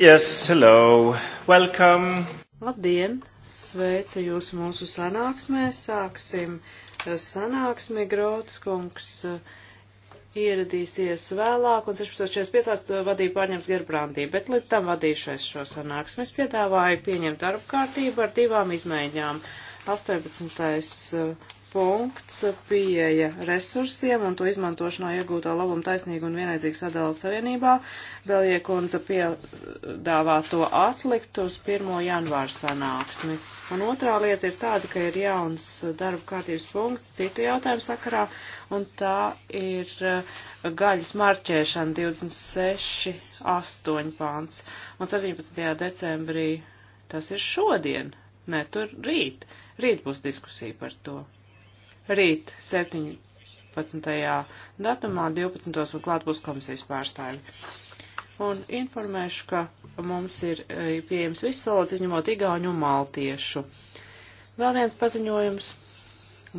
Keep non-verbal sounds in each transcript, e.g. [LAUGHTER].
Yes, hello. Welcome. Labdien! Sveicu jūs mūsu sanāksmē. Sāksim eh, sanāksmi. Grots kungs eh, ieradīsies vēlāk un 16.45 eh, vadību pārņems Gerbrandī, bet līdz tam vadīšais šo sanāksmi. Es piedāvāju pieņemt darbu kārtību ar divām izmaiņām. 18 punkts pieeja resursiem un to izmantošanā iegūtā labuma taisnīga un vienlaicīga sadala savienībā. Belie kundze piedāvā to atlikt uz 1. janvāru sanāksmi. Un otrā lieta ir tāda, ka ir jauns darba kārtības punkts citu jautājumu sakarā, un tā ir uh, gaļas marķēšana 26.8. pāns. Un 17. decembrī tas ir šodien, ne tur rīt. Rīt būs diskusija par to rīt 17. datumā 12. un klāt būs komisijas pārstāvi. Un informēšu, ka mums ir e, pieejams viss valodas, izņemot igauņu un maltiešu. Vēl viens paziņojums.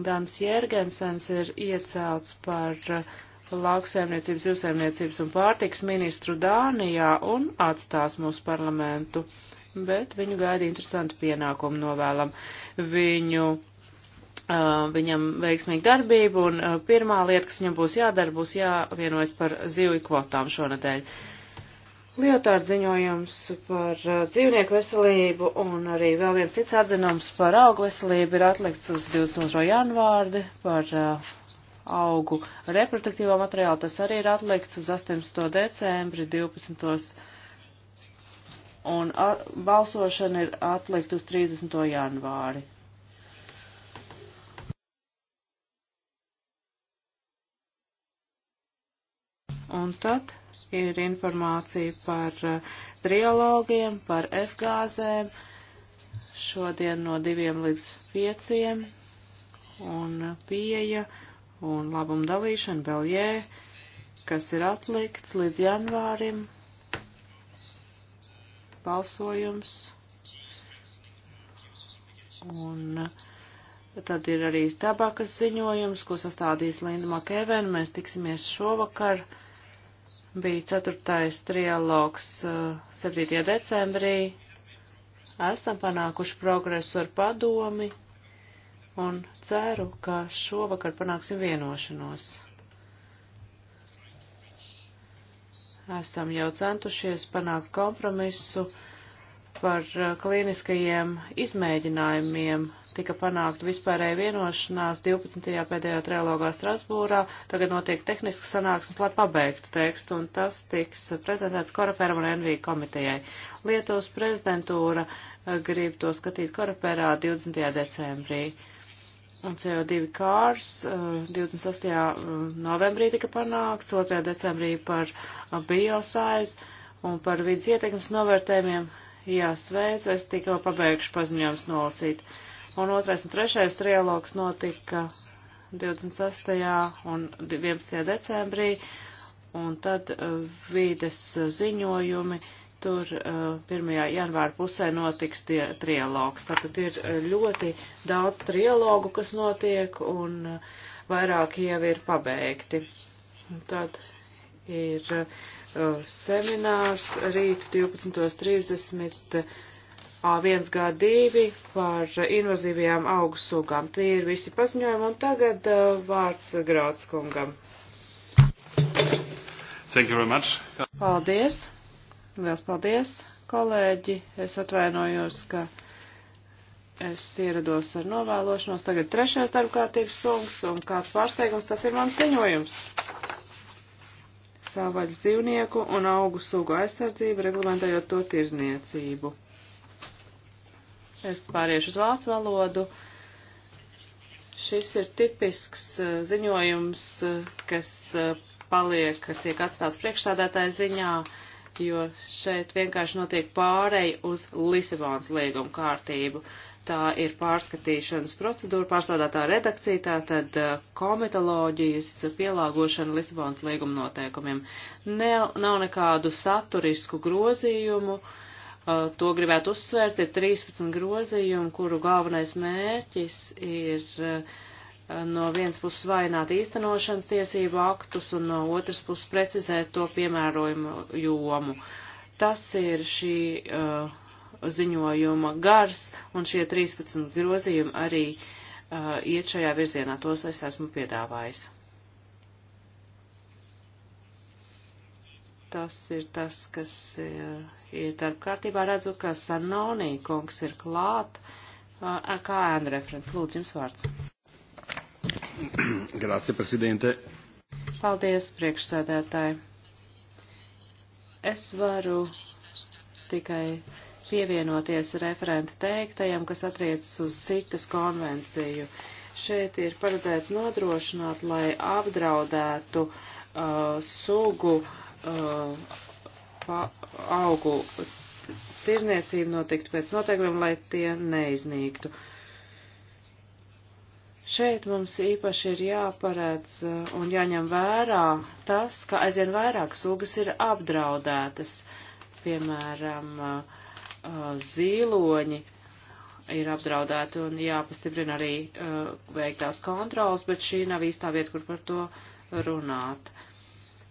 Dans Jērgensens ir iecelts par e, lauksaimniecības, jūsaimniecības un pārtiks ministru Dānijā un atstās mūsu parlamentu, bet viņu gaida interesanti pienākumu novēlam. Viņu Uh, viņam veiksmīgu darbību, un uh, pirmā lieta, kas viņam būs jādara, būs jāvienojas par zivju kvotām šonadēļ. Liotārd ziņojums par uh, dzīvnieku veselību un arī vēl viens cits atzinums par augu veselību ir atlikts uz 22. janvārdi par augu reproduktīvo materiālu. Tas arī ir atlikts uz 18. decembri 12. un balsošana ir atlikta uz 30. janvāri. Un tad ir informācija par uh, trialogiem, par F-gāzēm, šodien no diviem līdz pieciem, un pieeja un labuma dalīšana vēl jē, kas ir atlikts līdz janvārim, balsojums, un uh, tad ir arī tabakas ziņojums, ko sastādīs Linda Makēvena, mēs tiksimies šovakar bija ceturtais trialogs 7. Eh, decembrī. Esam panākuši progresu ar padomi un ceru, ka šovakar panāksim vienošanos. Esam jau centušies panākt kompromisu par eh, klīniskajiem izmēģinājumiem tika panākta vispārēja vienošanās 12. pēdējā trilogā Strasbūrā. Tagad notiek tehnisks sanāksmes, lai pabeigtu tekstu, un tas tiks prezentēts Koreperam un NV komitejai. Lietuvas prezidentūra eh, grib to skatīt Koreperā 20. decembrī. Un CO2 kārs 28. Eh, eh, novembrī tika panākts, 2. decembrī par biosaiz un par vidas ietekmes novērtējumiem. Jā, sveic, es tikko pabeigšu paziņojums nolasīt. Uh, un otrais un trešais trialogs notika 26. un 11. decembrī, un tad uh, vīdes eh, ziņojumi tur 1. Eh, janvāra pusē notiks tie trialogs. Tātad ir ļoti daudz trialogu, kas notiek, un vairāki jau ir pabeigti. Un tad ir seminārs rīt 12.30 A1G2 par invazīvajām augu sugām. Tie ir visi paziņojumi, un tagad uh, vārds Grautskungam. Thank you very much. Paldies. Liels paldies, kolēģi. Es atvainojos, ka es ierados ar novēlošanos. Tagad trešais darbkārtības punkts, un kāds pārsteigums tas ir mans ziņojums. Savaļas dzīvnieku un augu sugu aizsardzība, reglamentējot to tirzniecību. Es pāriešu uz vācu valodu. Šis ir tipisks uh, ziņojums, uh, kas uh, paliek, kas tiek atstāts priekšsādātāja ziņā, jo šeit vienkārši notiek pārēj uz Lisabonas liegumu kārtību. Tā ir pārskatīšanas procedūra, pārstādātā redakcija, tātad komitoloģijas pielāgošana Lisabonas līguma noteikumiem. Ne, nav nekādu saturisku grozījumu. Uh, Uh, to gribētu uzsvērt, ir 13 grozījumi, kuru galvenais mērķis ir uh, no vienas puses vainot īstenošanas tiesību aktus un no otras puses precizēt to piemērojumu jomu. Tas ir šī uh, ziņojuma gars, un šie 13 grozījumi arī uh, iet šajā virzienā, tos es esmu piedāvājis. Tas ir tas, kas eh, ir darba kārtībā. Redzu, ka Sanonī kungs ir klāt. Eh, kā ēna referents, lūdzu jums vārds. [CLEARS THROAT] Grācija, prezidente. Paldies, priekšsēdētāji. Es varu tikai pievienoties referenta teiktajam, kas attiecas uz citas konvenciju. Šeit ir paredzēts nodrošināt, lai apdraudētu uh, sugu uh, uh, augu tirzniecība notiktu pēc noteikumiem, lai tie neiznīktu. Šeit mums īpaši ir jāparedz uh, un jāņem vērā tas, ka aizvien vairāk sugas ir apdraudētas. Piemēram, uh, uh, zīloņi ir apdraudēti un jāpastiprina arī veiktās kontrols, bet šī nav īstā vieta, kur par to runāt. Uh,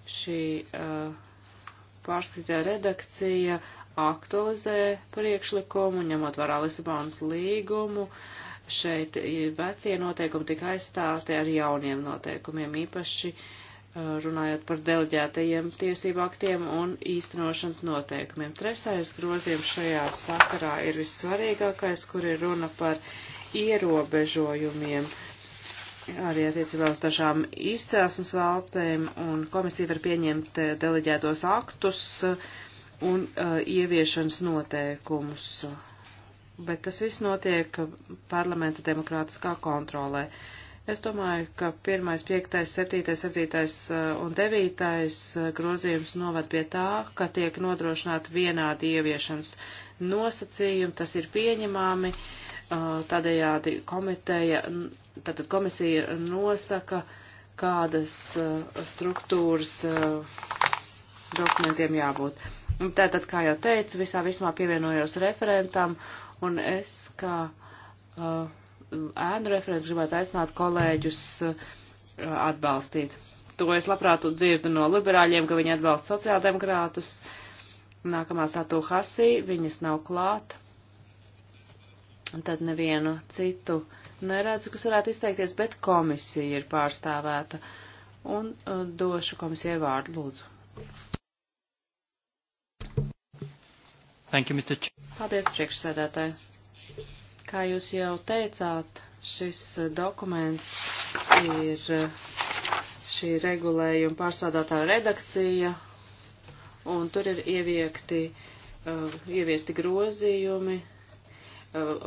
Šī uh, pārskatītā redakcija aktualizē priekšlikumu, ņemot vērā Lisabonas līgumu. Šeit vecie noteikumi tika aizstāti ar jauniem noteikumiem, īpaši uh, runājot par deleģētajiem tiesību aktiem un īstenošanas noteikumiem. Trešais grozījums šajā sakarā ir vissvarīgākais, kur ir runa par ierobežojumiem uh, arī attiecībā uz dažām izcelsmes valstēm, un komisija var pieņemt eh, deleģētos aktus eh, un uh, ieviešanas noteikumus. Bet tas viss notiek parlamenta demokrātiskā kontrolē. Es domāju, ka 1., 5., 7., 7. un 9. grozījums novad pie tā, ka tiek nodrošināti vienādi ieviešanas nosacījumi, tas ir pieņemami. Uh, Uh, tādējādi komiteja, tātad komisija nosaka, kādas uh, struktūras uh, dokumentiem jābūt. Tātad, kā jau teicu, visā vismā pievienojos referentam, un es kā uh, ēnu referents gribētu aicināt kolēģus uh, atbalstīt. To es labprāt dzirdu no liberāļiem, ka viņi atbalsta sociāldemokrātus. Nākamā Satū Hasī, viņas nav klāt tad nevienu citu neredzu, kas varētu izteikties, bet komisija ir pārstāvēta. Un uh, došu komisijai vārdu, lūdzu. Thank you, Mr. Č Paldies, priekšsēdētāji. Kā jūs jau teicāt, šis uh, dokuments ir uh, šī regulējuma pārstrādātā redakcija, un tur ir ieviekti, uh, ieviesti grozījumi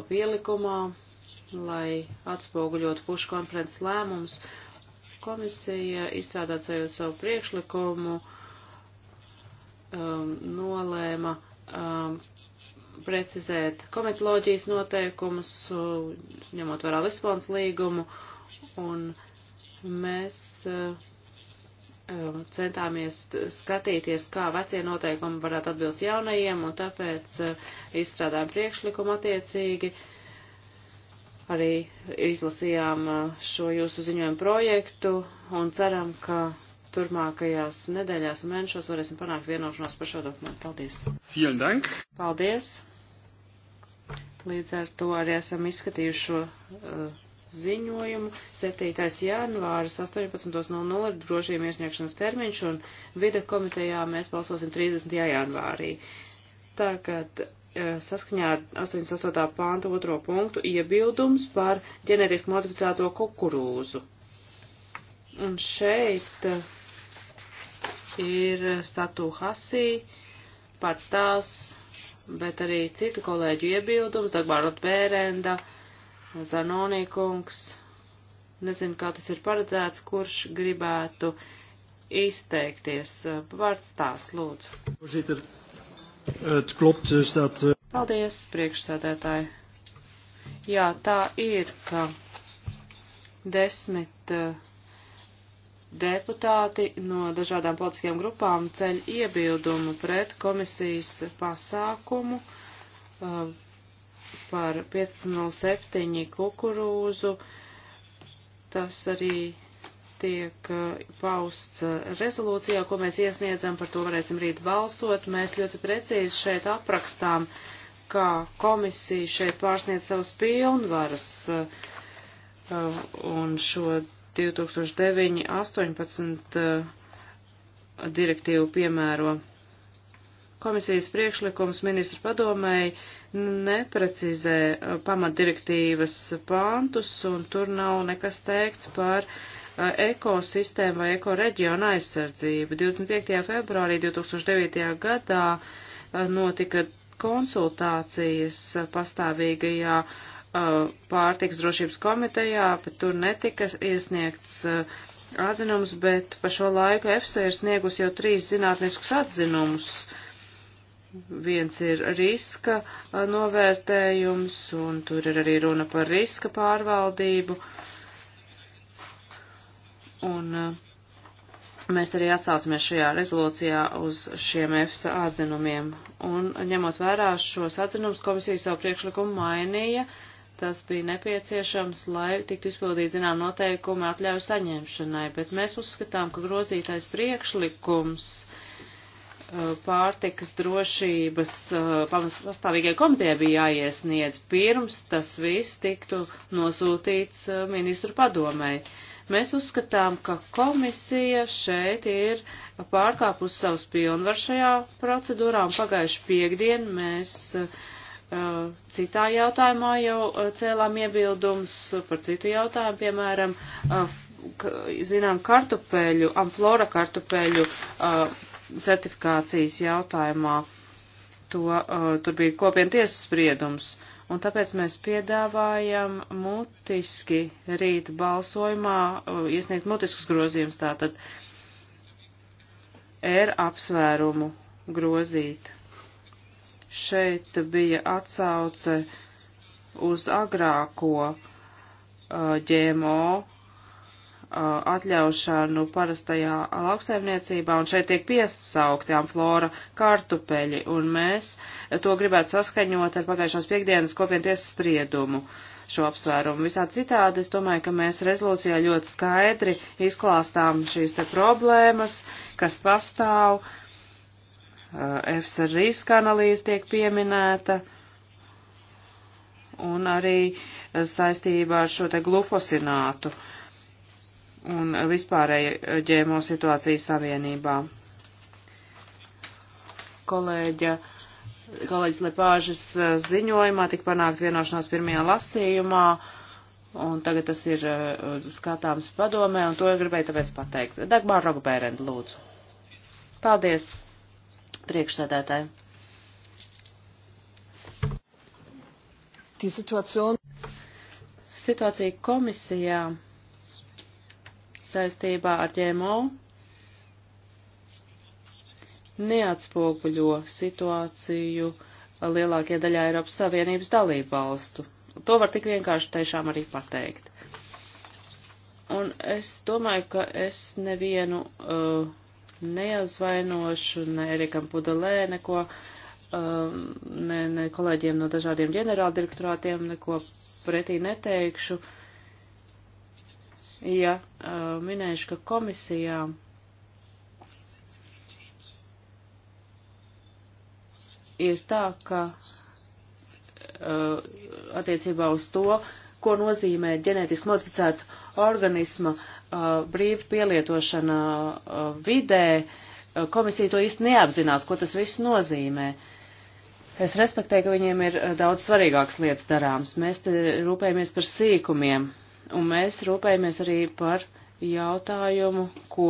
pielikumā, uh, lai atspoguļot pušu konferences lēmumus. Komisija izstrādāt savu priekšlikumu um, nolēma um, precizēt komitoloģijas noteikumus, uh, ņemot vērā Lisbonas līgumu, un mēs uh, Um, centāmies skatīties, kā vecie noteikumi varētu atbilst jaunajiem, un tāpēc uh, izstrādājām priekšlikumu attiecīgi. Arī izlasījām uh, šo jūsu ziņojumu projektu un ceram, ka turmākajās nedēļās un mēnešos varēsim panākt vienošanos par šo dokumentu. Paldies! Vielen dank! Paldies! Līdz ar to arī esam izskatījuši šo uh, ziņojumu. 7. janvāris 18.00 ir drošiem iesniegšanas termiņš, un vide komitejā mēs balsosim 30. janvārī. Tagad eh, saskaņā ar 88. pānta otro punktu iebildums par ģeneriski modificēto kukurūzu. Un šeit eh, ir Satū Hasī, pats tās, bet arī citu kolēģu iebildums, Dagbārot Bērenda, uh, Zanonī kungs, nezinu, kā tas ir paredzēts, kurš gribētu izteikties. Vārds tās, lūdzu. Eh, Paldies, priekšsēdētāji. Jā, tā ir, ka desmit eh, deputāti no dažādām politiskajām grupām ceļ iebildumu pret komisijas pasākumu eh, par 1507 kukurūzu. Tas arī tiek uh, pausts uh, rezolūcijā, ko mēs iesniedzam, par to varēsim rīt balsot. Mēs ļoti precīzi šeit aprakstām, kā komisija šeit pārsniedz savas pilnvaras uh, un šo 2009-18 direktīvu piemēro. Komisijas priekšlikums ministru padomēji neprecizē uh, pamatdirektīvas pāntus, un tur nav nekas teikts par uh, ekosistēmu vai ekoreģionu aizsardzību. 25. februārī 2009. gadā uh, notika konsultācijas pastāvīgajā pārtiks drošības komitejā, bet tur netika iesniegts atzinums, bet pa šo laiku EFSA ir sniegus jau trīs zinātniskus atzinumus Viens ir riska novērtējums, un tur ir arī runa par riska pārvaldību. Un mēs arī atsaucamies šajā rezolūcijā uz šiem EFSA atzinumiem. Un ņemot vērā šos atzinumus, komisija savu priekšlikumu mainīja. Tas bija nepieciešams, lai tiktu izpildīt zinām noteikumi atļauju saņemšanai, bet mēs uzskatām, ka grozītais priekšlikums uh, pārtikas drošības eh, pastāvīgajai komitejai bija jāiesniedz pirms tas viss tiktu nosūtīts eh, ministru padomēji. Mēs uzskatām, ka komisija šeit ir pārkāpus savus pilnvar šajā procedūrā, un pagājuši piekdien mēs eh, citā jautājumā jau cēlām iebildums par citu jautājumu, piemēram, zinām, kartupeļu, amflora kartupeļu certifikācijas jautājumā. To, uh, tur bija kopiena tiesas spriedums, un tāpēc mēs piedāvājam mutiski rīt balsojumā uh, iesniegt mutiskus grozījumus, tātad R apsvērumu grozīt. Šeit bija atsauce uz agrāko uh, ģēmo Uh, atļaušanu parastajā lauksaimniecībā, un šeit tiek piesauktām flora kartupeļi, un mēs to gribētu saskaņot ar pagājušās piekdienas kopienties spriedumu šo apsvērumu. Visā citādi es domāju, ka mēs rezolūcijā ļoti skaidri izklāstām šīs te problēmas, kas pastāv, EFSA uh, riska analīze tiek pieminēta, un arī uh, saistībā ar šo te glufosinātu. Uh, un vispārēja ģēmo situācija savienībā. Kolēģa, kolēģis Lepāžas eh, ziņojumā tika panākts vienošanās pirmajā lasījumā, un tagad tas ir eh, skatāms padomē, un to gribēju tāpēc pateikt. Dagmāra Rogbērenda, lūdzu. Paldies, priekšsēdētāji. Situācija komisijā saistībā ar ģēmo neatspoguļo situāciju lielākajā daļā Eiropas Savienības dalību valstu. To var tik vienkārši tiešām arī pateikt. Un es domāju, ka es nevienu uh, neazvainošu, ne Erikam Pudelē, neko, uh, ne, ne kolēģiem no dažādiem ģenerāldirektorātiem, neko pretī neteikšu. Uh, ja uh, minēšu, ka komisijā ir tā, ka uh, attiecībā uz to, ko nozīmē ģenētiski modificētu organismu uh, brīvu pielietošana uh, vidē, uh, komisija to īsti neapzinās, ko tas viss nozīmē. Es respektēju, ka viņiem ir uh, daudz svarīgākas lietas darāms. Mēs te rūpējamies par sīkumiem un mēs rūpējamies arī par jautājumu, ko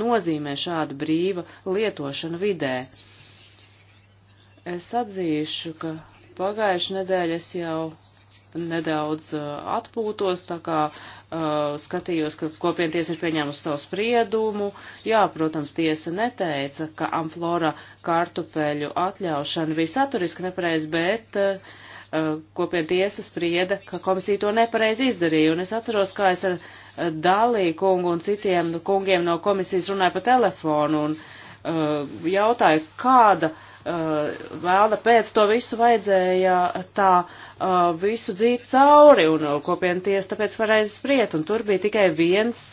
nozīmē šāda brīva lietošana vidē. Es atzīšu, ka pagājuši nedēļa es jau nedaudz uh, atpūtos, tā kā uh, skatījos, ka kopienties ir pieņēmusi savu spriedumu. Jā, protams, tiesa neteica, ka amflora kartupeļu atļaušana bija saturiski nepareiz, bet uh, Eh, kopiena tiesa sprieda, ka komisija to nepareizi izdarīja. Un es atceros, kā es ar Dālī kungu un citiem kungiem no komisijas runāju pa telefonu un uh, jautāju, kāda uh, eh, vēla pēc to visu vajadzēja tā uh, visu dzīt cauri un kopiena tiesa tāpēc pareizi spriest. Un tur bija tikai viens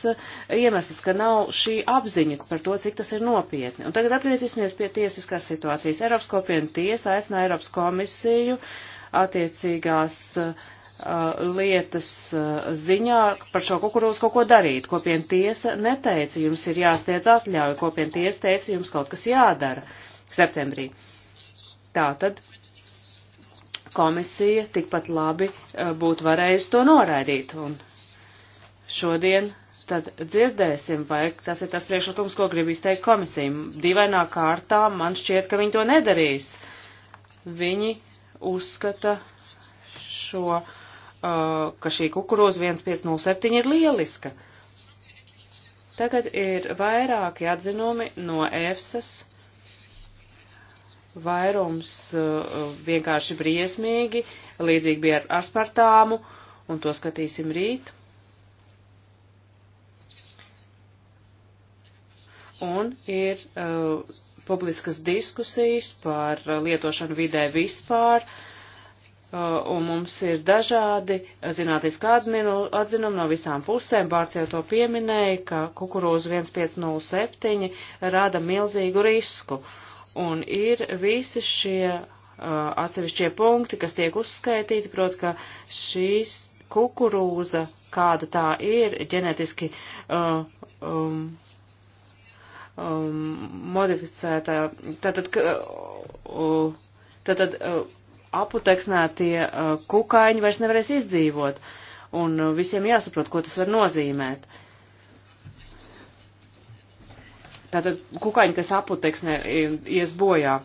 iemesls, ka nav šī apziņa par to, cik tas ir nopietni. Un tagad atgriezīsimies pie tiesiskās situācijas. Eiropas kopiena tiesa aicināja Eiropas komisiju uh, attiecīgās uh, lietas uh, ziņā par šo kukurūzu kaut ko darīt. Kopien tiesa neteica, jums ir jāsniedz atļauja, kopien tiesa teica, jums kaut kas jādara septembrī. Tātad komisija tikpat labi uh, būtu varējusi to noraidīt. Un šodien tad dzirdēsim, vai tas ir tas priekšlikums, ko grib izteikt komisija. Dīvainā kārtā man šķiet, ka viņi to nedarīs. Viņi uzskata šo, uh, ka šī kukurūza 1507 ir lieliska. Tagad ir vairāki atzinumi no EFSAS. Vairums uh, vienkārši briesmīgi, līdzīgi bija ar aspartāmu, un to skatīsim rīt. Un ir uh, publiskas diskusijas par uh, lietošanu vidē vispār, uh, un mums ir dažādi zinātniski atzinumi no visām pusēm. Bārts jau to pieminēja, ka kukurūza 1507 rada milzīgu risku, un ir visi šie uh, atsevišķie punkti, kas tiek uzskaitīti, proti, ka šīs kukurūza, kāda tā ir, ģenetiski uh, um, um, modificētā, tātad, uh, uh, tātad uh, aputeksnētie uh, kukaiņi vairs nevarēs izdzīvot, un uh, visiem jāsaprot, ko tas var nozīmēt. Tātad kukaiņi, kas aputeksnē, ies bojā.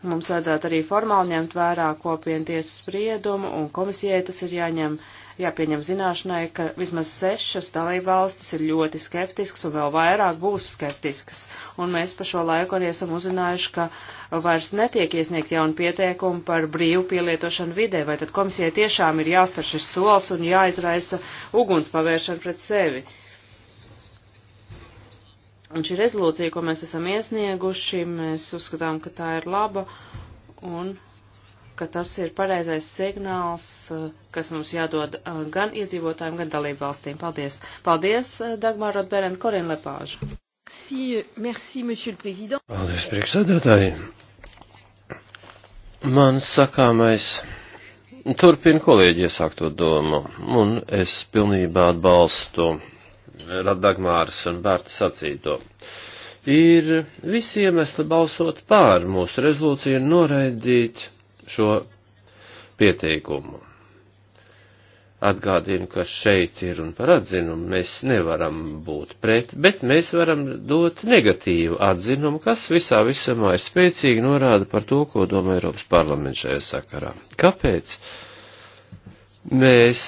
Mums vajadzētu arī formāli ņemt vērā kopienties spriedumu, un komisijai tas ir jāņem vērā jāpieņem zināšanai, ka vismaz sešas dalībvalstis ir ļoti skeptisks un vēl vairāk būs skeptisks. Un mēs pa šo laiku arī esam uzzinājuši, ka vairs netiek iesniegt jaunu pieteikumu par brīvu pielietošanu vidē, vai tad komisijai tiešām ir jāspēr šis solis un jāizraisa uguns pavēršana pret sevi. Un šī rezolūcija, ko mēs esam iesnieguši, mēs uzskatām, ka tā ir laba. Un ka tas ir pareizais signāls, eh, kas mums jādod eh, gan iedzīvotājiem, gan dalību valstīm. Paldies! Paldies, eh, Dagmar Rotberend, Korina Lepāža! Merci, euh, merci, monsieur le président! Paldies, priekšsēdētāji! Man sakāmais turpina kolēģi iesākto domu, un es pilnībā atbalstu Radagmāras un Bērta sacīto ir visi iemesli balsot pār mūsu rezolūciju un noraidīt šo pieteikumu. Atgādinu, ka šeit ir un par atzinumu mēs nevaram būt pret, bet mēs varam dot negatīvu atzinumu, kas visā visamā ir spēcīgi norāda par to, ko domā Eiropas parlaments šajā sakarā. Kāpēc mēs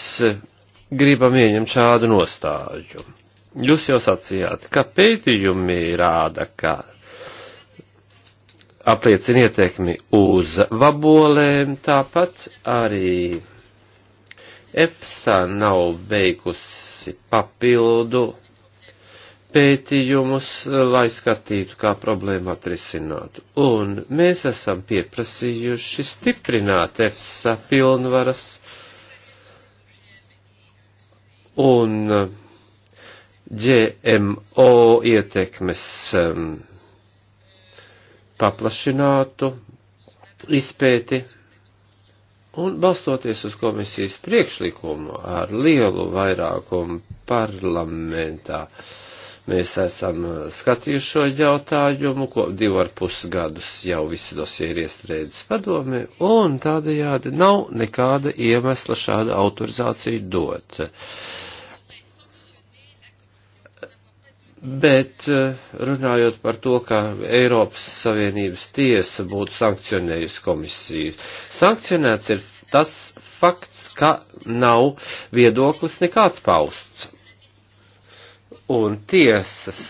gribam ieņemt šādu nostāju? Jūs jau sacījāt, ka pētījumi rāda, ka apliecina ietekmi uz vabolēm, tāpat arī EFSA nav veikusi papildu pētījumus, lai skatītu, kā problēmu atrisinātu. Un mēs esam pieprasījuši stiprināt EFSA pilnvaras un GMO ietekmes um, paplašinātu izpēti un balstoties uz komisijas priekšlikumu ar lielu vairākumu parlamentā. Mēs esam skatījuši šo jautājumu, ko divu ar pus gadus jau visi dosie ir iestrēdzis padomi, un tādējādi nav nekāda iemesla šādu autorizāciju dot. Uh, Bet eh, runājot par to, ka Eiropas Savienības tiesa būtu sankcionējusi komisiju, sankcionēts ir tas fakts, ka nav viedoklis nekāds pausts. Un tiesas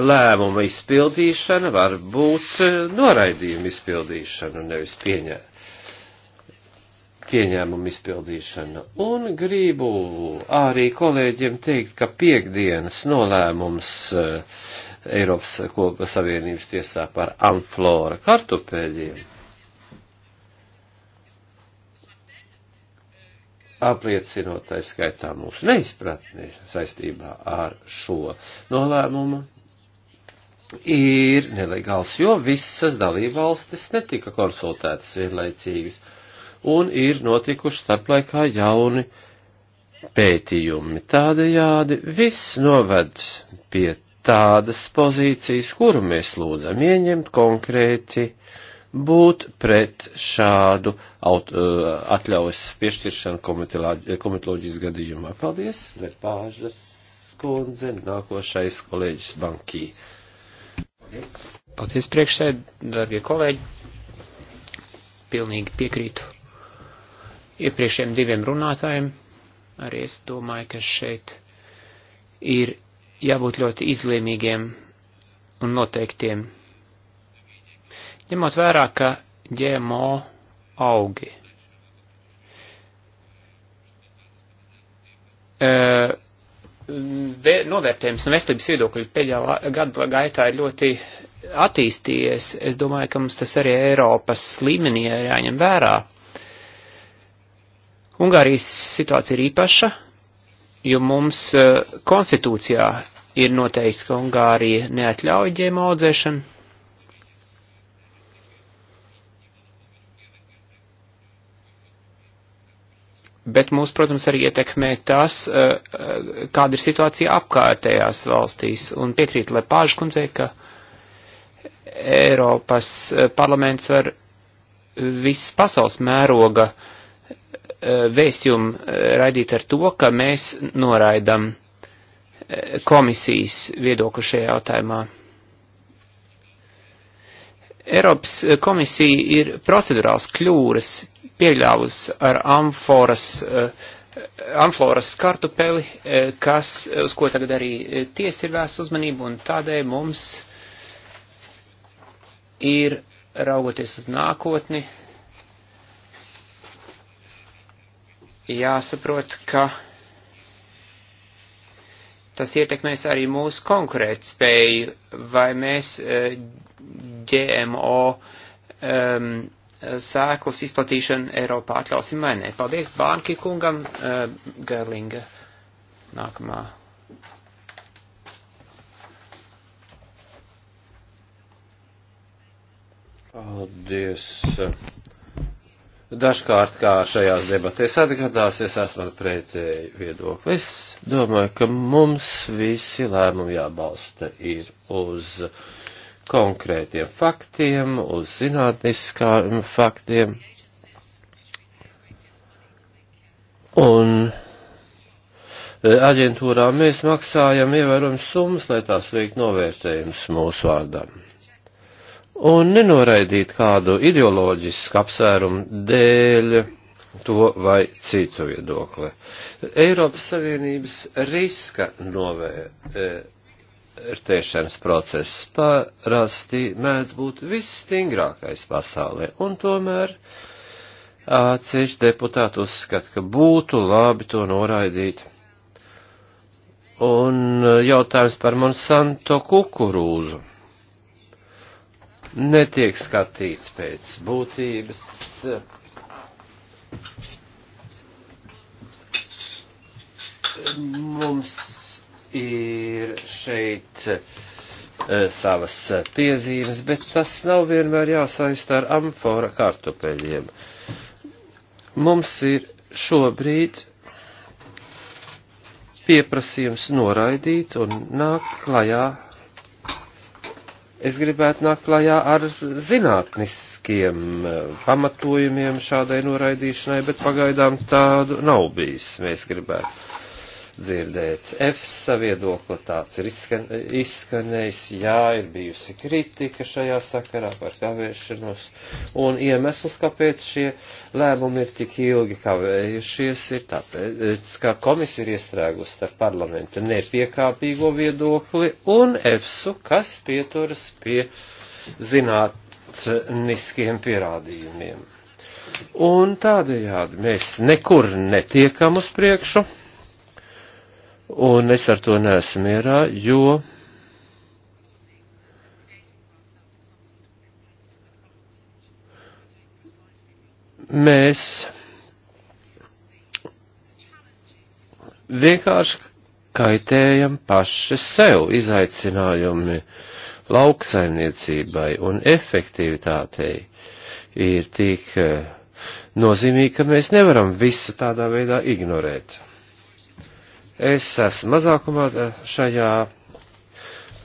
lēmuma izpildīšana var būt eh, noraidījuma izpildīšana un nevis pieņēma pieņēmumu izpildīšana. Un gribu arī kolēģiem teikt, ka piekdienas nolēmums eh, Eiropas Kopa Savienības tiesā par amflora kartupeļiem apliecinot aizskaitā mūsu neizpratni saistībā ar šo nolēmumu, ir nelegāls, jo visas dalībvalstis netika konsultētas vienlaicīgas un ir notikuši starplaikā jauni pētījumi. Tādējādi viss noved pie tādas pozīcijas, kuru mēs lūdzam ieņemt konkrēti, būt pret šādu aut, uh, atļaujas piešķiršanu komitoloģijas gadījumā. Paldies, Lepāžas kundze, nākošais kolēģis Bankī. Paldies, Paldies priekšsēd, darbie kolēģi. Pilnīgi piekrītu iepriekšējiem diviem runātājiem. Arī es domāju, ka šeit ir jābūt ļoti izlīmīgiem un noteiktiem. Ņemot vērā, ka GMO augi. E, novērtējums no veselības viedokļa pēdējā gadu gaitā ir ļoti attīstījies. Es domāju, ka mums tas arī Eiropas līmenī ir jāņem vērā. Ungārijas situācija ir īpaša, jo mums eh, konstitūcijā ir noteikts, ka Ungārija neatļauj ģēmo audzēšanu. Bet mūs, protams, arī ietekmē tas, eh, kāda ir situācija apkārtējās valstīs. Un piekrīt Lepāžu kundzei, ka Eiropas eh, parlaments var viss pasaules mēroga uh, vēstījumu eh, raidīt ar to, ka mēs noraidam eh, komisijas viedokli šajā jautājumā. Eiropas eh, komisija ir procedurāls kļūras pieļāvus ar amforas, amfloras kartupeli, kas, uz ko tagad arī tiesa ir vēsta uzmanību, un tādēļ mums ir, raugoties uz nākotni, jāsaprot, ka tas ietekmēs arī mūsu konkurētspēju, vai mēs e, GMO um, sēklas izplatīšanu Eiropā atļausim vai nē. Paldies Bārki kungam, uh, Gerlinga nākamā. Paldies dažkārt, kā šajās debatēs atgadās, es esmu pretēju viedokli. Es domāju, ka mums visi lēmumi jābalsta ir uz konkrētiem faktiem, uz zinātniskām faktiem. Un e, aģentūrā mēs maksājam ievērojams summas, lai tās veikt novērtējumus mūsu vārdām un nenoraidīt kādu ideoloģisku apsvērumu dēļ to vai citu viedokli. Eiropas Savienības riska novērtēšanas process parasti mēdz būt visstingrākais pasaulē, un tomēr atsevišķi deputāti uzskata, ka būtu labi to noraidīt. Un jautājums par Monsanto kukurūzu netiek skatīts pēc būtības. Mums ir šeit eh, savas eh, piezīmes, bet tas nav vienmēr jāsaista ar amfora kartupeļiem. Mums ir šobrīd pieprasījums noraidīt un nākt klajā Es gribētu nākt klajā ar zinātniskiem eh, pamatojumiem šādai noraidīšanai, bet pagaidām tādu nav bijis. Mēs gribētu dzirdēt EFSA viedokli, tāds ir izskan, izskanējis, jā, ir bijusi kritika šajā sakarā par kavēšanos, un iemesls, kāpēc šie lēmumi ir tik ilgi kavējušies, ir tāpēc, ka komisija ir iestrēgusi ar parlamenta nepiekāpīgo viedokli un EFSU, kas pieturas pie zinātniskiem pierādījumiem. Un tādējādi mēs nekur netiekam uz priekšu un es ar to neesmu mierā, jo mēs vienkārši kaitējam paši sev izaicinājumi lauksaimniecībai un efektivitātei ir tik eh, nozīmīgi, ka mēs nevaram visu tādā veidā ignorēt. Es esmu mazākumā eh, šajā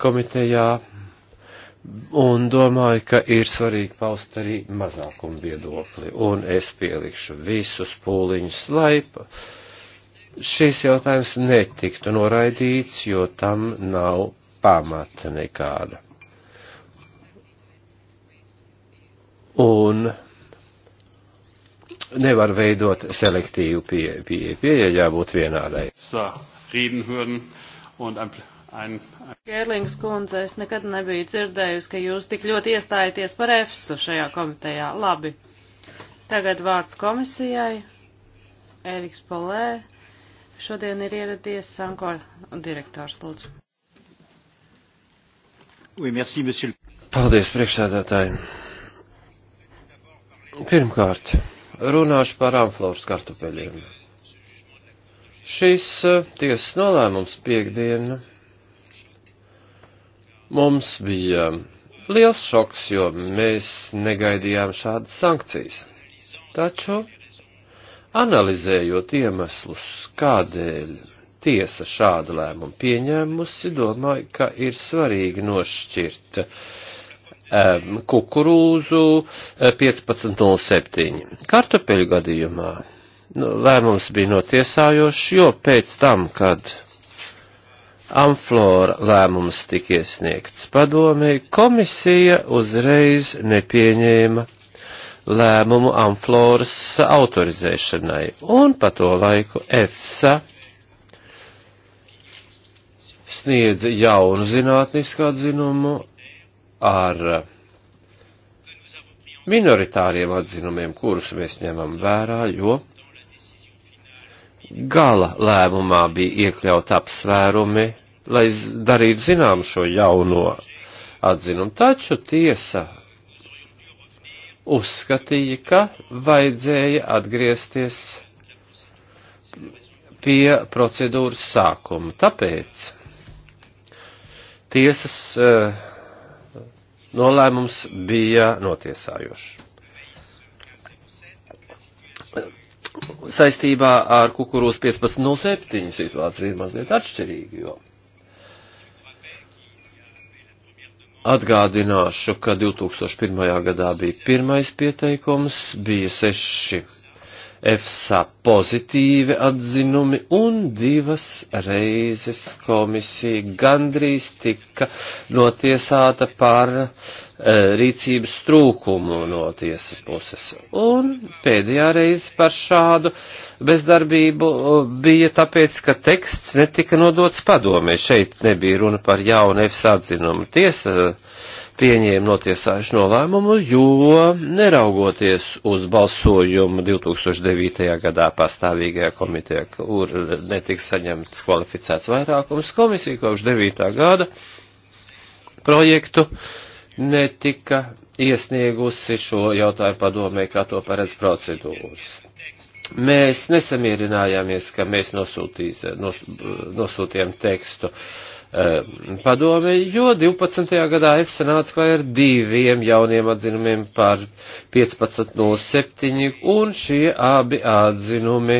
komitejā un domāju, ka ir svarīgi paust arī mazākumu viedokli. Un es pielikšu visus pūliņus, lai šis jautājums netiktu noraidīts, jo tam nav pamata nekāda. Un nevar veidot selektīvu pieeju, pie, pie, jābūt vienādai. Gērlings kundze, es nekad nebiju dzirdējusi, ka jūs tik ļoti iestājaties par EFSU šajā komitejā. Labi. Tagad vārds komisijai. Eriks Polē. Šodien ir ieradies Sanko direktors, lūdzu. Oui, merci, monsieur. Paldies, priekšsēdētāji. Pirmkārt runāšu par amflors kartupeļiem. Šis eh, tiesas nolēmums piekdiena mums bija liels šoks, jo mēs negaidījām šādas sankcijas. Taču, analizējot iemeslus, kādēļ tiesa šādu lēmumu pieņēmusi, domāju, ka ir svarīgi nošķirt uh, kukurūzu 15.07. Kartupeļu gadījumā nu, lēmums bija notiesājošs, jo pēc tam, kad Amflora lēmums tika iesniegts padomē, komisija uzreiz nepieņēma lēmumu Amfloras autorizēšanai, un pa to laiku EFSA sniedz jaunu zinātnisku atzinumu ar minoritāriem atzinumiem, kurus mēs ņemam vērā, jo gala lēmumā bija iekļaut apsvērumi, lai darītu zinām šo jauno atzinumu. Taču tiesa uzskatīja, ka vajadzēja atgriezties pie procedūras sākuma. Tāpēc tiesas uh, nolēmums bija notiesājošs. Saistībā ar kukurūzu 15.07 situācija ir mazliet atšķirīga, jo atgādināšu, ka 2001. gadā bija pirmais pieteikums, bija seši EFSA pozitīvi atzinumi un divas reizes komisija gandrīz tika notiesāta par e, rīcības trūkumu no tiesas puses. Un pēdējā reize par šādu bezdarbību eh, bija tāpēc, ka teksts netika nodots padomē. Šeit nebija runa par jaunu EFSA atzinumu. Tiesa, e, pieņēma notiesājuši nolēmumu, jo neraugoties uz balsojumu 2009. gadā pastāvīgajā komitejā, kur netika saņemts kvalificēts vairākums, komisija kopš 9. gada projektu netika iesniegusi šo jautājumu padomē, kā to paredz procedūras. Mēs nesamierinājāmies, ka mēs nosūtījām nos, tekstu uh, Eh, padome, jo 12. gadā EFSA nāca klāj ar diviem jauniem atzinumiem par 15.07, un šie abi atzinumi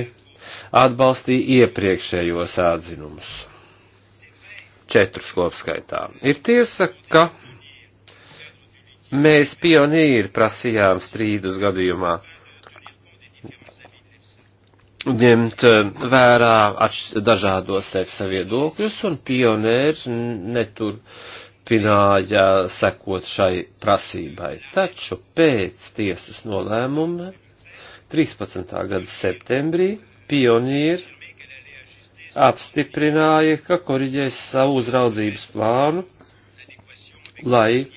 atbalstīja iepriekšējos atzinumus. Četrus kopskaitā. Ir tiesa, ka mēs pionīri prasījām strīdus gadījumā ņemt eh, vērā dažādos EFSA viedokļus, un pionieris neturpināja sekot šai prasībai. Taču pēc tiesas nolēmuma 13. gada septembrī pionieri apstiprināja, ka koriģēs savu uzraudzības plānu, lai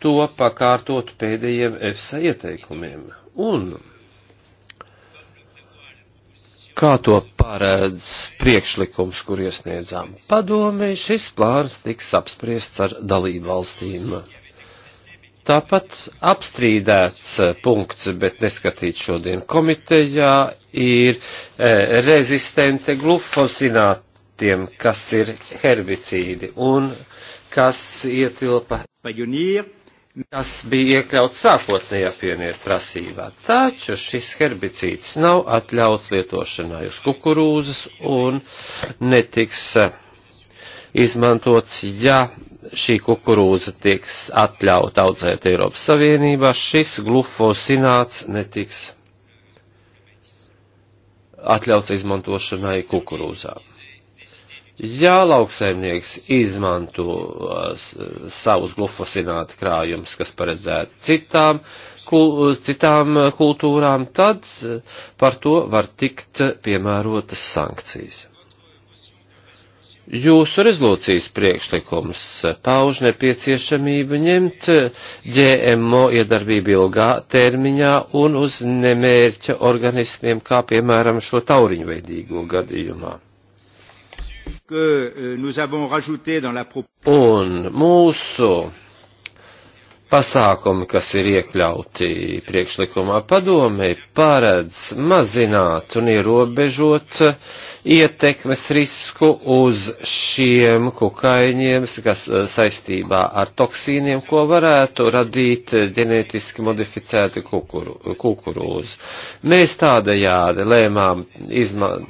to pakārtotu pēdējiem EFSA ieteikumiem. Un kā to paredz priekšlikums, kur iesniedzām padomi, šis plāns tiks apspriests ar dalību valstīm. Tāpat apstrīdēts punkts, bet neskatīts šodien komitejā, ir e, rezistente glufosinātiem, kas ir herbicīdi un kas ietilpa. Pajunīja kas bija iekļauts sākotnējā pioniera prasībā. Taču šis herbicīds nav atļauts lietošanai uz kukurūzas un netiks eh, izmantots, ja šī kukurūza tiks atļauta audzēt Eiropas Savienībā, šis glufosināts netiks atļauts izmantošanai kukurūzām. Ja lauksaimnieks izmanto uh, savus glufosinātu krājumus, kas paredzēti citām, kul, uh, citām uh, kultūrām, tad par to var tikt piemērotas sankcijas. Jūsu rezolūcijas priekšlikums pauž nepieciešamību ņemt GMO iedarbību ilgā termiņā un uz nemērķa organismiem, kā piemēram šo tauriņveidīgo gadījumā. Euh, un mūsu pasākumi, kas ir iekļauti priekšlikumā padomē, paredz mazināt un ierobežot ietekmes risku uz šiem kukaiņiem, kas eh, saistībā ar toksīniem, ko varētu radīt ģenētiski modificēti kukuru, kukurūzu. Mēs tādējādi lēmām izman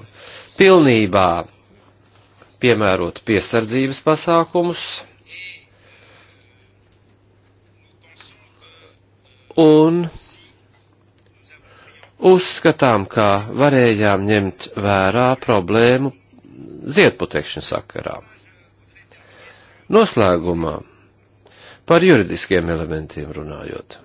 pilnībā piemērot piesardzības pasākumus. Un uzskatām, ka varējām ņemt vērā problēmu ziedputekšņu sakarā. Noslēgumā par juridiskiem elementiem runājot.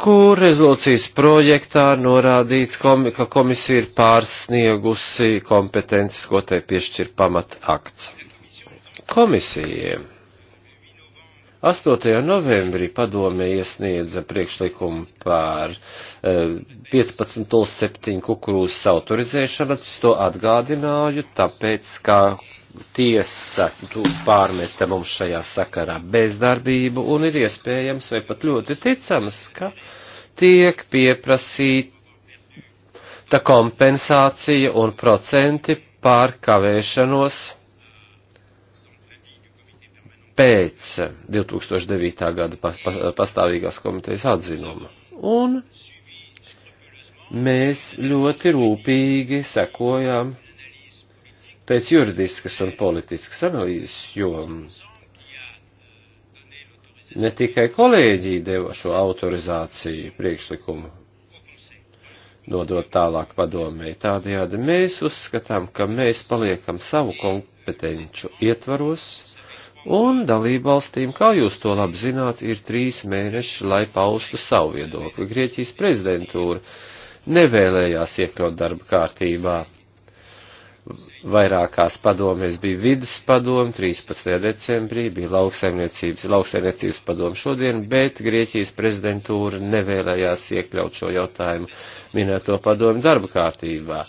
kur rezolūcijas projektā norādīts, komi, ka komisija ir pārsniegusi kompetences, ko tai piešķir pamat akts. Komisijiem 8. novembrī padome iesniedza priekšlikumu par e, 15.07 kukurūzas autorizēšanu, es to atgādināju, tāpēc, kā tiesa pārmeta mums šajā sakarā bezdarbību un ir iespējams vai pat ļoti ticams, ka tiek pieprasīta kompensācija un procenti pār kavēšanos pēc 2009. gada pastāvīgās komitejas atzinuma. Un mēs ļoti rūpīgi sekojam pēc juridiskas un politiskas analīzes, jo ne tikai kolēģija deva šo autorizāciju priekšlikumu nodot tālāk padomēji. Tādējādi mēs uzskatām, ka mēs paliekam savu kompetenču ietvaros, un dalībvalstīm, kā jūs to labi zināt, ir trīs mēneši, lai paustu savu viedokli. Grieķijas prezidentūra nevēlējās iekļaut darba kārtībā vairākās padomēs bija vidas padoma, 13. decembrī bija lauksaimniecības, lauksaimniecības padoma šodien, bet Grieķijas prezidentūra nevēlējās iekļaut šo jautājumu minēto padomu darba kārtībā.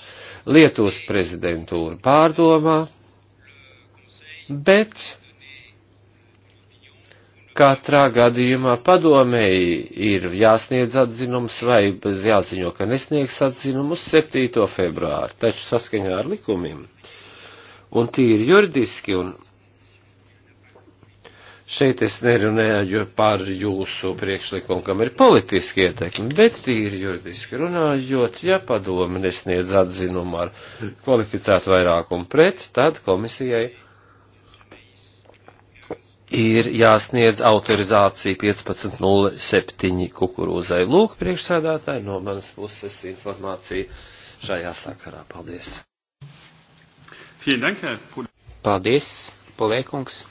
Lietuvas prezidentūra pārdomā, bet katrā gadījumā padomēji ir jāsniedz atzinums vai jāziņo, ka nesniegs atzinumu uz 7. februāru, taču saskaņā ar likumiem. Un tīri juridiski, un šeit es nerunāju par jūsu priekšlikumu, kam ir politiski ietekmi, bet tīri juridiski runājot, ja padomi nesniedz atzinumu ar kvalificētu vairākumu pret, tad komisijai ir jāsniedz autorizācija 15.07 kukurūzai. Lūk, priekšsēdētāji, no manas puses informācija šajā sakarā. Paldies! Paldies, Polēkungs!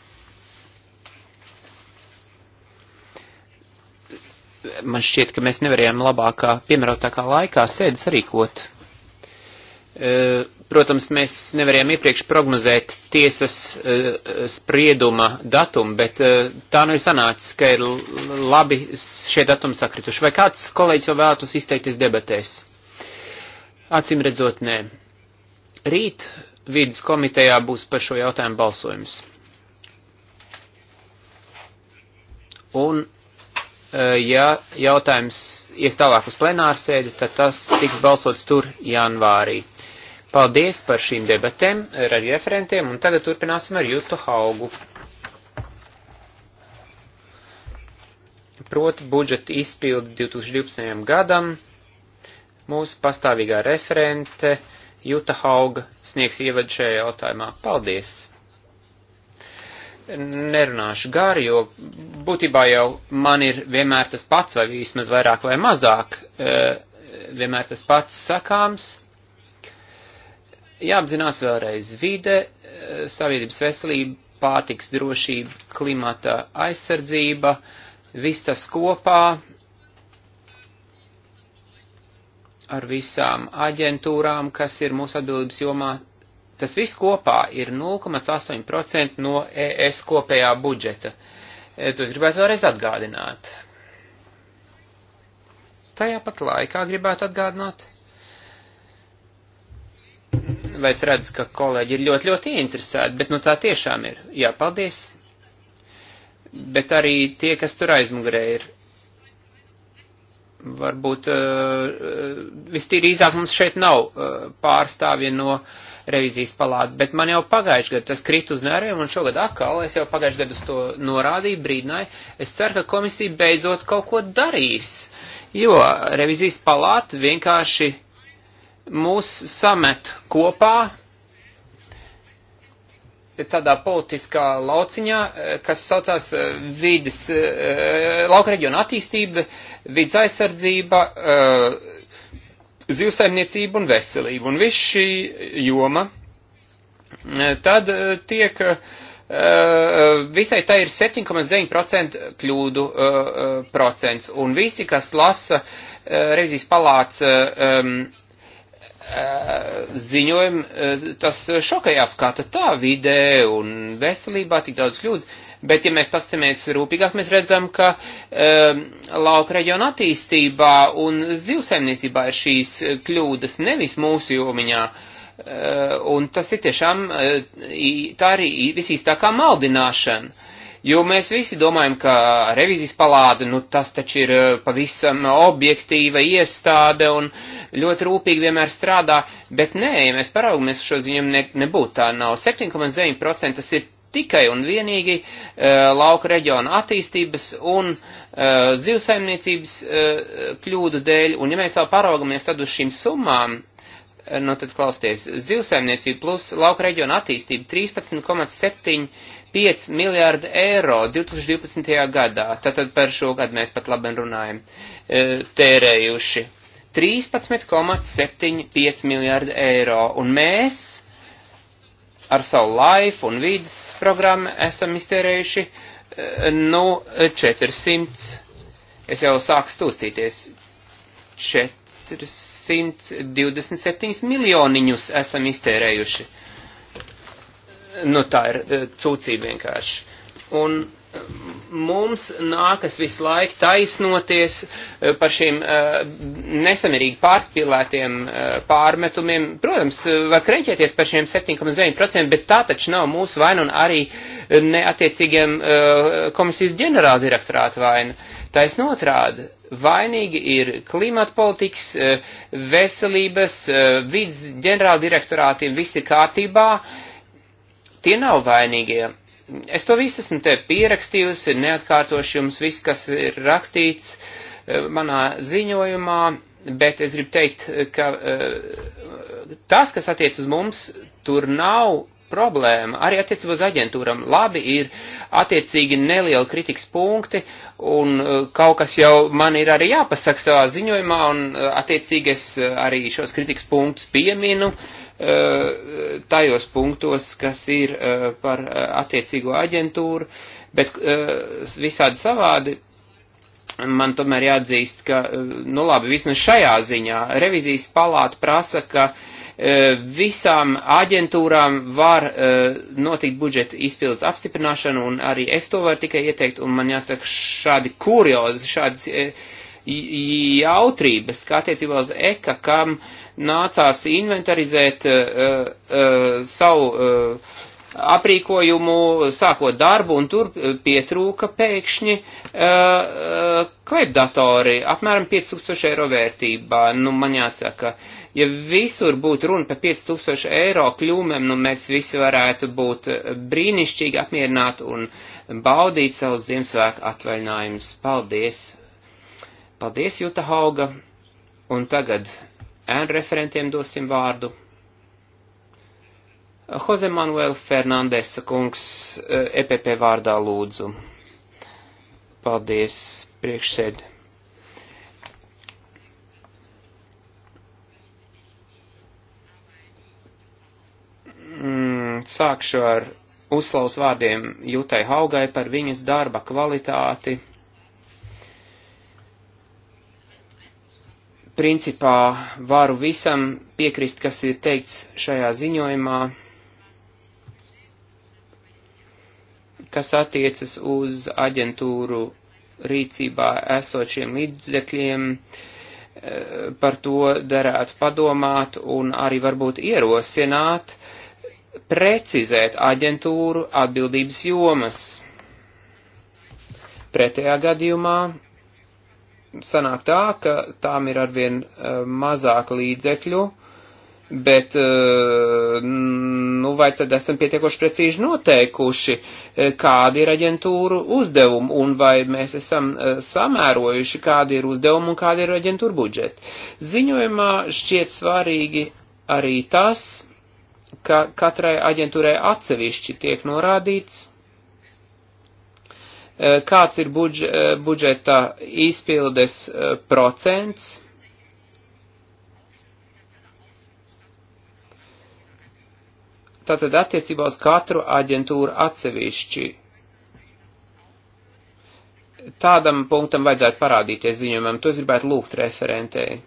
Man šķiet, ka mēs nevarējām labākā, piemērotākā laikā sēdes rīkot. Uh, Protams, mēs nevarējām iepriekš prognozēt tiesas uh, sprieduma datumu, bet uh, tā nu ir sanācis, ka ir labi šie datumi sakrituši. Vai kāds kolēģis jau vēlētos izteikties debatēs? Acim redzot, nē. Rīt vidas komitejā būs par šo jautājumu balsojums. Un, eh, ja jautājums ies tālāk uz plenārsēdi, tad tas tiks balsots tur janvārī. Paldies par šīm debatēm ar referentiem, un tagad turpināsim ar Jutu Haugu. Proti budžeta izpildi 2012. gadam mūsu pastāvīgā referente Juta Hauga sniegs ievadu šajā jautājumā. Paldies! Nerunāšu gari, jo būtībā jau man ir vienmēr tas pats, vai vismaz vairāk vai mazāk, eh, vienmēr tas pats sakāms Jāapzinās vēlreiz vide, eh, sabiedrības veselība, pārtiks drošība, klimata aizsardzība, viss tas kopā ar visām aģentūrām, kas ir mūsu atbildības jomā. Tas viss kopā ir 0,8% no ES kopējā budžeta. E, to gribētu vēlreiz atgādināt. Tajā pat laikā gribētu atgādināt, vai es redzu, ka kolēģi ir ļoti, ļoti interesēti, bet nu tā tiešām ir. Jā, paldies. Bet arī tie, kas tur aizmugurē ir. Varbūt uh, vistīrīzāk mums šeit nav uh, eh, pārstāvja no revizijas palāta, bet man jau pagājušajā gadā tas krit uz nēriem un šogad atkal, es jau pagājušajā gadā uz to norādīju, brīdināju, es ceru, ka komisija beidzot kaut ko darīs, jo revizijas palāta vienkārši uh, mūs samet kopā tādā politiskā lauciņā, eh, kas saucās eh, vides, eh, lauka reģiona attīstība, vidas aizsardzība, zivsaimniecība un veselība. Un viss šī joma tad tiek visai tā ir 7,9% kļūdu uh, procents. Un visi, kas lasa uh, revizijas palāca um, Eh, ziņojumu, eh, tas šokējās, kā tad tā vidē un veselībā tik daudz kļūdas. Bet, ja mēs pastamies rūpīgāk, mēs redzam, ka um, lauka reģiona attīstībā un zivsaimniecībā ir šīs kļūdas nevis mūsu jomiņā. Uh, un tas ir tiešām, uh, tā arī visīstākā maldināšana. Jo mēs visi domājam, ka revizijas palāde, nu tas taču ir eh, pavisam objektīva iestāde un ļoti rūpīgi vienmēr strādā, bet nē, ja mēs paraugamies šo ziņu, ne, nebūtu tā nav. 7,9% tas ir tikai un vienīgi e, lauka reģiona attīstības un e, zivsaimniecības e, kļūdu dēļ, un ja mēs vēl paraugamies tad uz šīm summām, nu tad klausties, zivsaimniecība plus lauka reģiona attīstība 13,7% 5 miljārdi eiro 2012. gadā, tātad par šo gadu mēs pat labi runājam, e, tērējuši 13,75 miljārdi eiro. Un mēs ar savu life un vidas programmu esam iztērējuši e, nu 400, es jau sāku stūstīties, 427 miljoniņus esam iztērējuši nu tā ir eh, cūcība vienkārši. Un eh, mums nākas visu laiku taisnoties eh, par šiem nesamērīgi pārspīlētiem pārmetumiem. Protams, var kreņķēties par šiem 7,9%, bet tā taču nav mūsu vaina un arī neatiecīgiem komisijas ģenerāldirektorāta vaina. Taisn otrādi, vainīgi ir klimata politikas, veselības, vidas ģenerāldirektorātiem, viss ir kārtībā Tie nav vainīgie. Es to visu esmu te pierakstījusi, neatkārtošu jums viss, kas ir rakstīts eh, manā ziņojumā, bet es gribu teikt, ka eh, tas, kas attiec uz mums, tur nav problēma. Arī attiecībā uz aģentūram labi ir attiecīgi nelieli kritikas punkti, un eh, kaut kas jau man ir arī jāpasaka savā ziņojumā, un attiecīgi es arī šos kritikas punktus pieminu, Eh, tajos punktos, kas ir eh, par eh, attiecīgo aģentūru, bet visādi savādi man tomēr jāatzīst, ka, nu labi, vismaz šajā ziņā revizijas palāta prasa, ka visām aģentūrām var notikt budžeta izpildes apstiprināšana, un arī es to varu tikai ieteikt, un man jāsaka šādi kuriozi, šādas jautrības, kā attiecībā uz EKA, kam uh, nācās inventarizēt uh, uh, savu uh, aprīkojumu, sākot darbu, un tur pietrūka pēkšņi uh, klipdatori apmēram 5000 eiro vērtībā. Nu, man jāsaka, ja visur būtu runa par 5000 eiro kļūmēm, nu mēs visi varētu būt brīnišķīgi apmierināti un baudīt savus Ziemassvētku atvaļinājumus. Paldies! Paldies, Juta Hauga! Un tagad ēnu referentiem dosim vārdu. Jose Manuel Fernandesa kungs EPP eh, e vārdā lūdzu. Paldies, priekšsēdi. Mm, sākšu ar uzslavas vārdiem Jutai Haugai par viņas darba kvalitāti principā varu visam piekrist, kas ir teikts šajā ziņojumā, kas attiecas uz aģentūru rīcībā esošiem līdzekļiem. Eh, par to derētu padomāt un arī varbūt ierosināt, precizēt aģentūru atbildības jomas. Pretējā gadījumā sanāk tā, ka tām ir arvien eh, mazāk līdzekļu, bet, eh, nu, vai tad esam pietiekoši precīzi noteikuši, eh, kādi ir aģentūru uzdevumi, un vai mēs esam samērojuši, kādi ir uzdevumi un kādi ir aģentūru budžeti. Ziņojumā šķiet svarīgi arī tas, ka katrai aģentūrai atsevišķi tiek norādīts, Eh, kāds ir eh, budžeta izpildes eh, procents. Tātad attiecībā uz katru aģentūru atsevišķi. Tādam punktam vajadzētu parādīties ziņojumam, to es gribētu lūgt referentei.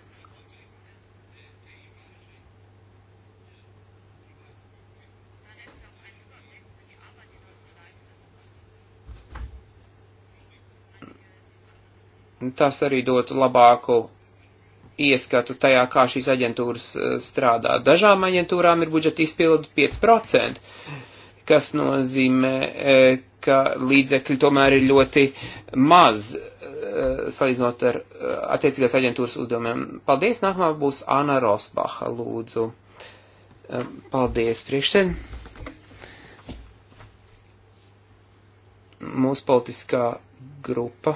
Tas arī dotu labāku ieskatu tajā, kā šīs aģentūras eh, strādā. Dažām aģentūrām ir budžeta izpildu 5%, kas nozīmē, eh, ka līdzekļi tomēr ir ļoti maz eh, salīdzinot ar attiecīgās aģentūras uzdevumiem. Paldies, nākamā būs Ana Rosbaha, lūdzu. Paldies, priekšsēd. Mūsu politiskā grupa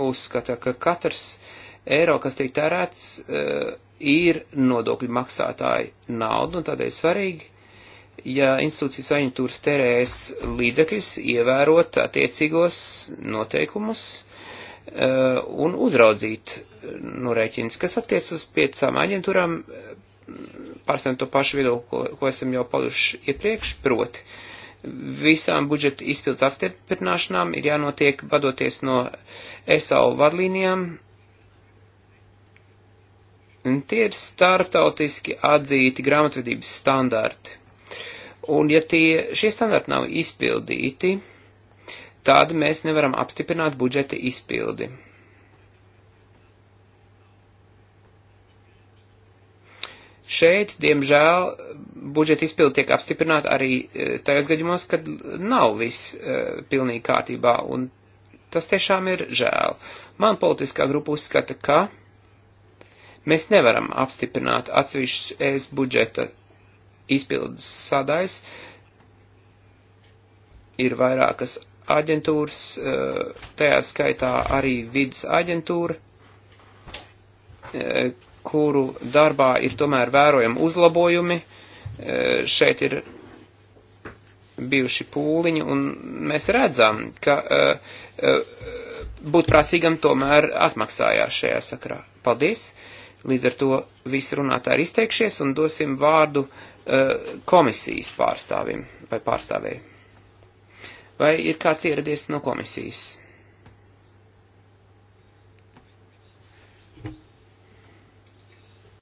uzskata, ka katrs eiro, kas tiek tērēts, eh, ir nodokļu maksātāju nauda, un tādēļ svarīgi, ja institūcijas aģentūras tērēs līdzekļus, ievērot attiecīgos noteikumus eh, un uzraudzīt norēķins, kas attiec uz piecām aģentūrām, eh, pārstāvjam to pašu viedokli, ko, ko esam jau paluši iepriekš, proti. Uh, visām budžeta izpildes apstiprināšanām ir jānotiek vadoties no SAO vadlīnijām. Un tie ir starptautiski atzīti grāmatvedības standarti. Un ja tie, šie standarti nav izpildīti, tad mēs nevaram apstiprināt budžeta izpildi. Šeit, diemžēl, budžeta izpildi tiek apstiprināta arī e, tajos gadījumos, kad nav viss uh, pilnīgi kārtībā, un tas tiešām ir žēl. Man politiskā grupa uzskata, ka mēs nevaram apstiprināt atsevišķus ES budžeta izpildes sadaļas. Ir vairākas aģentūras, uh, tajā skaitā arī vidas aģentūra, uh, kuru darbā ir tomēr vērojami uzlabojumi. E, šeit ir bijuši pūliņi, un mēs redzam, ka e, e, būt prasīgam tomēr atmaksājās šajā sakrā. Paldies! Līdz ar to visi runātāji ir izteikšies un dosim vārdu komisijas pārstāvim vai pārstāvēji. Vai ir kāds ieradies no komisijas?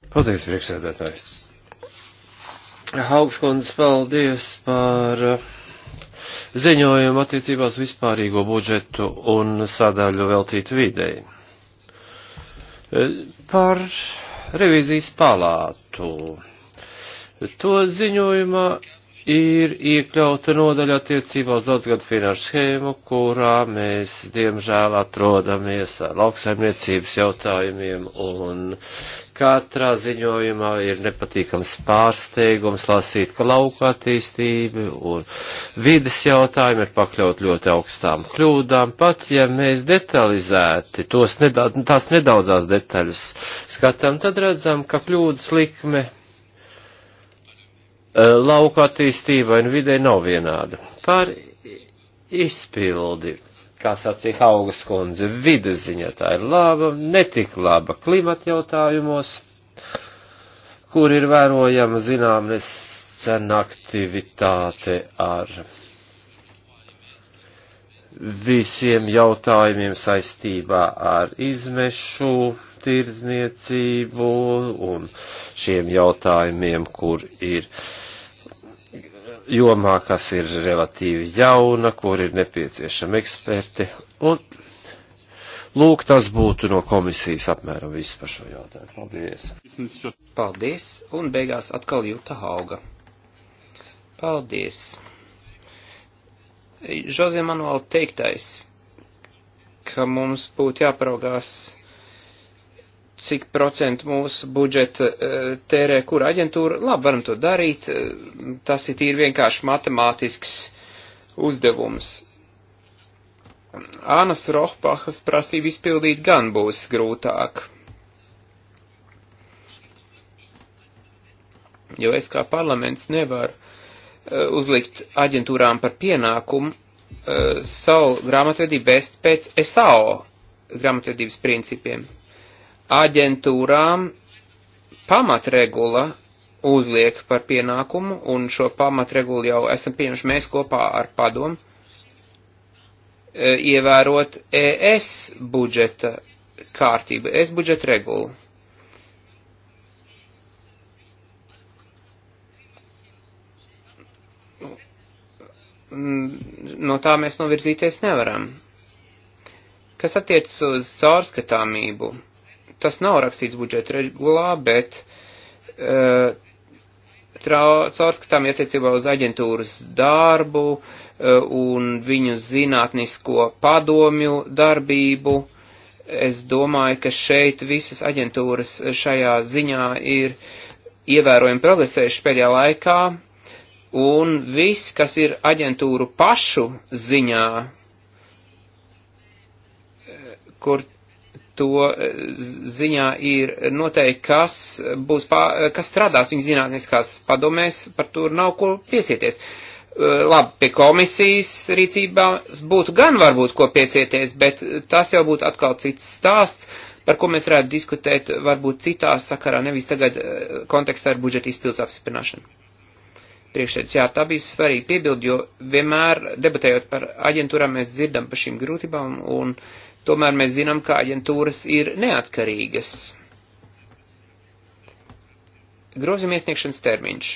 Paldies, priekšsēdētāji. Haugškundze, paldies par uh, ziņojumu attiecībās vispārīgo budžetu un sadaļu veltītu videi. Uh, par revizijas palātu. To ziņojumā ir iekļauta nodaļa attiecībā uz daudzgadu finanšu schēmu, kurā mēs, diemžēl, atrodamies ar lauksaimniecības jautājumiem, un katrā ziņojumā ir nepatīkams pārsteigums lasīt, ka lauka attīstība un vides jautājumi ir pakļaut ļoti augstām kļūdām, pat ja mēs detalizēti tos nedaudz, tās nedaudzās detaļas skatām, tad redzam, ka kļūdas likme Eh, lauku attīstībai un videi nav vienāda. Par izpildi, kā sacīja Haugas kundze, vides ziņā tā ir laba, netik laba klimata jautājumos, kur ir vērojama zinām nescena aktivitāte ar visiem jautājumiem saistībā ar izmešu tirzniecību un šiem jautājumiem, kur ir jomā, kas ir relatīvi jauna, kur ir nepieciešami eksperti. Un lūk, tas būtu no komisijas apmēram viss par šo jautājumu. Paldies! Paldies! Un beigās atkal jūta auga. Paldies! Žozē Manuela teiktais, ka mums būtu jāparaugās cik procentu mūsu budžeta eh, tērē kura aģentūra. Labi, varam to darīt. Eh, tas ir tīri vienkārši matemātisks uzdevums. Ānas Rohpahas prasību izpildīt gan būs grūtāk. Jo es kā parlaments nevaru eh, uzlikt aģentūrām par pienākumu savu grāmatvedību vest pēc SAO grāmatvedības principiem aģentūrām pamatregula uzliek par pienākumu, un šo pamatregulu jau esam pieņemši mēs kopā ar padomu, e, ievērot ES budžeta kārtību, ES budžeta regulu. No tā mēs novirzīties nevaram. Kas attiecas uz caurskatāmību? tas nav rakstīts budžeta regulā, bet uh, caurskatām attiecībā uz aģentūras darbu uh, un viņu zinātnisko padomju darbību. Es domāju, ka šeit visas aģentūras šajā ziņā ir ievērojami progresējuši pēdējā laikā, un viss, kas ir aģentūru pašu ziņā, eh, kur to eh, ziņā ir noteikti, kas, būs pā, eh, kas strādās viņa zinātniskās padomēs, par tur nav ko piesieties. Eh, labi, pie komisijas rīcībās būtu gan varbūt ko piesieties, bet tas jau būtu atkal cits stāsts, par ko mēs varētu diskutēt varbūt citā sakarā, nevis tagad kontekstā ar budžeta izpildus apsiprināšanu. Priekšēdus, jā, tā bija svarīga piebildi, jo vienmēr debatējot par aģentūrām mēs dzirdam par šīm grūtībām un, un Tomēr mēs zinām, ka aģentūras ir neatkarīgas. Grozījuma iesniegšanas termiņš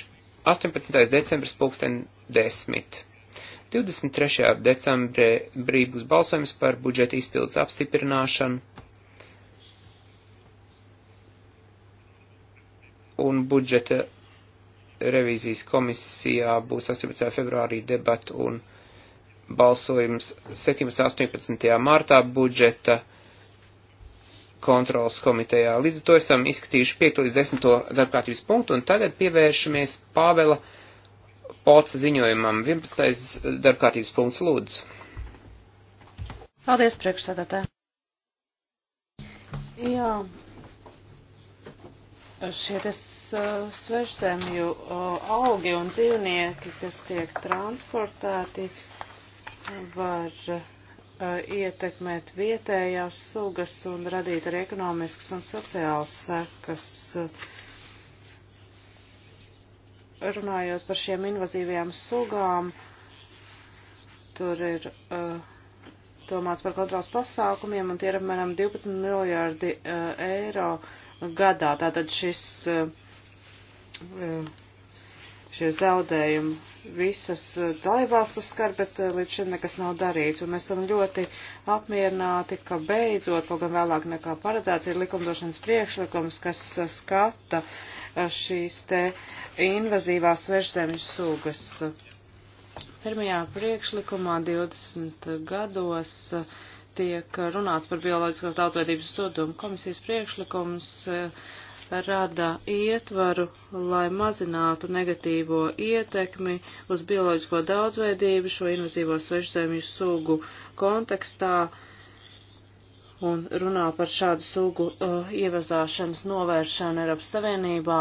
18. decembris 2010. 23. decembrī būs balsojums par budžeta izpildes apstiprināšanu un budžeta revīzijas komisijā būs 18. februārī debata un balsojums 17. 18. martā budžeta kontrolas komitejā. Līdz to esam izskatījuši 5. līdz 10. darbkārtības punktu, un tagad pievēršamies Pāvela Poca ziņojumam. 11. darbkārtības punkts lūdzu. Paldies, priekšsēdētē. Jā, šie tas uh, svešzemju uh, augi un dzīvnieki, kas tiek transportēti, uh, var eh, ietekmēt vietējās sugas un radīt arī ekonomiskas un sociālas sekas. Runājot par šiem invazīvajām sugām, tur ir uh, domāts par kontrols pasākumiem, un tie ir apmēram 12 miljārdi uh, eh, eiro gadā. Tātad šis uh, šie zaudējumi visas eh, dalībvalstis skar, bet eh, līdz šim nekas nav darīts. Un mēs esam ļoti apmierināti, ka beidzot, kaut gan vēlāk nekā paredzēts, ir likumdošanas priekšlikums, kas eh, skata šīs te invazīvās svežzemju sugas. Pirmajā priekšlikumā 20 gados tiek runāts par bioloģiskās daudzveidības zudumu. Komisijas priekšlikums uh, rada ietvaru, lai mazinātu negatīvo ietekmi uz bioloģisko daudzveidību šo invazīvo svešzemju sugu kontekstā un runā par šādu sugu uh, ievazāšanas novēršanu Eiropas Savienībā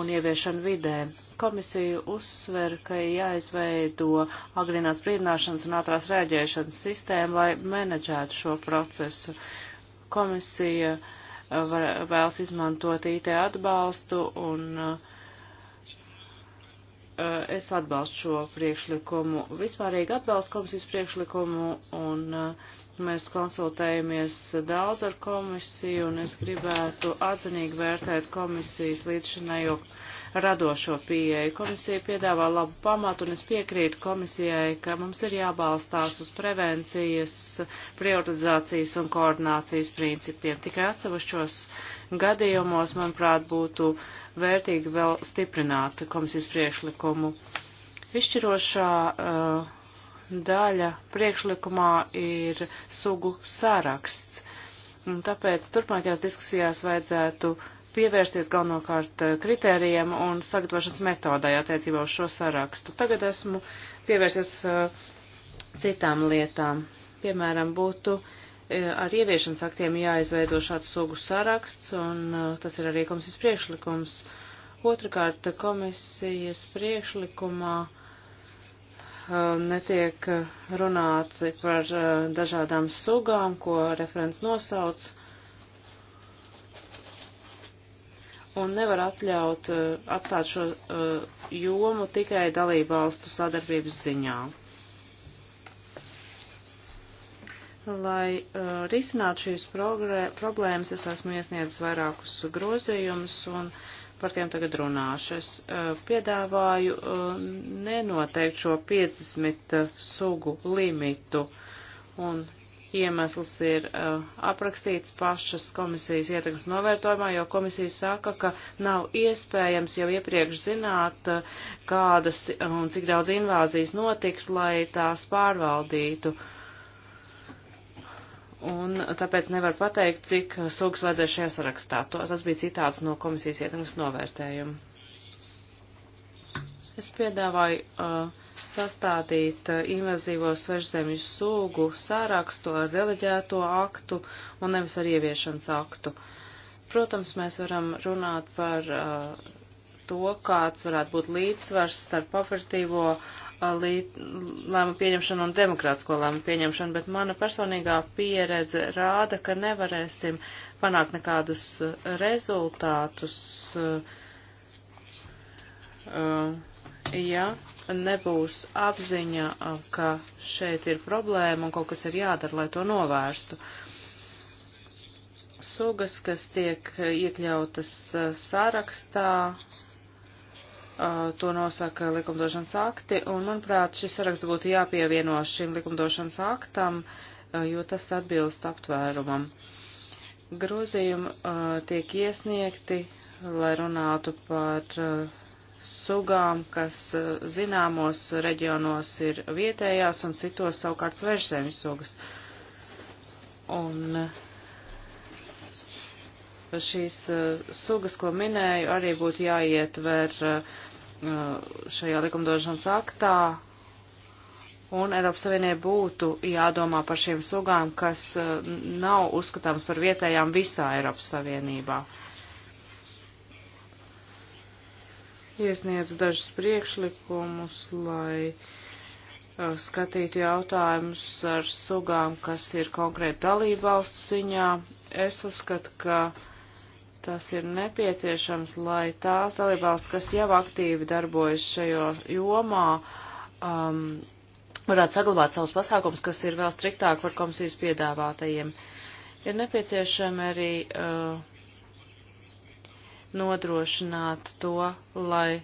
un ieviešanu vidē. Komisija uzsver, ka jāizveido agrīnās brīdināšanas un ātrās rēģēšanas sistēma, lai menedžētu šo procesu. Komisija uh, var, vēlas izmantot IT atbalstu un uh, es atbalstu šo priekšlikumu, vispārīgi atbalstu komisijas priekšlikumu, un e, mēs konsultējamies daudz ar komisiju, un es gribētu atzinīgi vērtēt komisijas līdzšinējo radošo pieeju. Komisija piedāvā labu pamatu, un es piekrītu komisijai, ka mums ir jābalstās uz prevencijas, prioritizācijas un koordinācijas principiem. Tikai atsevišķos gadījumos, manuprāt, būtu vērtīgi vēl stiprināt komisijas priekšlikumu. Izšķirošā uh, daļa priekšlikumā ir sugu saraksts. Un tāpēc turpmākajās diskusijās vajadzētu uh, pievērsties galvenokārt eh, kritērijiem un sagatavošanas metodai attiecībā uz šo sarakstu. Tagad esmu pievērsies uh, citām lietām. Piemēram, būtu uh, ar ieviešanas aktiem jāizveido šāds sugu saraksts, un uh, tas ir arī komisijas priekšlikums. Otrakārt, komisijas priekšlikumā netiek runāts par dažādām sugām, ko referents nosauc. un nevar atļaut uh, atstāt šo uh, jomu tikai dalībvalstu sadarbības ziņā. Lai uh, risinātu šīs problēmas, es esmu iesniedzis vairākus grozījumus un par tiem tagad runāšu. Es uh, piedāvāju uh, nenoteikt šo 50 sugu limitu un Iemesls ir uh, aprakstīts pašas komisijas ietekmes novērtojumā, jo komisija saka, ka nav iespējams jau iepriekš zināt, uh, kādas un cik daudz invāzijas notiks, lai tās pārvaldītu. Un tāpēc nevar pateikt, cik sugas vajadzēs šajā sarakstā. To, tas bija citāts no komisijas ietekmes novērtējuma. Es piedāvāju uh, sastādīt eh, invazīvo svežzemju sūgu sārakstu ar deleģēto aktu un nevis ar ieviešanas aktu. Protams, mēs varam runāt par uh, to, kāds varētu būt līdzsvars starp operatīvo uh, eh, lēmu pieņemšanu un demokrātsko lēmu pieņemšanu, bet mana personīgā pieredze rāda, ka nevarēsim panākt nekādus rezultātus. Uh, uh, ja nebūs apziņa, ka šeit ir problēma un kaut kas ir jādara, lai to novērstu. Sugas, kas tiek iekļautas sarakstā, to nosaka likumdošanas akti, un, manuprāt, šis saraksts būtu jāpievieno šim likumdošanas aktam, jo tas atbilst aptvērumam. Grozījumi tiek iesniegti, lai runātu par uh, sugām, kas e, zināmos reģionos ir vietējās un citos savukārt svežzemju sugas. Un e, šīs e, sugas, ko minēju, arī būtu jāietver šajā likumdošanas aktā, un Eiropas Savienībai būtu jādomā par šīm sugām, kas nav uzskatāms par vietējām visā Eiropas Savienībā. Uh, iesniedz dažus priekšlikumus, lai uh, skatītu jautājumus ar sugām, kas ir konkrēti dalību valstu ziņā. Es uzskatu, ka tas ir nepieciešams, lai tās dalībvalsts, kas jau aktīvi darbojas šajā jomā, um, varētu saglabāt savus pasākumus, kas ir vēl striktāk par komisijas piedāvātajiem. Ir nepieciešami arī uh, nodrošināt to, lai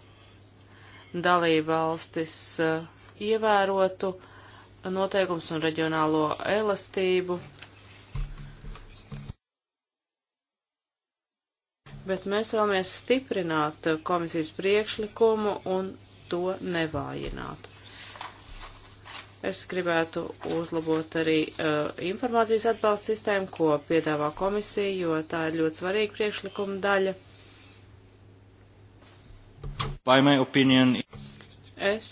dalībvalstis uh, ievērotu noteikums un reģionālo elastību. Bet mēs vēlamies stiprināt komisijas priekšlikumu un to nevājināt. Es gribētu uzlabot arī uh, informācijas atbalsta sistēmu, ko piedāvā komisija, jo tā ir ļoti svarīga priekšlikuma daļa. By my opinion... Es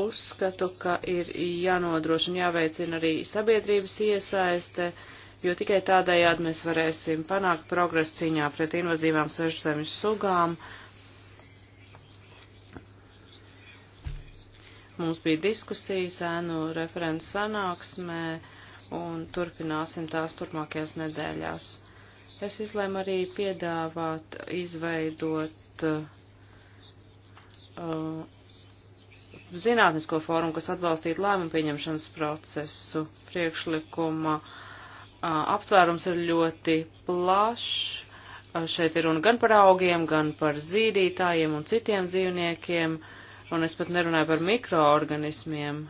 uzskatu, ka ir jānodrošina, jāveicina arī sabiedrības iesaiste, jo tikai tādējādi mēs varēsim panākt progresu cīņā pret invazīvām sešzemes sugām. Mums bija diskusijas ēnu referents sanāksmē un turpināsim tās turpmākajās nedēļās. Es izlēmu arī piedāvāt izveidot uh, uh, zinātnisko fórumu, kas atbalstītu lēmumu pieņemšanas procesu. Priekšlikuma uh, aptvērums ir ļoti plašs. Uh, šeit ir runa gan par augiem, gan par zīdītājiem un citiem dzīvniekiem, un es pat nerunāju par mikroorganismiem,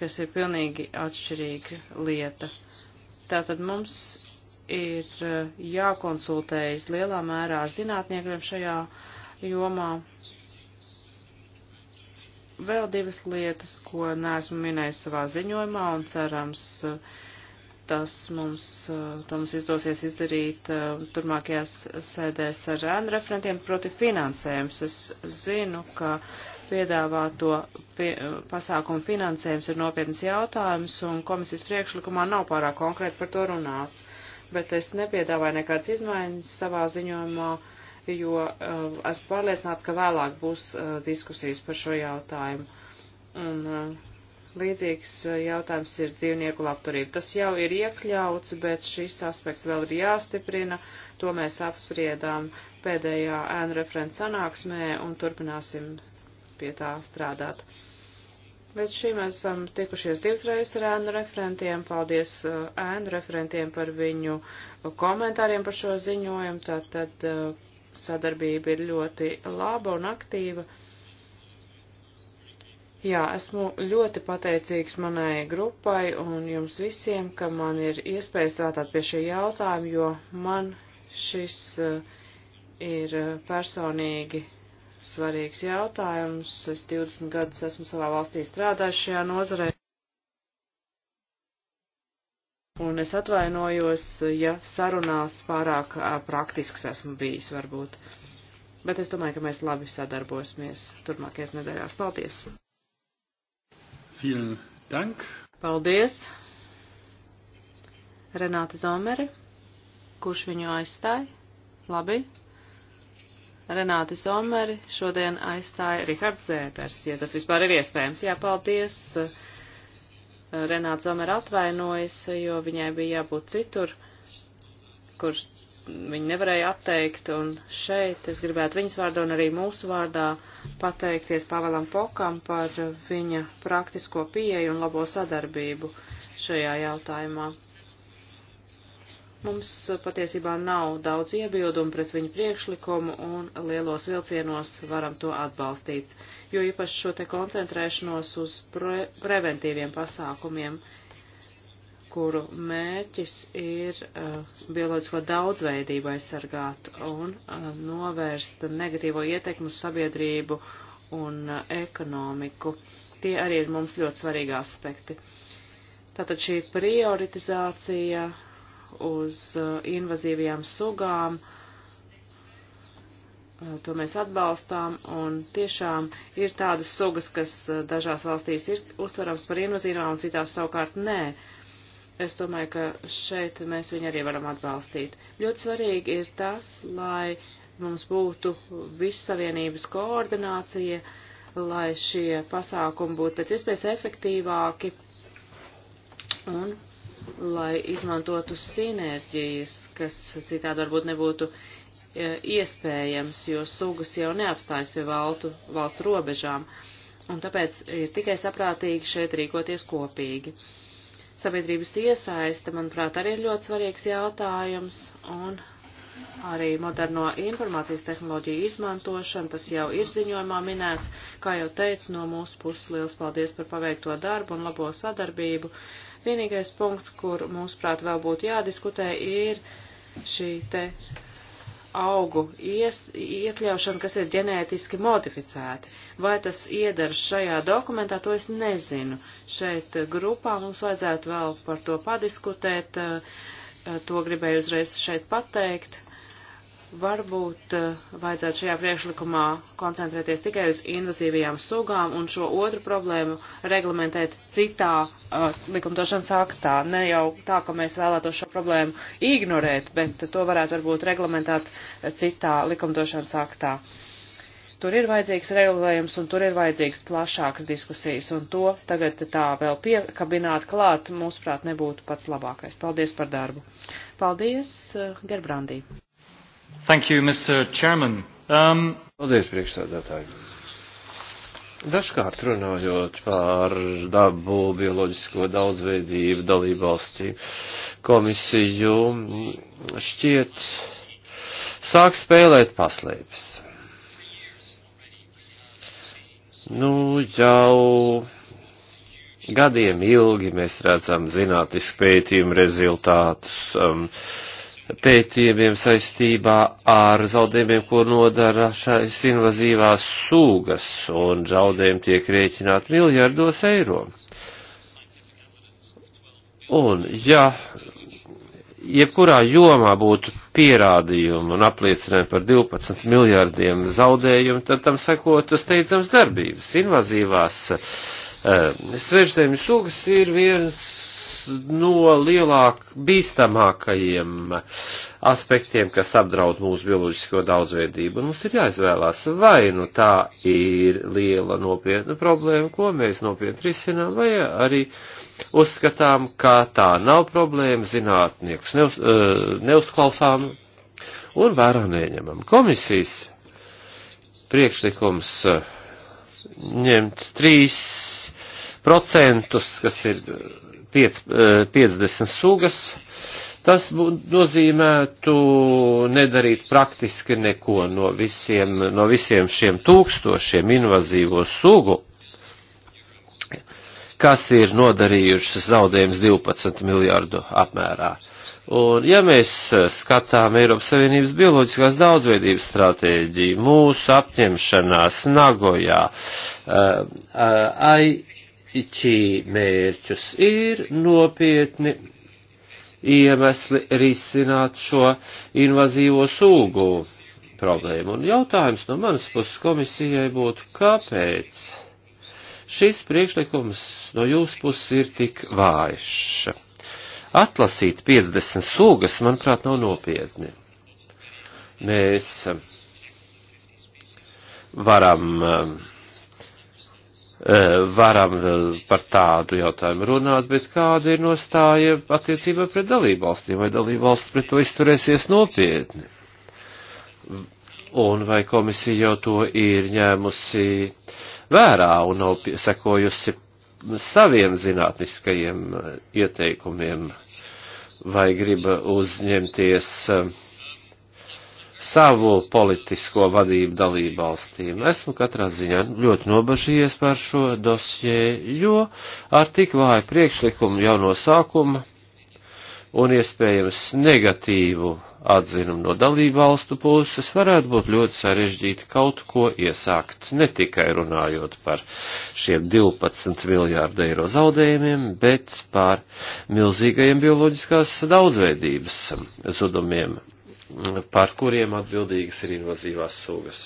kas ir pilnīgi atšķirīga lieta. Tātad mums ir uh, jākonsultējas lielā mērā ar zinātniekiem šajā uh, jomā. Vēl divas lietas, ko neesmu minējis savā ziņojumā un cerams, tas mums, to mums izdosies izdarīt uh, turmākajās sēdēs ar ēnu referentiem, proti finansējums. Es zinu, ka piedāvāto fi pasākumu finansējums ir nopietns jautājums, un komisijas priekšlikumā nav pārāk konkrēti par to runāts. Bet es nepiedāvāju nekādas izmaiņas savā ziņojumā, jo uh, esmu pārliecināts, ka vēlāk būs uh, diskusijas par šo jautājumu. Un uh, līdzīgs uh, jautājums ir dzīvnieku labturība. Tas jau ir iekļauts, bet šis aspekts vēl ir jāstiprina. To mēs apspriedām pēdējā ēnu referents sanāksmē un turpināsim pie tā strādāt. Līdz šim esam tikušies divas reizes ar ēnu referentiem. Paldies uh, ēnu referentiem par viņu komentāriem par šo ziņojumu. Tātad uh, sadarbība ir ļoti laba un aktīva. Jā, esmu ļoti pateicīgs manai grupai un jums visiem, ka man ir iespēja strādāt pie šī jautājuma, jo man šis eh, ir personīgi svarīgs jautājums. Es 20 gadus esmu savā valstī strādājis šajā nozarē. Un es atvainojos, ja sarunās pārāk praktisks esmu bijis varbūt. Bet es domāju, ka mēs labi sadarbosimies turpmākajās nedēļās. Paldies! Vielen Dank! Paldies! Renāta Zomere, kurš viņu aizstāja? Labi. Renāti Someri šodien aizstāja Rihards Zēpers, ja tas vispār ir iespējams. Jā, paldies. Uh, Renāta Zomera atvainojas, jo viņai bija jābūt citur, kur viņa nevarēja atteikt, un šeit es gribētu viņas vārdā un arī mūsu vārdā pateikties Pavelam Pokam par viņa praktisko pieeju un labo sadarbību šajā jautājumā. Mums uh, patiesībā nav daudz iebildumu pret viņu priekšlikumu un lielos vilcienos varam to atbalstīt, jo īpaši šo te koncentrēšanos uz pre preventīviem pasākumiem, kuru mērķis ir uh, bioloģisko daudzveidību aizsargāt un uh, novērst negatīvo ietekmu uz sabiedrību un uh, ekonomiku. Tie arī ir mums ļoti svarīgi aspekti. Tātad šī prioritizācija uz eh, invazīvajām sugām. Eh, to mēs atbalstām, un tiešām ir tādas sugas, kas eh, dažās valstīs ir uztverams par invazīvām, un citās savukārt nē. Es domāju, ka šeit mēs viņu arī varam atbalstīt. Ļoti svarīgi ir tas, lai mums būtu vissavienības koordinācija, lai šie pasākumi būtu pēc iespējas efektīvāki un lai izmantotu sinerģijas, kas citādi varbūt nebūtu e, iespējams, jo sugas jau neapstājas pie valtu, valstu robežām, un tāpēc ir tikai saprātīgi šeit rīkoties kopīgi. Sabiedrības iesaista, manuprāt, arī ir ļoti svarīgs jautājums, un arī moderno informācijas tehnoloģiju izmantošanu, tas jau ir ziņojumā minēts. Kā jau teicu, no mūsu puses liels paldies par paveikto darbu un labo sadarbību. Vienīgais punkts, kur mūsuprāt vēl būtu jādiskutē, ir šī te augu ies, iekļaušana, kas ir ģenētiski modificēti. Vai tas iedara šajā dokumentā, to es nezinu. Šeit grupā mums vajadzētu vēl par to padiskutēt. Uh, Eh, to gribēju uzreiz šeit pateikt. Varbūt eh, vajadzētu šajā priekšlikumā koncentrēties tikai uz invazīvajām sugām un šo otru problēmu reglamentēt citā uh, likumdošanas aktā. Ne jau tā, ka mēs vēlētos šo problēmu ignorēt, bet to varētu varbūt reglamentēt citā likumdošanas aktā. Uh, tur ir vajadzīgs regulējums un tur ir vajadzīgs plašāks diskusijas, un to tagad tā vēl piekabināt klāt, mūsuprāt, nebūtu pats labākais. Paldies par darbu. Paldies, eh, Gerbrandī. Thank you, Mr. Chairman. Um... Paldies, priekšsēdētājs. Dažkārt runājot par dabu, bioloģisko daudzveidību, dalībvalstī komisiju, šķiet sāk spēlēt paslēpes. Nu, jau gadiem ilgi mēs redzam zinātnisku pētījumu rezultātus. Um, pētījumiem saistībā ar zaudējumiem, ko nodara šais invazīvās sūgas, un zaudējumi tiek rēķināti miljardos eiro. Un, ja jebkurā jomā būtu pierādījumi un apliecinājumi par 12 miljārdiem zaudējumu, tad tam sekotu steidzams darbības. Invazīvās eh, svežzemju sugas ir viens no lielāk bīstamākajiem aspektiem, kas apdraud mūsu bioloģisko daudzveidību. Un mums ir jāizvēlās, vai nu tā ir liela nopietna problēma, ko mēs nopietni risinām, vai arī uh, uzskatām, ka tā nav problēma, zinātniekus neuz, eh, neuzklausām un vērā neņemam. Komisijas priekšlikums eh, ņemt 3%, kas ir 5, eh, 50 sugas, Tas nozīmētu nedarīt praktiski neko no visiem, no visiem šiem tūkstošiem invazīvo sugu, kas ir nodarījušas zaudējums 12 miljārdu apmērā. Un, ja mēs e, skatām Eiropas Savienības bioloģiskās daudzveidības stratēģiju, mūsu apņemšanās Nagojā, uh, uh, aiķī mērķus, ir nopietni iemesli risināt šo invazīvo sūgu problēmu. Un jautājums no manas puses komisijai būtu, kāpēc? Šis priekšlikums no jūsu puses ir tik vājš. Atlasīt 50 sugas, manuprāt, nav nopietni. Mēs um, varam, um, uh, varam par tādu jautājumu runāt, bet kāda ir nostāja attiecībā pret dalībvalstīm, vai dalībvalsts pret to izturēsies nopietni? Un vai komisija jau to ir ņēmusi uh, vērā un nav sekojusi saviem zinātniskajiem eh, ieteikumiem vai grib uzņemties eh, savu politisko vadību dalību valstīm. Esmu katrā ziņā ļoti nobažījies par šo dosjē, jo ar tik vāju priekšlikumu jau no sākuma un iespējams negatīvu atzinumu no dalību valstu puses, varētu būt ļoti sarežģīti kaut ko iesākt, ne tikai runājot par šiem 12 miljārdu eiro zaudējumiem, bet par milzīgajiem bioloģiskās daudzveidības zudumiem, par kuriem atbildīgas ir invazīvās sugas.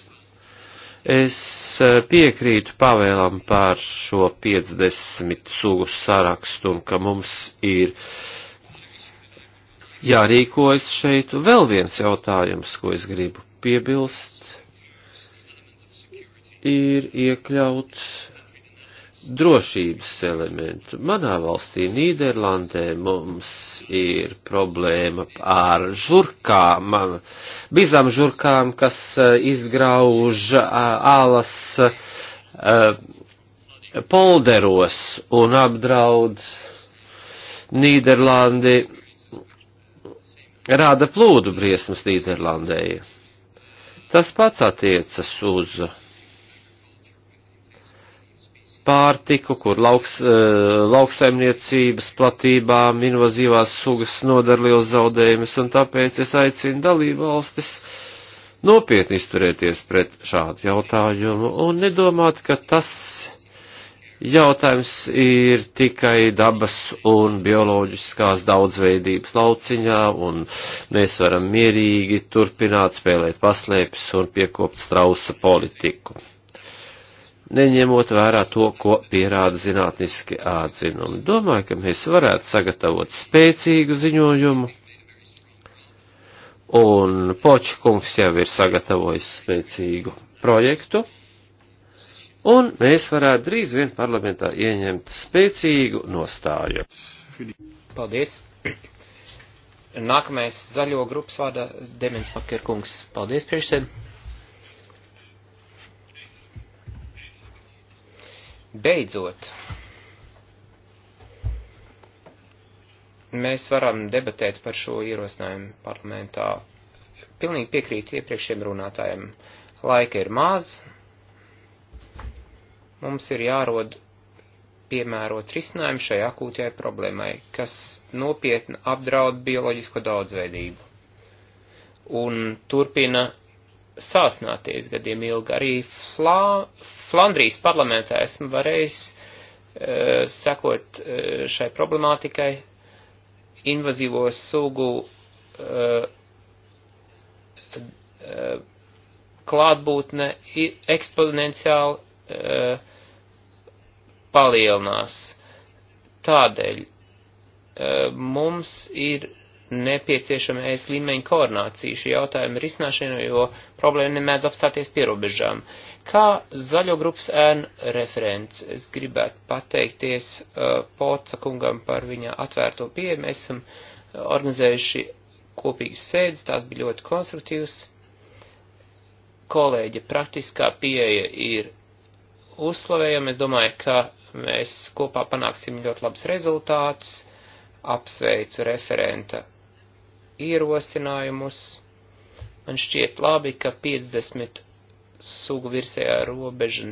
Es eh, piekrītu pavēlam par šo 50 sugu sarakstu un ka mums ir uh, jārīkojas šeit. Vēl viens jautājums, ko es gribu piebilst, ir iekļauts drošības elementu. Manā valstī, Nīderlandē, mums ir problēma ar žurkām, bizām žurkām, kas eh, izgrauž eh, alas eh, polderos un apdraud Nīderlandi rāda plūdu briesmas Nīderlandēji. Tas pats attiecas uz pārtiku, kur lauks, eh, lauksaimniecības platībām invazīvās sugas nodara liels zaudējumus, un tāpēc es aicinu dalību valstis nopietni izturēties pret šādu jautājumu un nedomāt, ka tas Jautājums ir tikai dabas un bioloģiskās daudzveidības lauciņā, un mēs varam mierīgi turpināt spēlēt paslēpes un piekopt strausa politiku neņemot vērā to, ko pierāda zinātniski atzinumi. Domāju, ka mēs varētu sagatavot spēcīgu ziņojumu, un Počkungs jau ir sagatavojis spēcīgu projektu un mēs varētu drīz vien parlamentā ieņemt spēcīgu nostāju. Paldies! Nākamais zaļo grupas vārdā Demens Pakirkungs. Paldies, priekšsēd! Beidzot, mēs varam debatēt par šo ierosinājumu parlamentā. Pilnīgi piekrītu iepriekšējiem runātājiem. Laika ir maz, Mums ir jārod piemērot risinājumu šai akūtajai problēmai, kas nopietni apdraud bioloģisko daudzveidību un turpina sāsnāties gadiem ilgi. Arī Flā, Flandrijas parlamentā esmu varējis uh, sekot uh, šai problemātikai invazīvo sugu uh, klātbūtne eksponenciāli palielinās. Tādēļ e, mums ir nepieciešama ēs līmeņa koordinācija šī jautājuma risināšana, jo problēma nemēdz apstāties pierobežām. Kā zaļo grupas ēnu referents, es gribētu pateikties uh, Poca kungam par viņa atvērto pieeju. Mēs esam organizējuši kopīgas sēdes, tās bija ļoti konstruktīvas. Kolēģa praktiskā pieeja ir uzslavējama. Es domāju, ka Mēs kopā panāksim ļoti labus rezultātus, apsveicu referenta ierosinājumus. Man šķiet labi, ka 50 sugu virsējā robeža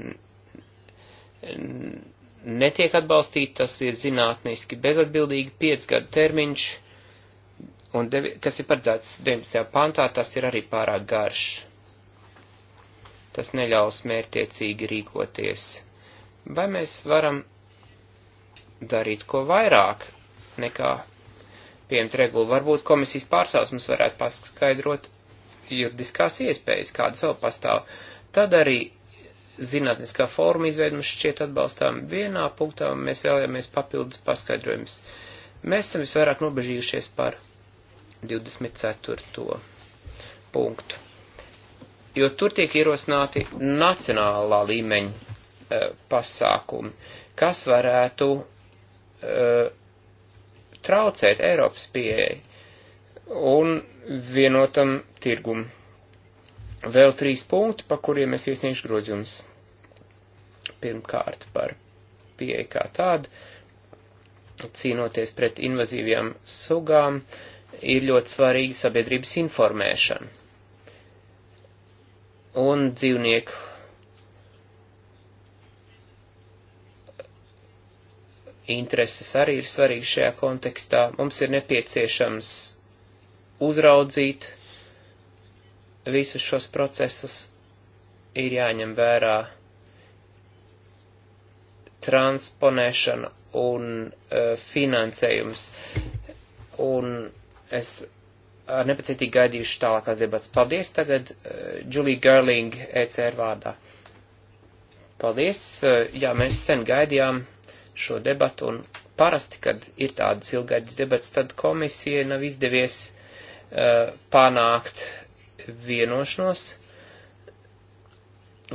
netiek atbalstīta, tas ir zinātniski bezatbildīgi, 5 gadu termiņš, un devi, kas ir paredzēts 19. pantā, tas ir arī pārāk garš. Tas neļaus mērtiecīgi rīkoties. Vai mēs varam darīt ko vairāk nekā pieņemt regulu? Varbūt komisijas pārstāvs mums varētu paskaidrot juridiskās iespējas, kādas vēl pastāv. Tad arī zinātniskā forma izveidu mums šķiet atbalstām. Vienā punktā mēs vēlamies papildus paskaidrojumus. Mēs esam visvairāk nobežījušies par 24. punktu, jo tur tiek ierosināti nacionālā līmeņa Eh, pasākumi, kas varētu eh, traucēt Eiropas pieejai un vienotam tirgum. Vēl trīs punkti, pa kuriem es iesniegšu grozījumus. Pirmkārt par pieeja kā tāda, cīnoties pret invazīvajām sugām, ir ļoti svarīga sabiedrības informēšana. Un dzīvnieku intereses arī ir svarīgi šajā kontekstā. Mums ir nepieciešams uzraudzīt visus šos procesus, ir jāņem vērā transponēšana un uh, finansējums. Un es ar e, nepacietīgi gaidījuši tālākās debatas. Paldies tagad, uh, Julie Gerling, ECR vārdā. Paldies, uh, jā, mēs sen gaidījām šo debatu, un parasti, kad ir tādas ilgaidas debats, tad komisijai nav izdevies uh, panākt vienošanos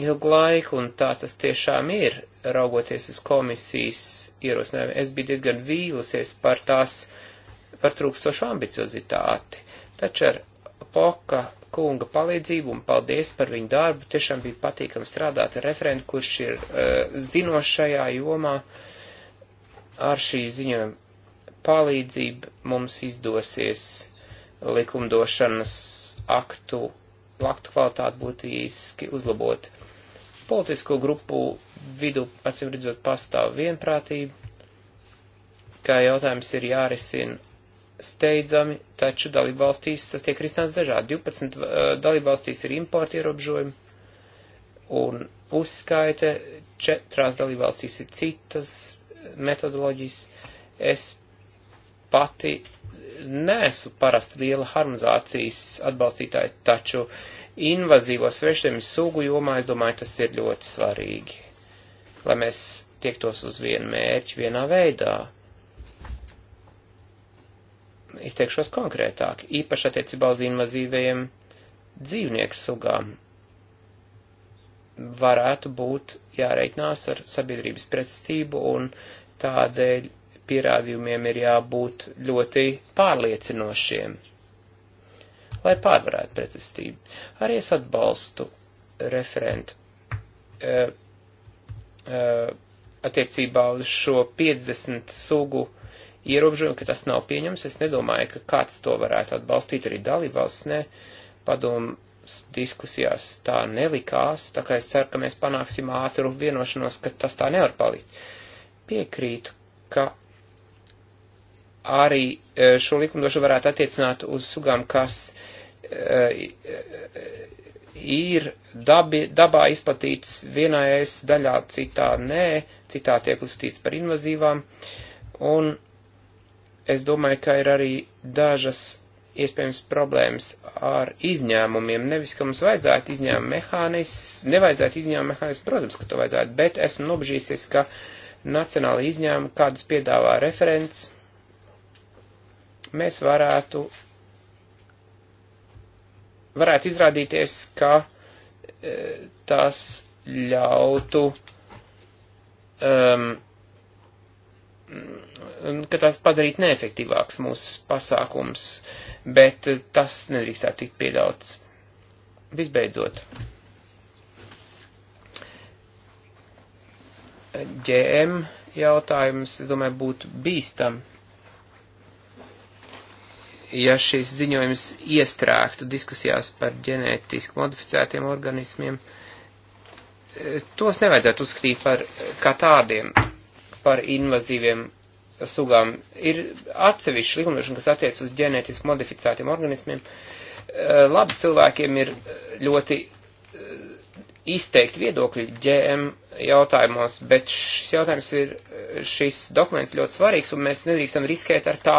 ilgu laiku, un tā tas tiešām ir, raugoties uz komisijas ierosinājumu. Es biju diezgan vīlusies par tās, par trūkstošu ambiciozitāti, taču ar Poka kunga palīdzību un paldies par viņu darbu, tiešām bija patīkami strādāt ar referentu, kurš ir uh, zinošajā jomā, uh, ar šī ziņojuma palīdzību mums izdosies likumdošanas aktu, aktu kvalitāti būtiski uzlabot. Politisko grupu vidu, acīm redzot, pastāv vienprātība, kā jautājums ir jārisina steidzami, taču dalībvalstīs tas tiek risināts dažādi. 12 uh, eh, dalībvalstīs ir importa ierobežojumi un uzskaite, četrās dalībvalstīs ir citas metodoloģijas. Es pati nesu parasti liela harmonizācijas atbalstītāja, taču invazīvo svešiemi sugu jomā, es domāju, tas ir ļoti svarīgi, lai mēs tiektos uz vienu mērķi vienā veidā. Izteikšos konkrētāk, īpaši attiecībā uz invazīvajiem dzīvnieku sugām varētu būt jāreiknās ar sabiedrības pretstību un tādēļ pierādījumiem ir jābūt ļoti pārliecinošiem, lai pārvarētu pretestību. Arī es atbalstu referentu e, e, attiecībā uz šo 50 sugu ierobežojumu, ka tas nav pieņems. Es nedomāju, ka kāds to varētu atbalstīt, arī dalībvalsts, ne. Padomu diskusijās tā nelikās, tā kā es ceru, ka mēs panāksim ātru vienošanos, ka tas tā nevar palikt. Piekrītu, ka arī e, šo likumdošu varētu attiecināt uz sugām, kas e, e, ir dabi, dabā izplatīts vienais daļā, citā nē, citā tiek uzskatīts par invazīvām. Un es domāju, ka ir arī dažas iespējams problēmas ar izņēmumiem. Nevis, ka mums vajadzētu izņēmumu mehānismu, nevajadzētu izņēmumu mehānismu, protams, ka to vajadzētu, bet esmu nobežīsies, ka nacionāla izņēmuma, kādas piedāvā referents, mēs varētu, varētu izrādīties, ka e, tas ļautu um, Mm, ka tas padarītu neefektīvāks mūsu pasākums, bet tas nedrīkstētu tikt pieļauts. Visbeidzot, GM jautājums, es domāju, būtu bīstam, ja šis ziņojums iestrēgtu diskusijās par ģenētiski modificētiem organismiem. Tos nevajadzētu uzskatīt par kā tādiem par invazīviem sugām. Ir atsevišķi likumdošana, kas attiec uz ģenētiski modificētiem organismiem. Eh, labi cilvēkiem ir eh, ļoti eh, izteikti viedokļi ģēm jautājumos, bet šis jautājums ir, šis dokuments ļoti svarīgs, un mēs nedrīkstam riskēt ar tā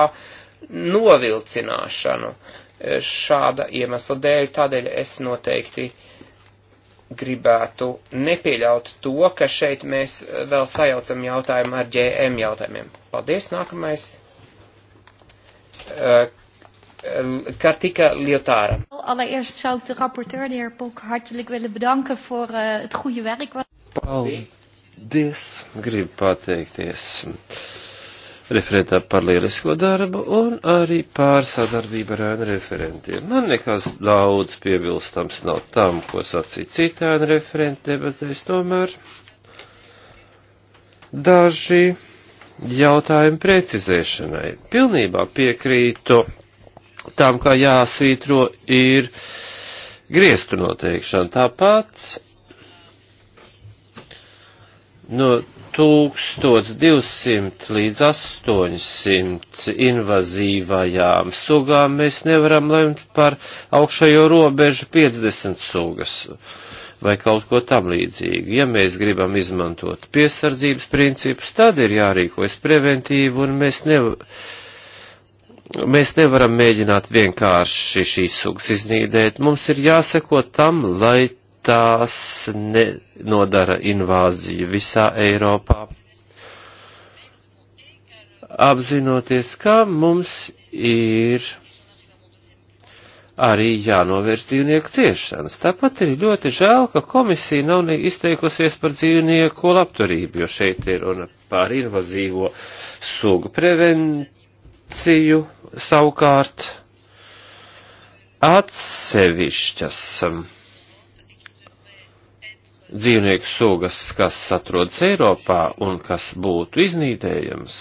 novilcināšanu šāda iemesla dēļ, tādēļ es noteikti uh, gribētu nepieļaut to, ka šeit mēs eh, vēl sajaucam jautājumu ar GM jautājumiem. Paldies, nākamais. Eh, eh, Kartika Liotāra. Allereerst zou ik de rapporteur, de heer Polk, hartelijk willen bedanken voor uh, het goede werk. Paldies. Gribu pateikties. Uh, referentam par lielisko darbu un arī pār sadarbību ar ēnu referentiem. Man nekas daudz piebilstams nav tam, ko sacīja citi ēnu referenti, bet es tomēr daži jautājumi precizēšanai. Pilnībā piekrītu tam, kā jāsvītro ir griestu noteikšana. Tāpat no 1200 līdz 800 invazīvajām sugām mēs nevaram lemt par augšējo robežu 50 sugas vai kaut ko tam līdzīgu. Ja mēs gribam izmantot piesardzības principus, tad ir jārīkojas preventīvi un mēs nevaram. Mēs nevaram mēģināt vienkārši šīs sugas iznīdēt, mums ir jāseko tam, lai tās nenodara invāziju visā Eiropā, apzinoties, ka mums ir arī jānovērst dzīvnieku ciešanas. Tāpat ir ļoti žēl, ka komisija nav izteikusies par dzīvnieku labturību, jo šeit ir runa par invazīvo sugu prevenciju savukārt atsevišķas. Um, dzīvnieku sugas, kas atrodas Eiropā un kas būtu iznīdējams,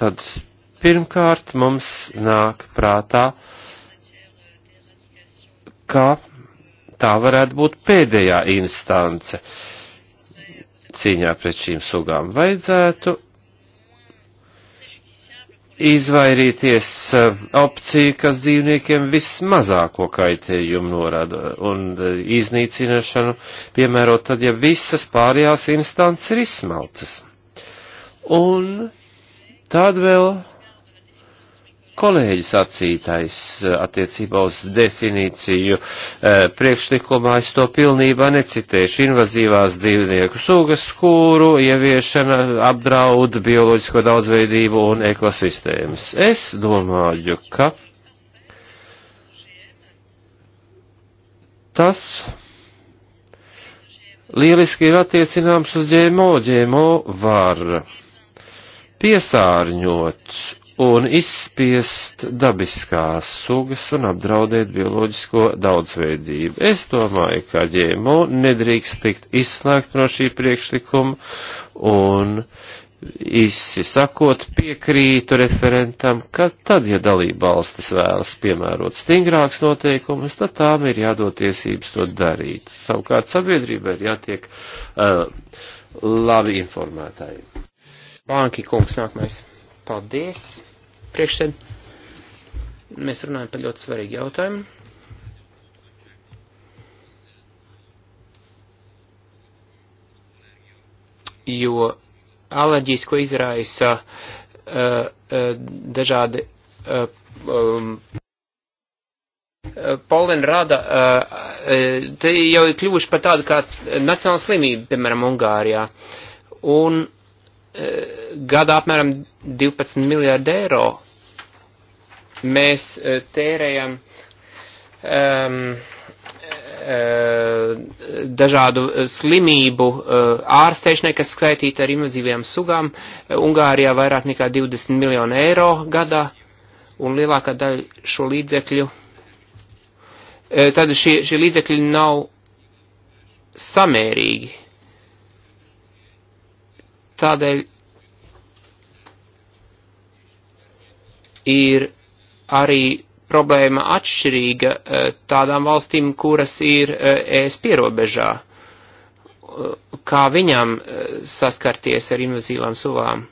tad pirmkārt mums nāk prātā, ka tā varētu būt pēdējā instance cīņā pret šīm sugām. Vajadzētu izvairīties eh, opciju, kas dzīvniekiem vismazāko kaitējumu norāda un eh, iznīcināšanu, piemērot tad, ja visas pārējās instances ir izsmalcas. Un tad vēl kolēģis acītais eh, attiecībā uz definīciju eh, priekšlikumā, es to pilnībā necitēšu, invazīvās dzīvnieku sugas, kuru ieviešana apdraud bioloģisko daudzveidību un ekosistēmas. Es domāju, ka tas lieliski ir attiecināms uz ģēmo, ģēmo var piesārņot un izspiest dabiskās sugas un apdraudēt bioloģisko daudzveidību. Es domāju, ka ģēmo nedrīkst tikt izslēgt no šī priekšlikuma un īsi sakot piekrītu referentam, ka tad, ja dalībvalstis vēlas piemērot stingrāks noteikumus, tad tām ir jādod tiesības to darīt. Savukārt sabiedrībai ir jātiek uh, labi informētāji. Banki kungs nākamais. Paldies. Priekšsēd. Mēs runājam par ļoti svarīgu jautājumu. Jo alerģijas, ko izraisa uh, uh, dažādi uh, um, uh, poleni rada, uh, uh, te jau ir kļuvuši par tādu kā nacionālu slimību, piemēram, Ungārijā. Un Eh, gadā apmēram 12 miljārdu eiro mēs eh, tērējam um, dažādu slimību ārstēšanai, kas skaitīta ar invazīviem sugām. Ungārijā vairāk nekā 20 miljonu eiro gadā un lielākā daļa šo līdzekļu. Tad šie, šie līdzekļi nav samērīgi. Tādēļ ir arī problēma atšķirīga e, tādām valstīm, kuras ir ES pierobežā, e, kā viņām e, saskarties ar invazīvām suvām.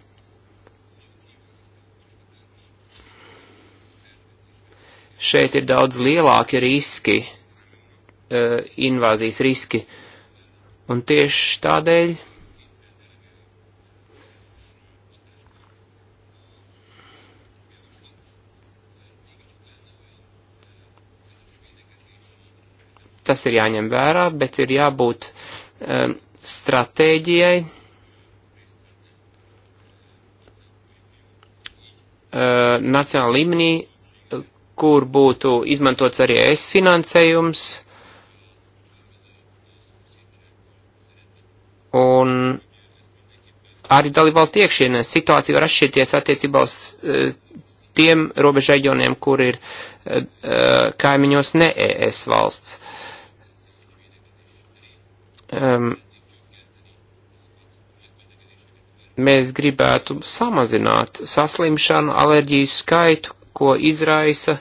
Šeit ir daudz lielāki riski, invāzijas riski, un tieši tādēļ tas ir jāņem vērā, bet ir jābūt um, stratēģijai. Uh, nacionāla līmenī, kur būtu izmantots arī es finansējums, un arī dalībvalstu iekšienē situācija var atšķirties attiecībā uz uh, tiem robežreģioniem, kur ir uh, uh kaimiņos ne ES valsts um, mēs gribētu samazināt saslimšanu, alerģiju skaitu, ko izraisa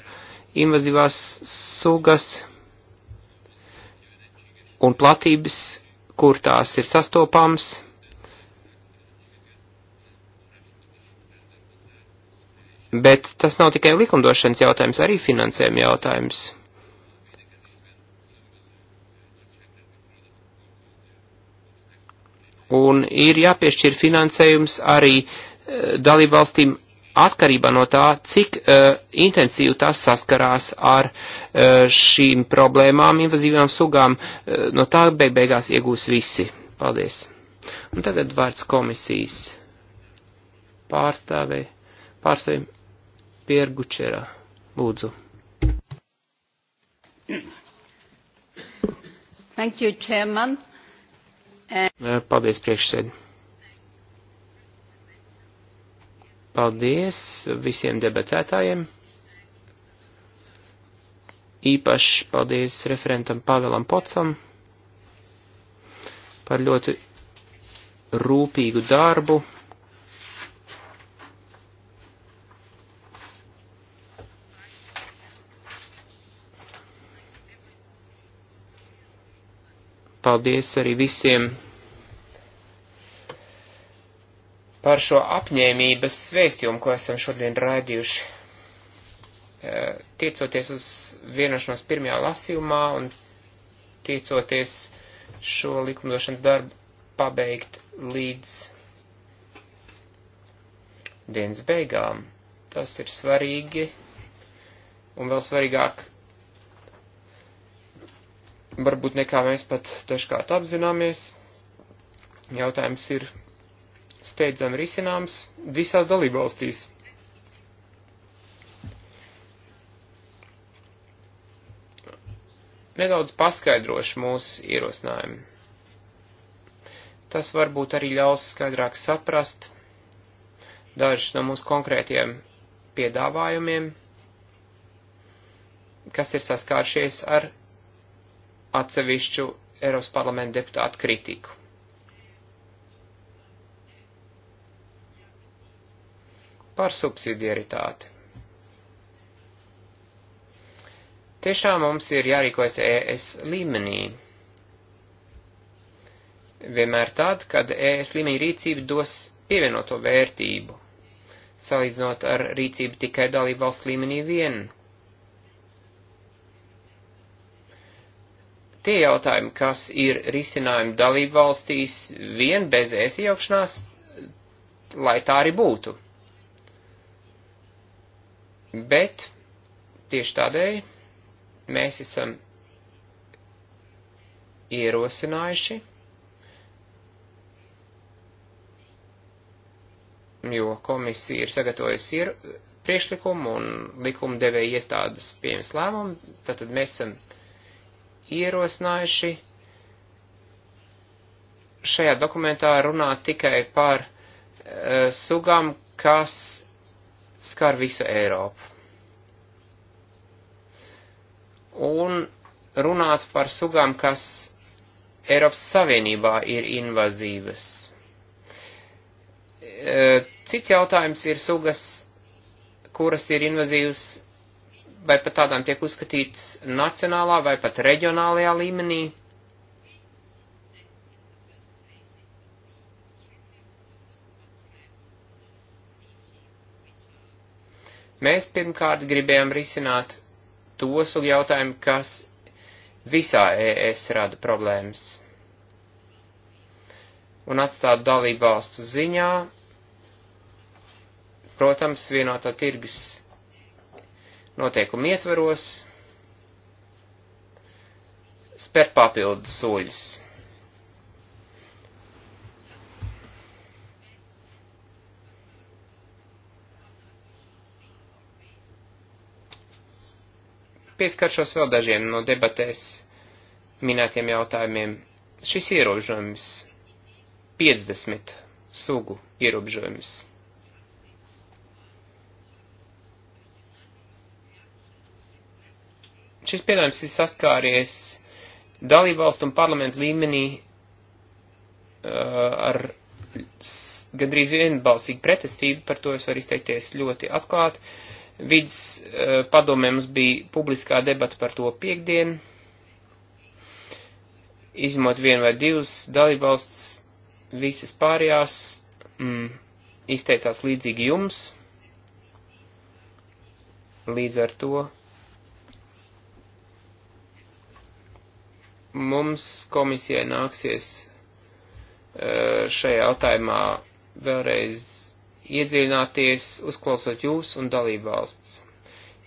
invazīvās sugas un platības, kur tās ir sastopams. Bet tas nav tikai likumdošanas jautājums, arī finansējuma jautājums. un ir jāpiešķir finansējums arī eh, dalībvalstīm atkarībā no tā, cik uh, intensīvi tās saskarās ar uh, šīm problēmām, invazīvām sugām, uh, no tā beig beigās iegūs visi. Paldies. Un tagad vārds komisijas pārstāvē, pārstāvim Piergučera. Lūdzu. Thank you, Chairman. Eh, paldies, priekšsēdi. Paldies visiem debatētājiem. Īpaši paldies referentam Pavelam Pocam par ļoti rūpīgu darbu, paldies arī visiem par šo apņēmības vēstījumu, ko esam šodien raidījuši. Eh, tiecoties uz vienošanos pirmajā lasījumā un tiecoties šo likumdošanas darbu pabeigt līdz dienas beigām. Tas ir svarīgi, un vēl svarīgāk varbūt nekā mēs pat dažkārt apzināmies. Jautājums ir steidzami risināms visās dalībvalstīs. Nedaudz paskaidrošu mūsu ierosinājumu. Tas varbūt arī ļaus skaidrāk saprast dažus no mūsu konkrētiem piedāvājumiem, kas ir saskāršies ar atsevišķu Eiropas parlamenta deputātu kritiku. Par subsidiaritāti. Tiešām mums ir jārīkojas ES līmenī. Vienmēr tad, kad ES līmeņa rīcība dos pievienoto vērtību, salīdzinot ar rīcību tikai dalību valsts līmenī vienu tie jautājumi, kas ir risinājumi dalību valstīs vien bez iejaukšanās, lai tā arī būtu. Bet tieši tādēļ mēs esam ierosinājuši, jo komisija ir sagatavojusi ir priekšlikumu un likuma devēja iestādes pieņems lēmumu, tad mēs esam ierosinājuši šajā dokumentā runāt tikai par uh, sugām, kas skar visu Eiropu. Un runāt par sugām, kas Eiropas Savienībā ir invazīvas. Eh, cits jautājums ir sugas, kuras ir invazīvas vai pat tādām tiek uzskatīts nacionālā vai pat reģionālajā līmenī. Mēs pirmkārt gribējām risināt to sugu jautājumu, kas visā ES rada problēmas. Un atstāt dalību valstu ziņā, protams, vienotā tirgus noteikumu ietveros spērt papildu soļus. Pieskaršos vēl dažiem no debatēs minētiem jautājumiem. Šis ierobežojums 50 sugu ierobežojums. Šis piedāvājums ir saskāries dalībvalstu un parlamentu līmenī uh, ar gandrīz vienbalsīgu pretestību, par to es varu izteikties ļoti atklāti. Vids uh, padomē mums bija publiskā debata par to piekdien, izmot vienu vai divas dalībvalsts, visas pārējās mm, izteicās līdzīgi jums. Līdz ar to Mums komisijai nāksies eh, šajā jautājumā vēlreiz iedziļināties, uzklausot jūs un dalību valsts.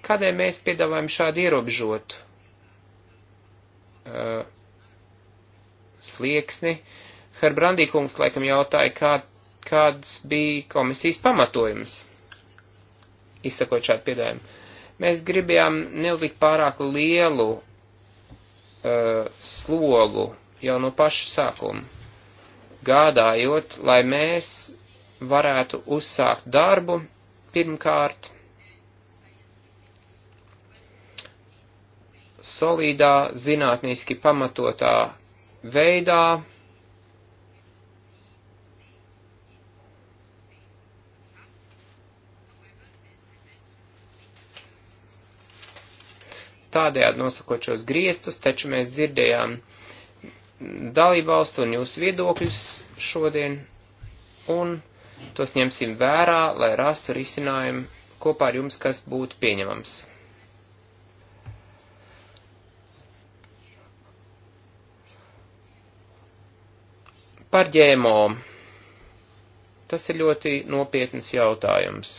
Kādēļ mēs piedāvājam šādu ierobežotu uh, slieksni? Herbrandī kungs laikam jautāja, kā, kāds bija komisijas pamatojums, izsakot šādu piedāvājumu. Mēs gribējām nelikt pārāk lielu Uh, slogu jau no paša sākuma, gādājot, lai mēs varētu uzsākt darbu pirmkārt solīdā, zinātniski pamatotā veidā, tādējādi nosakot šos griestus, taču mēs dzirdējām dalībvalstu un jūsu viedokļus šodien, un tos ņemsim vērā, lai rastu risinājumu kopā ar jums, kas būtu pieņemams. Par ģēmo. Tas ir ļoti nopietnas jautājums.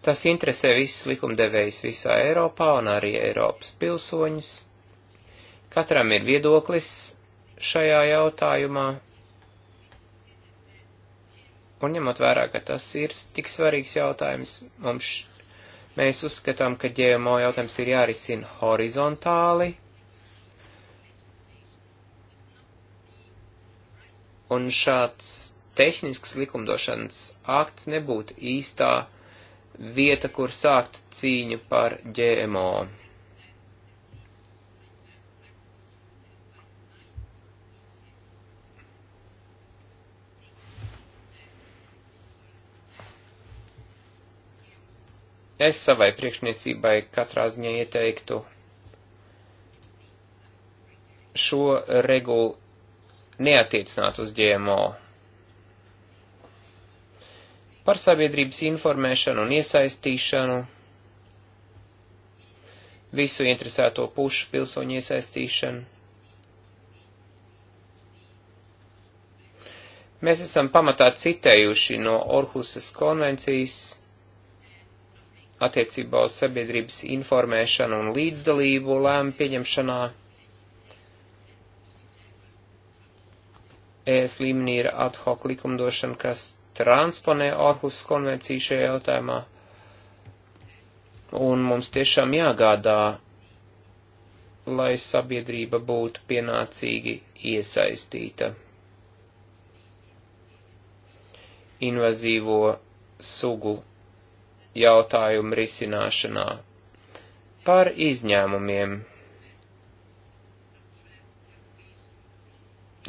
Tas interesē visus likumdevējus visā Eiropā un arī Eiropas pilsoņus. Katram ir viedoklis šajā jautājumā. Un ņemot vērā, ka tas ir tik svarīgs jautājums, mums, mēs uzskatām, ka GMO jautājums ir jārisina horizontāli. Un šāds tehnisks likumdošanas akts nebūtu īstā vieta, kur sākt cīņu par GMO. Es savai priekšniecībai katrā ziņā ieteiktu šo regulu neatiecināt uz GMO par sabiedrības informēšanu un iesaistīšanu, visu interesēto pušu pilsoņu iesaistīšanu. Mēs esam pamatā citējuši no Orhusas konvencijas attiecībā uz sabiedrības informēšanu un līdzdalību lēmu pieņemšanā. ES līmenī ir ad hoc likumdošana, kas transponē Orhus konvenciju šajā jautājumā. Un mums tiešām jāgādā, lai sabiedrība būtu pienācīgi iesaistīta. Invazīvo sugu jautājumu risināšanā par izņēmumiem.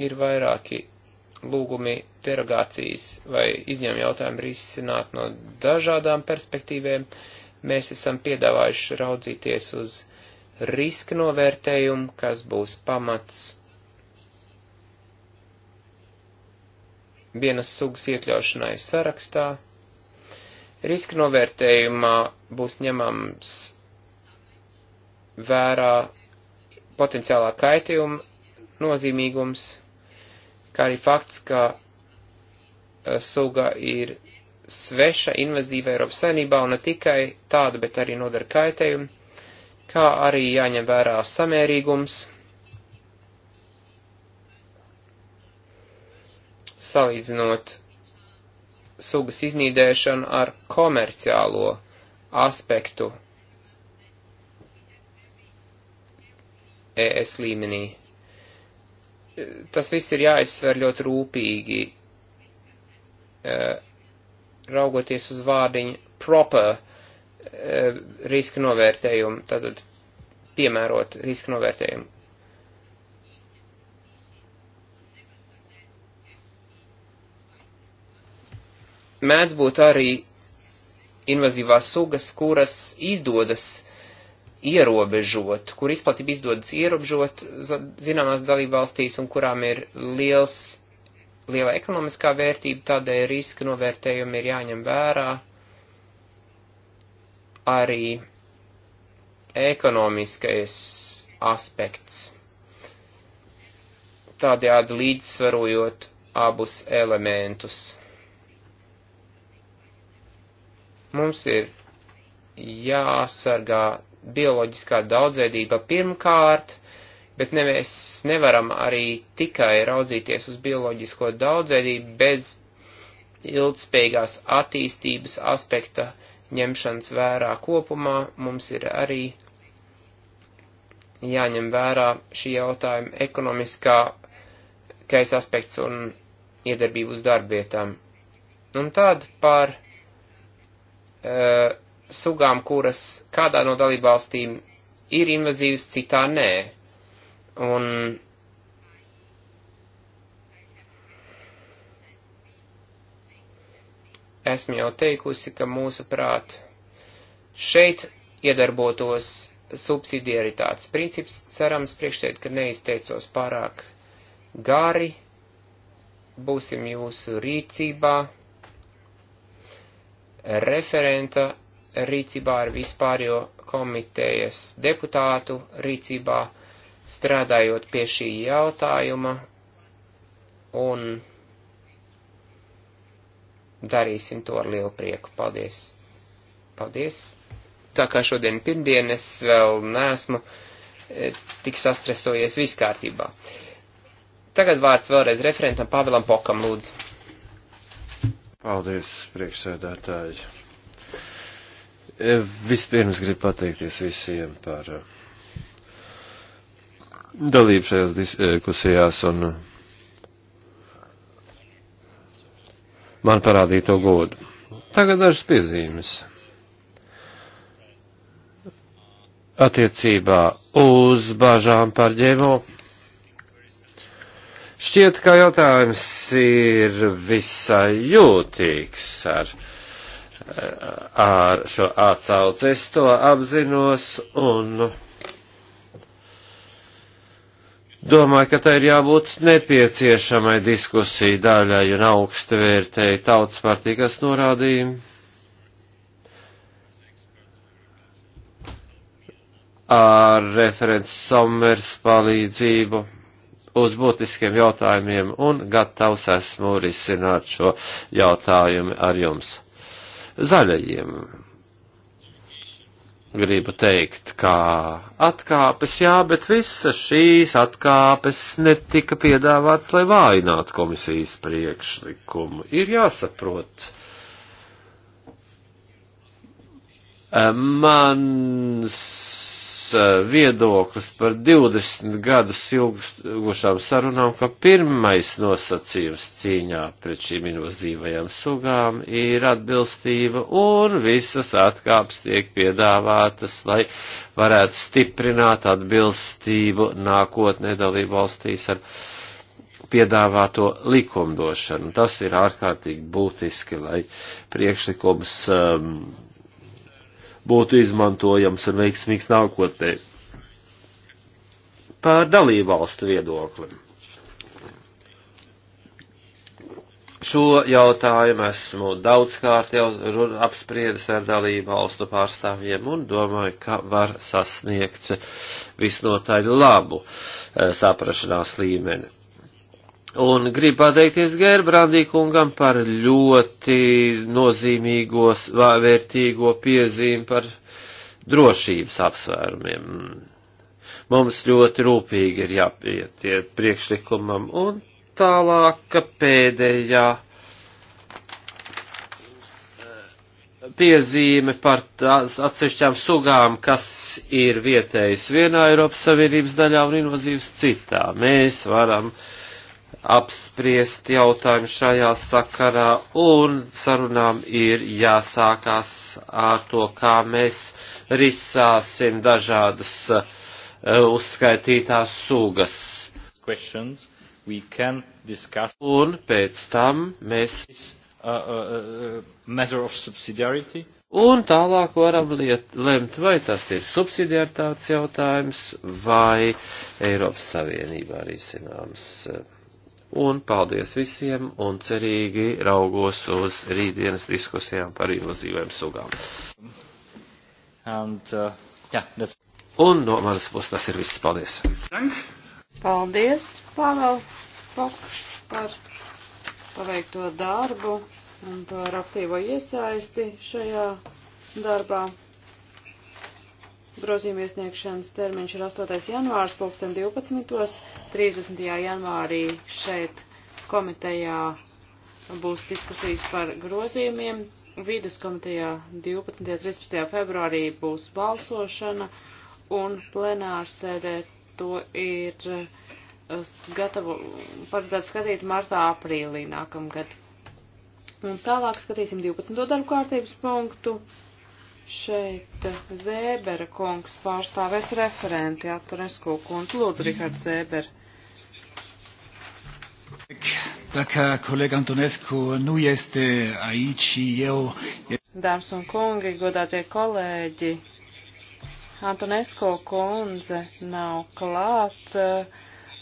Ir vairāki lūgumi derogācijas vai izņēmuma jautājumu risināt no dažādām perspektīvēm. Mēs esam piedāvājuši raudzīties uz riska novērtējumu, kas būs pamats vienas sugas iekļaušanai sarakstā. Riska novērtējumā būs ņemams vērā potenciālā kaitījuma nozīmīgums kā arī fakts, ka eh, suga ir sveša, invazīva Eiropas saimnībā un ne tikai tāda, bet arī nodara kaitējumu, kā arī jāņem vērā samērīgums, salīdzinot sugas iznīdēšanu ar komerciālo aspektu ES līmenī tas viss ir jāizsver ļoti rūpīgi, eh, raugoties uz vārdiņu proper eh, riska novērtējumu, tātad piemērot riska novērtējumu. Mēdz būt arī invazīvās sugas, kuras izdodas ierobežot, kur izplatība izdodas ierobežot zināmās dalībvalstīs un kurām ir liels, liela ekonomiskā vērtība, tādēļ riska novērtējumi ir jāņem vērā arī ekonomiskais aspekts. Tādējādi līdzsvarojot abus elementus. Mums ir jāsargā bioloģiskā daudzveidība pirmkārt, bet ne, mēs nevaram arī tikai raudzīties uz bioloģisko daudzveidību bez ilgspējīgās attīstības aspekta ņemšanas vērā kopumā. Mums ir arī jāņem vērā šī jautājuma ekonomiskā kais aspekts un iedarbību uz darbvietām. Un tad par uh, sugām, kuras kādā no dalībvalstīm ir invazīvas, citā nē. Un esmu jau teikusi, ka mūsu prāt šeit iedarbotos subsidiaritātes princips, cerams, priekšsēd, ka neizteicos pārāk gari, būsim jūsu rīcībā, referenta rīcībā ar vispārjo komitejas deputātu rīcībā, strādājot pie šī jautājuma, un darīsim to ar lielu prieku. Paldies! Paldies! Tā kā šodien pirmdien es vēl neesmu e, tik sastresojies viskārtībā. Tagad vārds vēlreiz referentam Pāvēlam Pokam lūdzu. Paldies, priekšsēdētāji! Vispirms gribu pateikties visiem par eh, dalību šajās diskusijās un eh, man parādīto godu. Tagad dažas piezīmes. Attiecībā uz bažām par ģēmo. Šķiet, ka jautājums ir visai jūtīgs ar ar šo atsauci. Es to apzinos un domāju, ka tai ir jābūt nepieciešamai diskusiju daļai un augstu vērtēji tautas partija, kas norādīja. ar referents Somers palīdzību uz būtiskiem jautājumiem un gatavs esmu risināt šo jautājumu ar jums zaļajiem. Gribu teikt, kā atkāpes, jā, bet visas šīs atkāpes netika piedāvāts, lai vājinātu komisijas priekšlikumu. Ir jāsaprot, eh, mans Uh, viedoklis par 20 gadus ilgušām sarunām, ka pirmais nosacījums cīņā pret šīm invazīvajām sugām ir atbilstība un visas atkāpes tiek piedāvātas, lai varētu stiprināt atbilstību nākotnē dalību valstīs ar piedāvāto likumdošanu. Tas ir ārkārtīgi būtiski, lai priekšlikums um, būtu izmantojams un veiksmīgs nākotnē. Par dalībvalstu viedokli. Šo jautājumu esmu daudzkārt jau apspriedis ar dalību valstu pārstāvjiem un domāju, ka var sasniegt visnotaļ labu eh, saprašanās līmeni Un gribu pateikties Gerbrandī kungam par ļoti nozīmīgo, vērtīgo piezīmi par drošības apsvērumiem. Mums ļoti rūpīgi ir jāpietiek priekšlikumam un tālāka pēdējā piezīme par tās atsevišķām sugām, kas ir vietējas vienā Eiropas Savienības daļā un invazīvas citā. Mēs varam uh, apspriest jautājumu šajā sakarā, un sarunām ir jāsākās ar to, kā mēs risāsim dažādas uh, uzskaitītās sugas. Un pēc tam mēs. Uh, uh, uh un tālāk varam liet, lemt, vai tas ir subsidiaritātes jautājums vai Eiropas Savienībā risināms. Uh, eh, Un paldies visiem un cerīgi raugos uz rītdienas diskusijām par invazīviem sugām. And, uh, yeah, that's... un no manas puses tas ir viss. Paldies! Paldies, Pavel Fok, par paveikto darbu un par aktīvo iesaisti šajā darbā. Grozījuma iesniegšanas termiņš ir 8. janvārs, 2012. 30. janvārī šeit komitejā būs diskusijas par grozījumiem. Vīdas komitejā 12. un 13. februārī būs balsošana un plenārsēdē to ir eh, gatavo, paredzēts skatīt martā aprīlī nākamgad. Un tālāk skatīsim 12. darbu kārtības punktu. Šeit eh, Zēbera kungs pārstāvēs referenti, atturesko kundu. Lūdzu, Rihards Zēber. Dacă coleg eh, Antonescu nu este aici și eu... Dāmas un kungi, godātie kolēģi, Antonesko kundze nav klāt eh,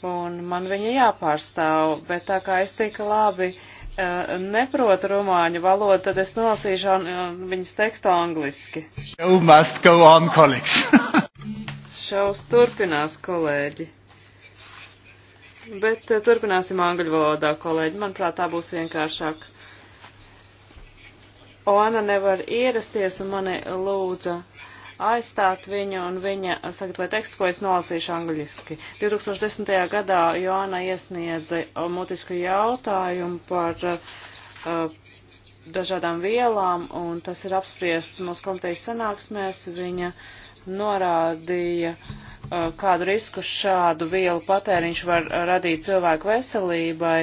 un man viņa jāpārstāv, bet tā kā es tik labi uh, Uh, neprot rumāņu valodu, tad es nolasīšu uh, viņas tekstu angliski. Show must go on, colleagues. [LAUGHS] Šaus turpinās, kolēģi. Bet uh, turpināsim angļu valodā, kolēģi. Manuprāt, tā būs vienkāršāk. Oana nevar ierasties un mani lūdza aizstāt viņu, un viņa sagatavoja tekstu, ko es nolasīšu angliski. 2010. gadā Joana iesniedza uh, mutisku jautājumu par uh, dažādām vielām, un tas ir apspriests mūsu komitejas sanāksmēs. Viņa norādīja, uh, kādu risku šādu vielu patēriņš var radīt cilvēku veselībai.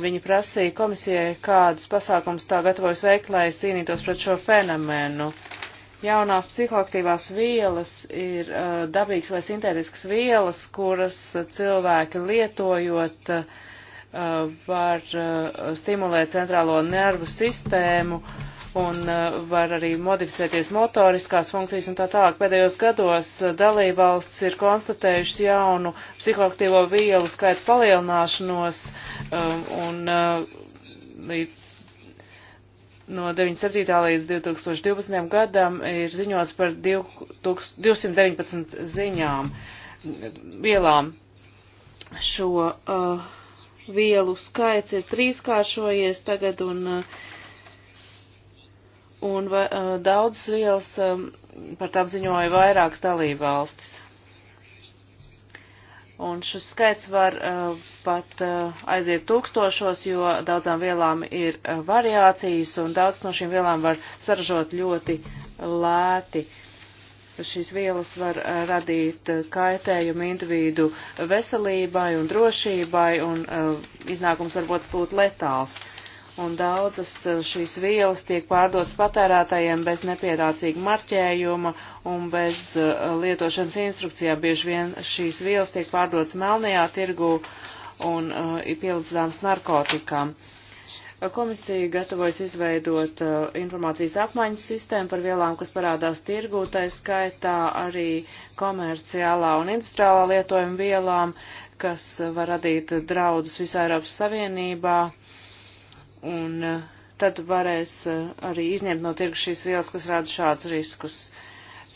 Viņa prasīja komisijai, kādus pasākums tā gatavojas veikt, lai cīnītos pret šo fenomenu. Uh, jaunās psihoaktīvās vielas ir uh, dabīgas vai sintētiskas vielas, kuras cilvēki lietojot uh, var uh, stimulēt centrālo nervu sistēmu un uh, var arī modificēties motoriskās funkcijas un tā tālāk. Pēdējos gados uh, dalībvalsts ir konstatējušas jaunu psihoaktīvo vielu skaitu palielināšanos um, un uh, līdz no 97. līdz 2012. gadam ir ziņots par 219 ziņām vielām. Šo uh, vielu skaits ir trīskāršojies tagad un, uh, un uh, daudzas vielas um, par tām ziņoja vairākas dalībvalstis. Un šis skaits var uh, pat uh, aiziet tūkstošos, jo daudzām vielām ir uh, variācijas, un daudz no šīm vielām var saražot ļoti lēti. Šīs vielas var uh, radīt uh, kaitējumu individu veselībai un drošībai, un uh, iznākums var būt letāls. Uh, un daudzas eh, šīs vielas tiek pārdotas patērētājiem bez nepiedācīga marķējuma un bez eh, lietošanas instrukcijā. Bieži vien šīs vielas tiek pārdotas melnajā tirgu un uh, ir pielīdzināmas narkotikām. Komisija gatavojas izveidot uh, informācijas apmaiņas sistēmu par vielām, kas parādās tirgū, tā skaitā arī komerciālā un industriālā lietojuma vielām, kas var radīt draudus visā Eiropas Savienībā, Un eh, tad varēs eh, arī izņemt no tirgus šīs vielas, kas rada šādus riskus.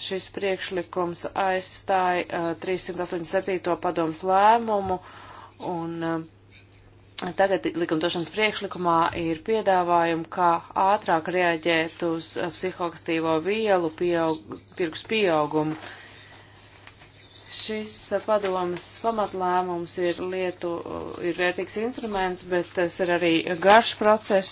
Šis priekšlikums aizstāja 387. Eh, padomas lēmumu un tagad likumdošanas priekšlikumā ir piedāvājumi, kā ātrāk reaģēt uz psihoaktīvo vielu pieaug, tirgus pieaugumu. Šis padomas pamatlēmums ir lietu, ir vērtīgs instruments, bet tas ir arī garš process,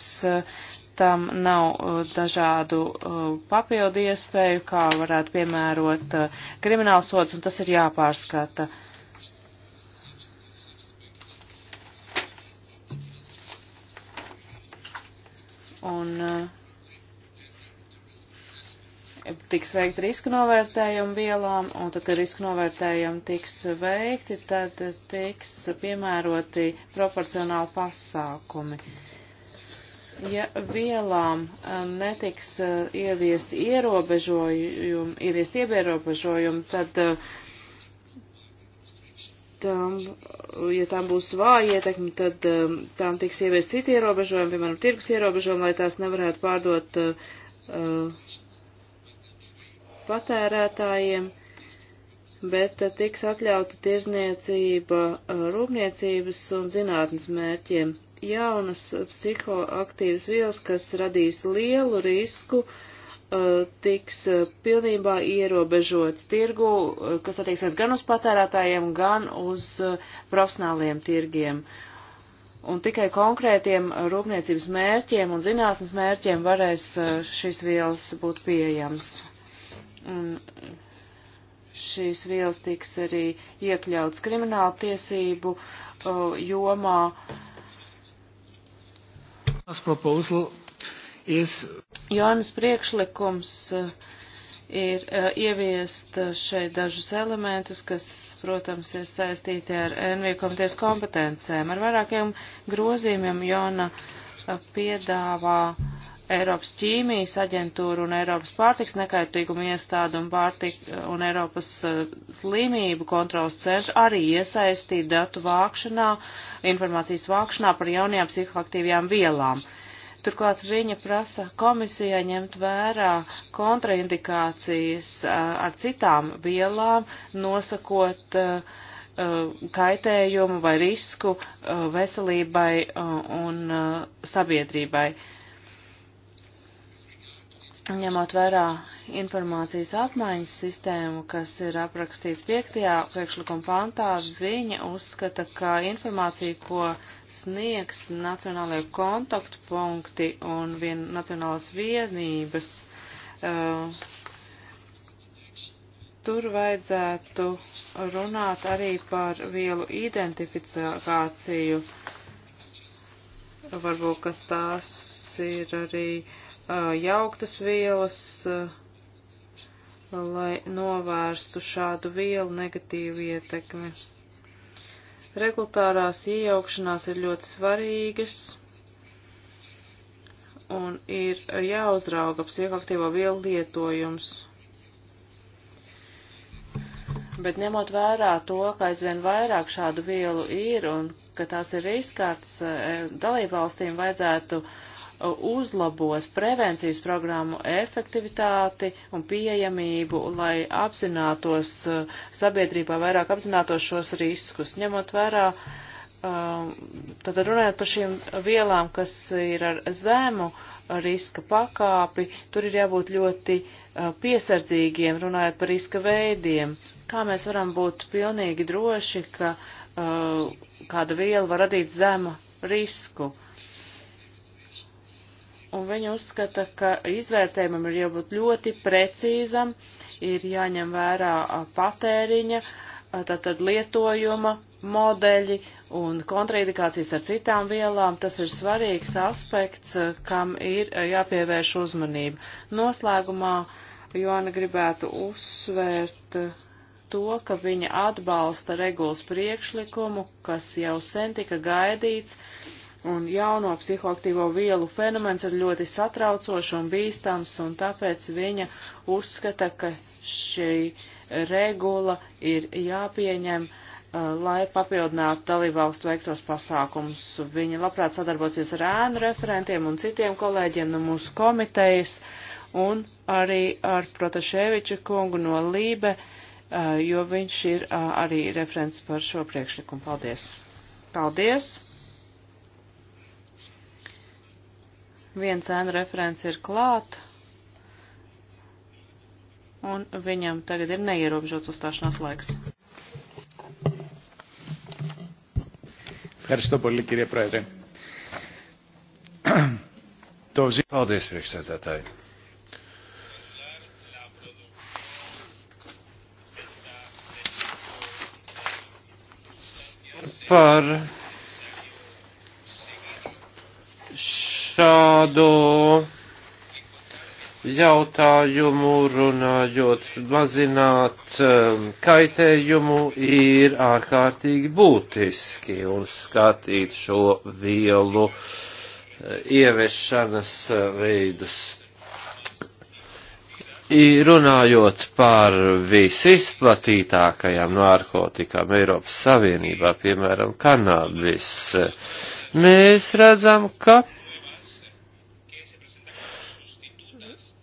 tam nav uh, dažādu uh, papildu iespēju, kā varētu piemērot uh, kriminālu sods, un tas ir jāpārskata. Un uh, tiks veikt riska novērtējumu vielām, un tad, kad riska novērtējumi tiks veikti, tad tiks piemēroti proporcionāli pasākumi. Ja vielām eh, netiks eh, ieviest ierobežojumi, ieviest ierobežojumi, tad eh, tām, ja tām būs vāja ietekme, tad um, tām tiks ieviest citi ierobežojumi, piemēram, tirgus ierobežojumi, lai tās nevarētu pārdot uh, patērētājiem, bet eh, tiks atļauta tirzniecība eh, rūpniecības un zinātnes mērķiem. Jaunas eh, psihoaktīvas vielas, kas radīs lielu risku, tiks pilnībā ierobežots tirgu, kas attieksies gan uz patērētājiem, gan uz profesionāliem tirgiem un tikai konkrētiem rūpniecības mērķiem un zinātnes mērķiem varēs šīs vielas būt pieejams. Un šīs vielas tiks arī iekļauts krimināla tiesību uh, jomā. Is... Jonas priekšlikums uh, ir uh, ieviest uh, šeit dažus elementus, kas, protams, ir saistīti ar NV komitejas kompetencēm. Ar vairākiem grozījumiem Jona uh, piedāvā uh, Eiropas ķīmijas aģentūru un Eiropas pārtiks nekaitīgumu iestādu un, pārtik, un Eiropas eh, slimību kontrolas centru arī iesaistīt datu vākšanā, informācijas vākšanā par jaunajām psihoaktīvajām vielām. Turklāt viņa prasa komisijai ņemt vērā kontraindikācijas eh, ar citām vielām, nosakot eh, kaitējumu vai risku veselībai un sabiedrībai ņemot vērā informācijas apmaiņas sistēmu, kas ir aprakstīts piektajā priekšlikuma pantā, viņa uzskata, ka informācija, ko sniegs nacionālajie kontaktpunkti un vien nacionālas vienības, uh, tur vajadzētu runāt arī par vielu identifikāciju. Varbūt, ka tās ir arī jauktas vielas, lai novērstu šādu vielu negatīvu ietekmi. Regulārās iejaukšanās ir ļoti svarīgas un ir jāuzrauga psihoaktīvo vielu lietojums. Bet ņemot vērā to, ka aizvien vairāk šādu vielu ir un ka tās ir riskārts, dalībvalstīm vajadzētu uh, uzlabos prevencijas programmu efektivitāti un pieejamību, lai apzinātos eh, sabiedrībā vairāk apzinātos šos riskus, ņemot vērā eh, Tad runājot par šīm vielām, kas ir ar zemu riska pakāpi, tur ir jābūt ļoti eh, piesardzīgiem, runājot par riska veidiem. Kā mēs varam būt pilnīgi droši, ka kāda viela var radīt zemu risku? un viņi uzskata, ka izvērtējumam ir jābūt ļoti precīzam, ir jāņem vērā patēriņa, tātad lietojuma modeļi un kontraindikācijas ar citām vielām. Tas ir svarīgs aspekts, kam ir jāpievērš uzmanība. Noslēgumā Joana gribētu uzsvērt to, ka viņa atbalsta regulas priekšlikumu, kas jau sen tika gaidīts Un jauno psihoaktīvo vielu fenomens ir ļoti satraucošs un bīstams, un tāpēc viņa uzskata, ka šī regula ir jāpieņem, uh, lai papildinātu dalībvalstu veiktos pasākumus. Viņa labprāt sadarbosies ar ēnu referentiem un citiem kolēģiem no mūsu komitejas un arī ar Protaševiča kungu no Lībe, uh, jo viņš ir uh, arī referents par šo priekšlikumu. Paldies! Paldies! Viens ēnu referents ir klāt, un viņam tagad ir neierobežots uzstāšanās laiks. Ευχαριστώ πολύ κύριε Πρόεδρε. [CLEARS THROAT] Το ζήτημα... Paldies, priekšsēdētāji. Par šādu jautājumu runājot, mazināt um, kaitējumu ir ārkārtīgi būtiski un skatīt šo vielu uh, ieviešanas uh, veidus. Runājot par visizplatītākajām narkotikām Eiropas Savienībā, piemēram, kanābis, mēs redzam, ka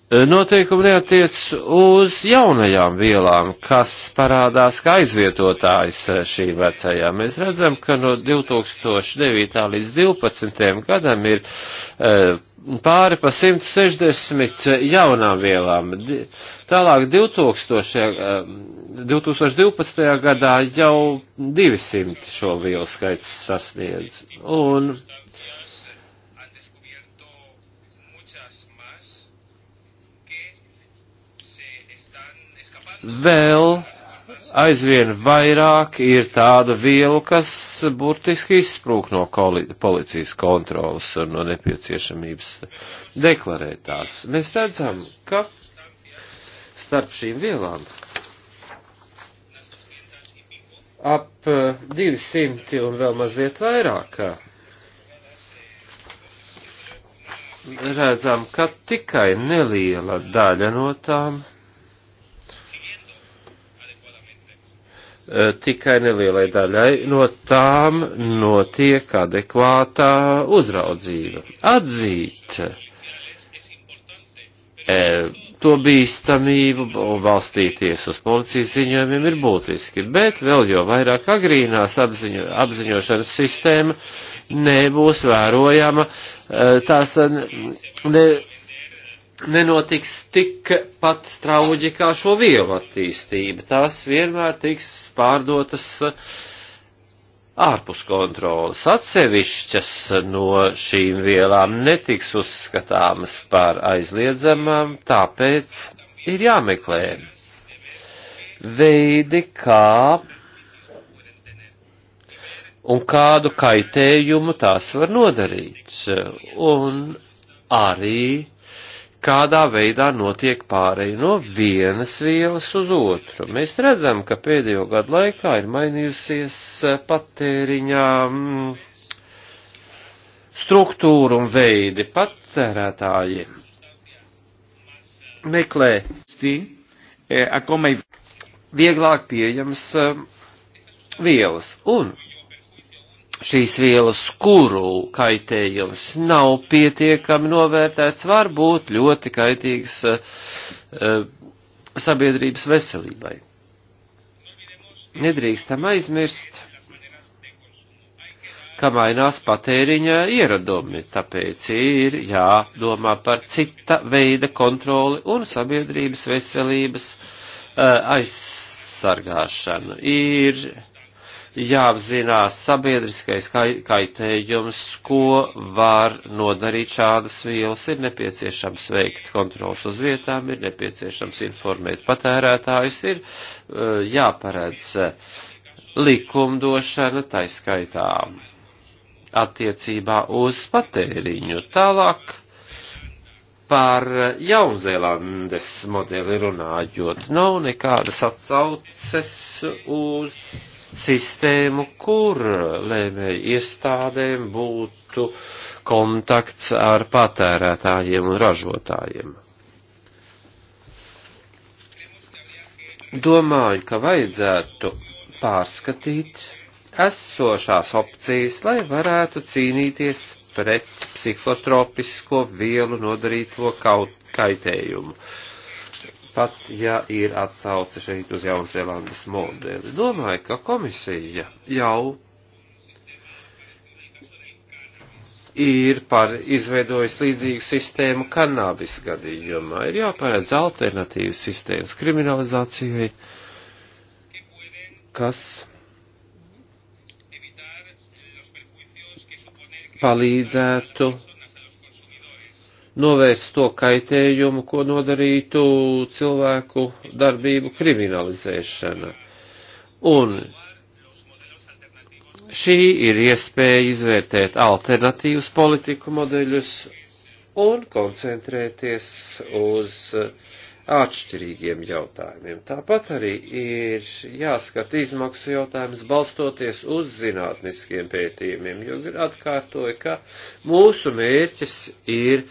Eh, noteikumi neatiec uz jaunajām vielām, kas parādās kā aizvietotājs eh, šīm vecajām. Mēs redzam, ka no 2009. līdz 2012. gadam ir eh, pāri pa 160 jaunām vielām. Tālāk 2000, 2012. gadā jau 200 šo vielu skaits sasniedz. Un vēl aizvien vairāk ir tādu vielu, kas burtiski izsprūk no policijas kontrolas un no nepieciešamības deklarēt tās. Mēs redzam, ka starp šīm vielām ap 200 eh, un vēl mazliet vairāk eh, redzam, ka tikai neliela daļa no tām Eh, tikai nelielai daļai no tām notiek adekvātā uzraudzība. Atzīt e, to bīstamību un balstīties uz policijas ziņojumiem ir būtiski, bet vēl jo vairāk agrīnās apziņo, apziņošanas sistēma nebūs vērojama, eh, tās ne, nenotiks tik pat strauģi kā šo vielu attīstība. Tās vienmēr tiks pārdotas ārpus kontrolas. Atsevišķas no šīm vielām netiks uzskatāmas par aizliedzamām, tāpēc ir jāmeklē veidi, kā un kādu kaitējumu tās var nodarīt. Un arī kādā veidā notiek pārēja no vienas vielas uz otru. Mēs redzam, ka pēdējo gadu laikā ir mainījusies eh, patēriņā mm, struktūra un veidi patērētāji meklē eh, vieglāk pieejams eh, vielas. Un šīs vielas, kuru kaitējums nav pietiekami novērtēts, var būt ļoti kaitīgs eh, eh, sabiedrības veselībai. Nedrīkstam aizmirst, ka mainās patēriņa ieradumi, tāpēc ir jādomā par cita veida kontroli un sabiedrības veselības eh, aizsargāšanu. Ir jāapzinās sabiedriskais kaitējums, ko var nodarīt šādas vielas. Ir nepieciešams veikt kontrols uz vietām, ir nepieciešams informēt patērētājus, ir eh, jāparedz eh, likumdošana taiskaitā attiecībā uz patēriņu. Tālāk par Jaunzēlandes modeli runājot, nav nekādas atsauces uz sistēmu, kur lēmēji iestādēm būtu kontakts ar patērētājiem un ražotājiem. Domāju, ka vajadzētu pārskatīt esošās opcijas, lai varētu cīnīties pret psihotropisko vielu nodarīto kaut kaitējumu. Uh, pat ja ir atsauce šeit uz Jaunzēlandes modeli. Domāju, ka komisija jau ir par izveidojis līdzīgu sistēmu kanābis gadījumā. Ir jāparedz alternatīvas sistēmas kriminalizācijai, kas palīdzētu novērst to kaitējumu, ko nodarītu cilvēku darbību kriminalizēšana. Un šī ir iespēja izvērtēt alternatīvus politiku modeļus un koncentrēties uz uh, atšķirīgiem jautājumiem. Tāpat arī ir jāskata izmaksu jautājums balstoties uz zinātniskiem pētījumiem, jo atkārtoju, ka mūsu mērķis ir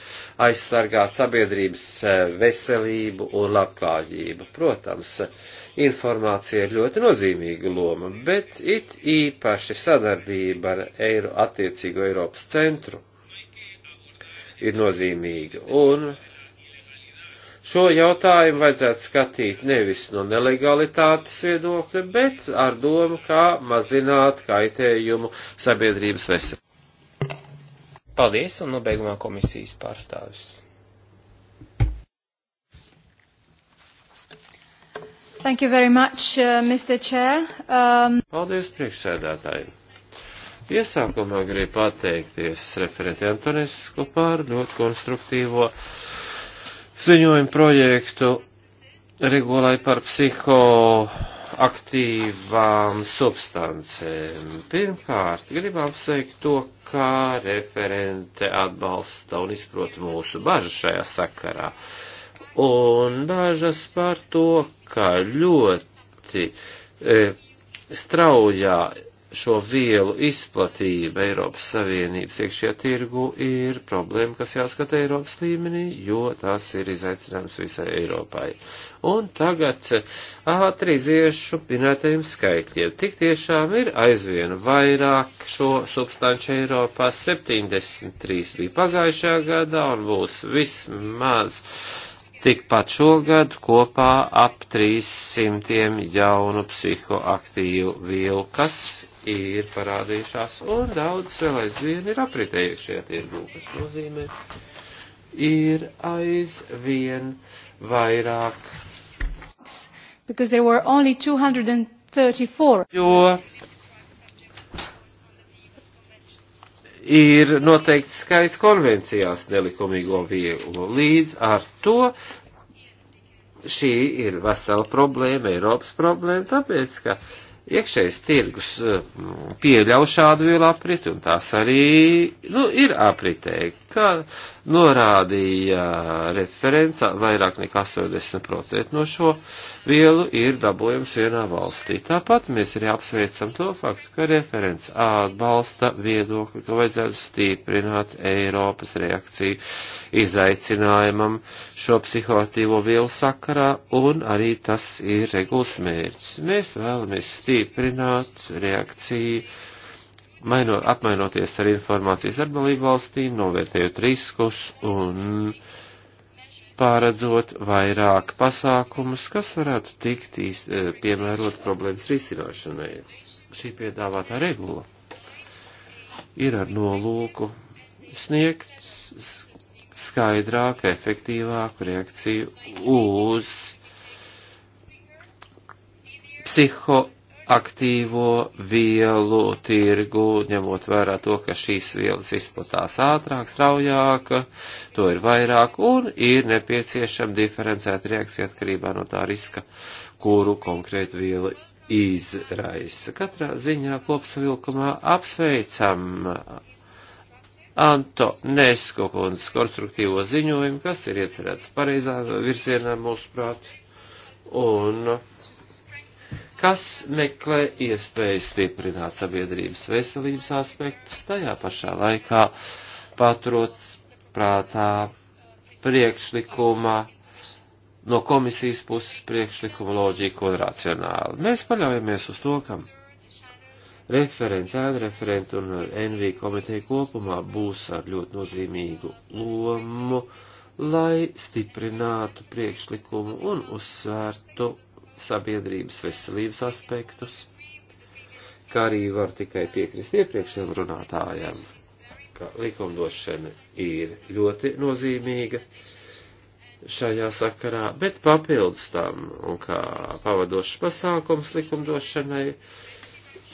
aizsargāt sabiedrības e, veselību un labklājību. Protams, informācija ir ļoti nozīmīga loma, bet it īpaši sadarbība ar Eiro, attiecīgo Eiropas centru ir nozīmīga. Un Šo jautājumu vajadzētu skatīt nevis no nelegalitātes viedokļa, bet ar domu, kā mazināt kaitējumu sabiedrības veselību. Paldies, un nobeigumā komisijas pārstāvis. Thank you very much, uh, Mr. Chair. Um... Paldies, priekšsēdētāji. Iesākumā gribu pateikties referenti Antonisku par ļoti konstruktīvo uh, ziņojumu projektu regulai par psihoaktīvām substancēm. Pirmkārt, gribam sveikt to, kā referente atbalsta un izprot mūsu bažas šajā sakarā. Un bažas par to, ka ļoti e, straujā šo vielu izplatība Eiropas Savienības iekšējā tirgu ir problēma, kas jāskata Eiropas līmenī, jo tas ir izaicinājums visai Eiropai. Un tagad ātri iziešu pinētajiem skaitļiem. Tik tiešām ir aizvien vairāk šo substanču Eiropā. 73 bija pagājušajā gadā un būs vismaz tikpat šogad kopā ap 300 jaunu psihoaktīvu vielu, kas ir parādījušās, un daudz vēl aizvien ir apritē iekšējā tirgū, kas nozīmē, ir aizvien vairāk. Because there were only 234. Jo ir noteikts skaits konvencijās nelikumīgo vielu. Līdz ar to šī ir vesela problēma, Eiropas problēma, tāpēc, ka iekšējais tirgus eh, pieļauj šādu vielu apriti, un tās arī nu, ir apritē kā norādīja referents, vairāk nekā 80% no šo vielu ir dabūjums vienā valstī. Tāpat mēs arī apsveicam to faktu, ka referents atbalsta viedokli, ka vajadzētu stiprināt Eiropas reakciju izaicinājumam šo psihotīvo vielu sakarā, un arī tas ir regulas mērķis. Mēs vēlamies stiprināt reakciju maino, apmainoties ar informācijas ar dalību valstīm, novērtējot riskus un pāredzot vairāk pasākumus, kas varētu tikt īst, e, piemērot problēmas risināšanai. Šī piedāvātā regula ir ar nolūku sniegt skaidrāku, efektīvāku reakciju uz psiho aktīvo vielu tirgu, ņemot vērā to, ka šīs vielas izplatās ātrāk, straujāk, to ir vairāk un ir nepieciešama diferencēta reakcija atkarībā no tā riska, kuru konkrēta viela izraisa. Katrā ziņā kopsavilkumā apsveicam Anto Nesko kundzes konstruktīvo ziņojumu, kas ir iecerēts pareizā virzienā mūsuprāt. Un kas meklē iespējas stiprināt sabiedrības veselības aspektus, tajā pašā laikā paturot prātā priekšlikuma, no komisijas puses priekšlikuma loģiku un racionāli. Mēs paļaujamies uz to, ka referents, ēnreferenti un NV komiteja kopumā būs ar ļoti nozīmīgu lomu, lai stiprinātu priekšlikumu un uzsvērtu sabiedrības veselības aspektus, kā arī var tikai piekrist iepriekšējiem runātājiem, ka likumdošana ir ļoti nozīmīga šajā sakarā, bet papildus tam un kā pavadošs pasākums likumdošanai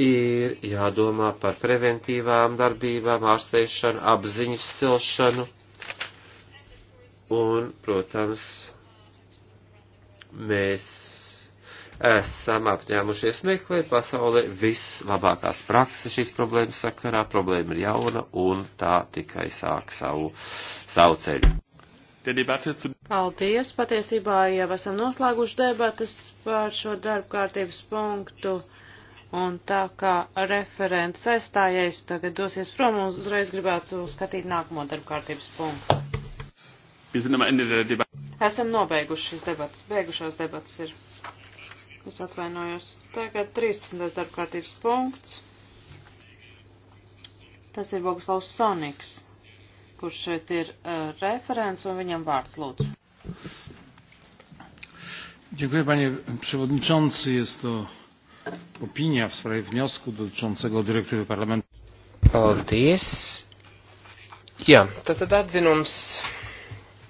ir jādomā par preventīvām darbībām, ārsteišanu, apziņas celšanu un, protams, mēs esam apņēmušies meklēt pasaulē vislabākās prakses šīs problēmas sakarā. Problēma ir jauna un tā tikai sāk savu, savu ceļu. Paldies! Patiesībā jau esam noslēguši debatas par šo darba kārtības punktu. Un tā kā referents aizstājais tagad dosies prom, uzreiz gribētu skatīt nākamo darba kārtības punktu. Esam nobeiguši šīs debatas. Beigušās debatas ir. Es atvainojos. Tagad 13. darbkārtības punkts. Tas ir Boguslavs Soniks, kurš šeit ir uh, referents un viņam vārds lūdzu. Dziękuję panie przewodniczący. Jest to opinia w sprawie wniosku dotyczącego dyrektywy parlamentu. Paldies. Jā, tad, tad atzinums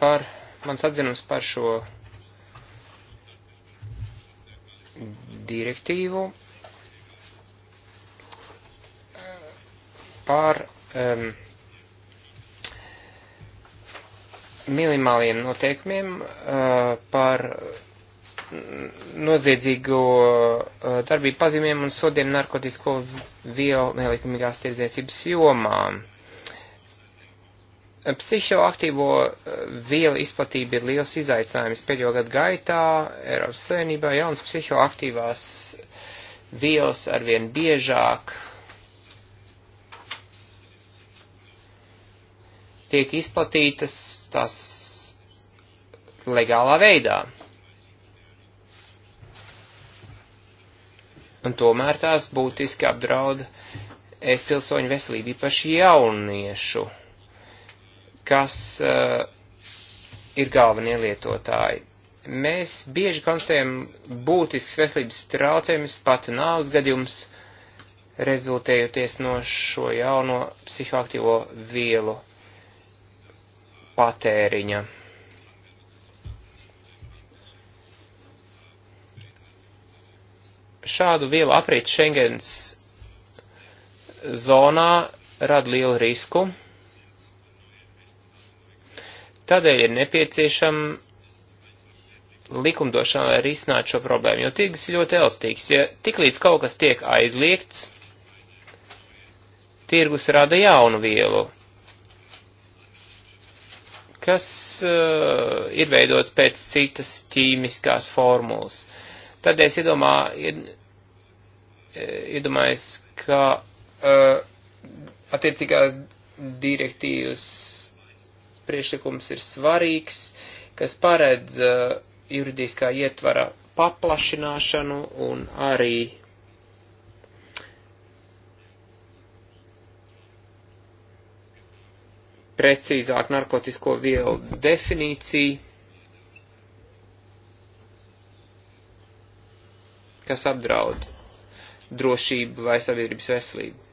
par, mans atzinums par šo direktīvu par um, minimāliem noteikumiem uh, par noziedzīgo uh, darbību pazīmēm un sodiem narkotisko vielu nelikumīgās tirdzniecības jomām. Psihoaktīvo eh, vielu izplatība ir liels izaicinājums pēdējo gadu gaitā. Eiropas Savienībā jaunas psihoaktīvās vielas arvien biežāk tiek izplatītas tās legālā veidā. Un tomēr tās būtiski apdraud es pilsoņu veselību, īpaši jauniešu kas uh, ir galvenie lietotāji. Mēs bieži konstatējam būtisks veselības traucējumus, pat nāvs gadījums, rezultējoties no šo jauno psihoaktīvo vielu patēriņa. Šādu vielu aprīt Schengens zonā rada lielu risku Tādēļ ir nepieciešama likumdošana, lai risinātu šo problēmu, jo tirgus ir ļoti elastīgs. Ja tiklīdz kaut kas tiek aizliegts, tirgus rada jaunu vielu, kas uh, ir veidot pēc citas ķīmiskās formulas. Tad es iedomā, ied, eh, iedomājos, ka uh, attiecīgās direktīvas priekšlikums ir svarīgs, kas paredz uh, juridiskā ietvara paplašināšanu un arī precīzāk narkotisko vielu definīciju, kas apdraud drošību vai sabiedrības veselību.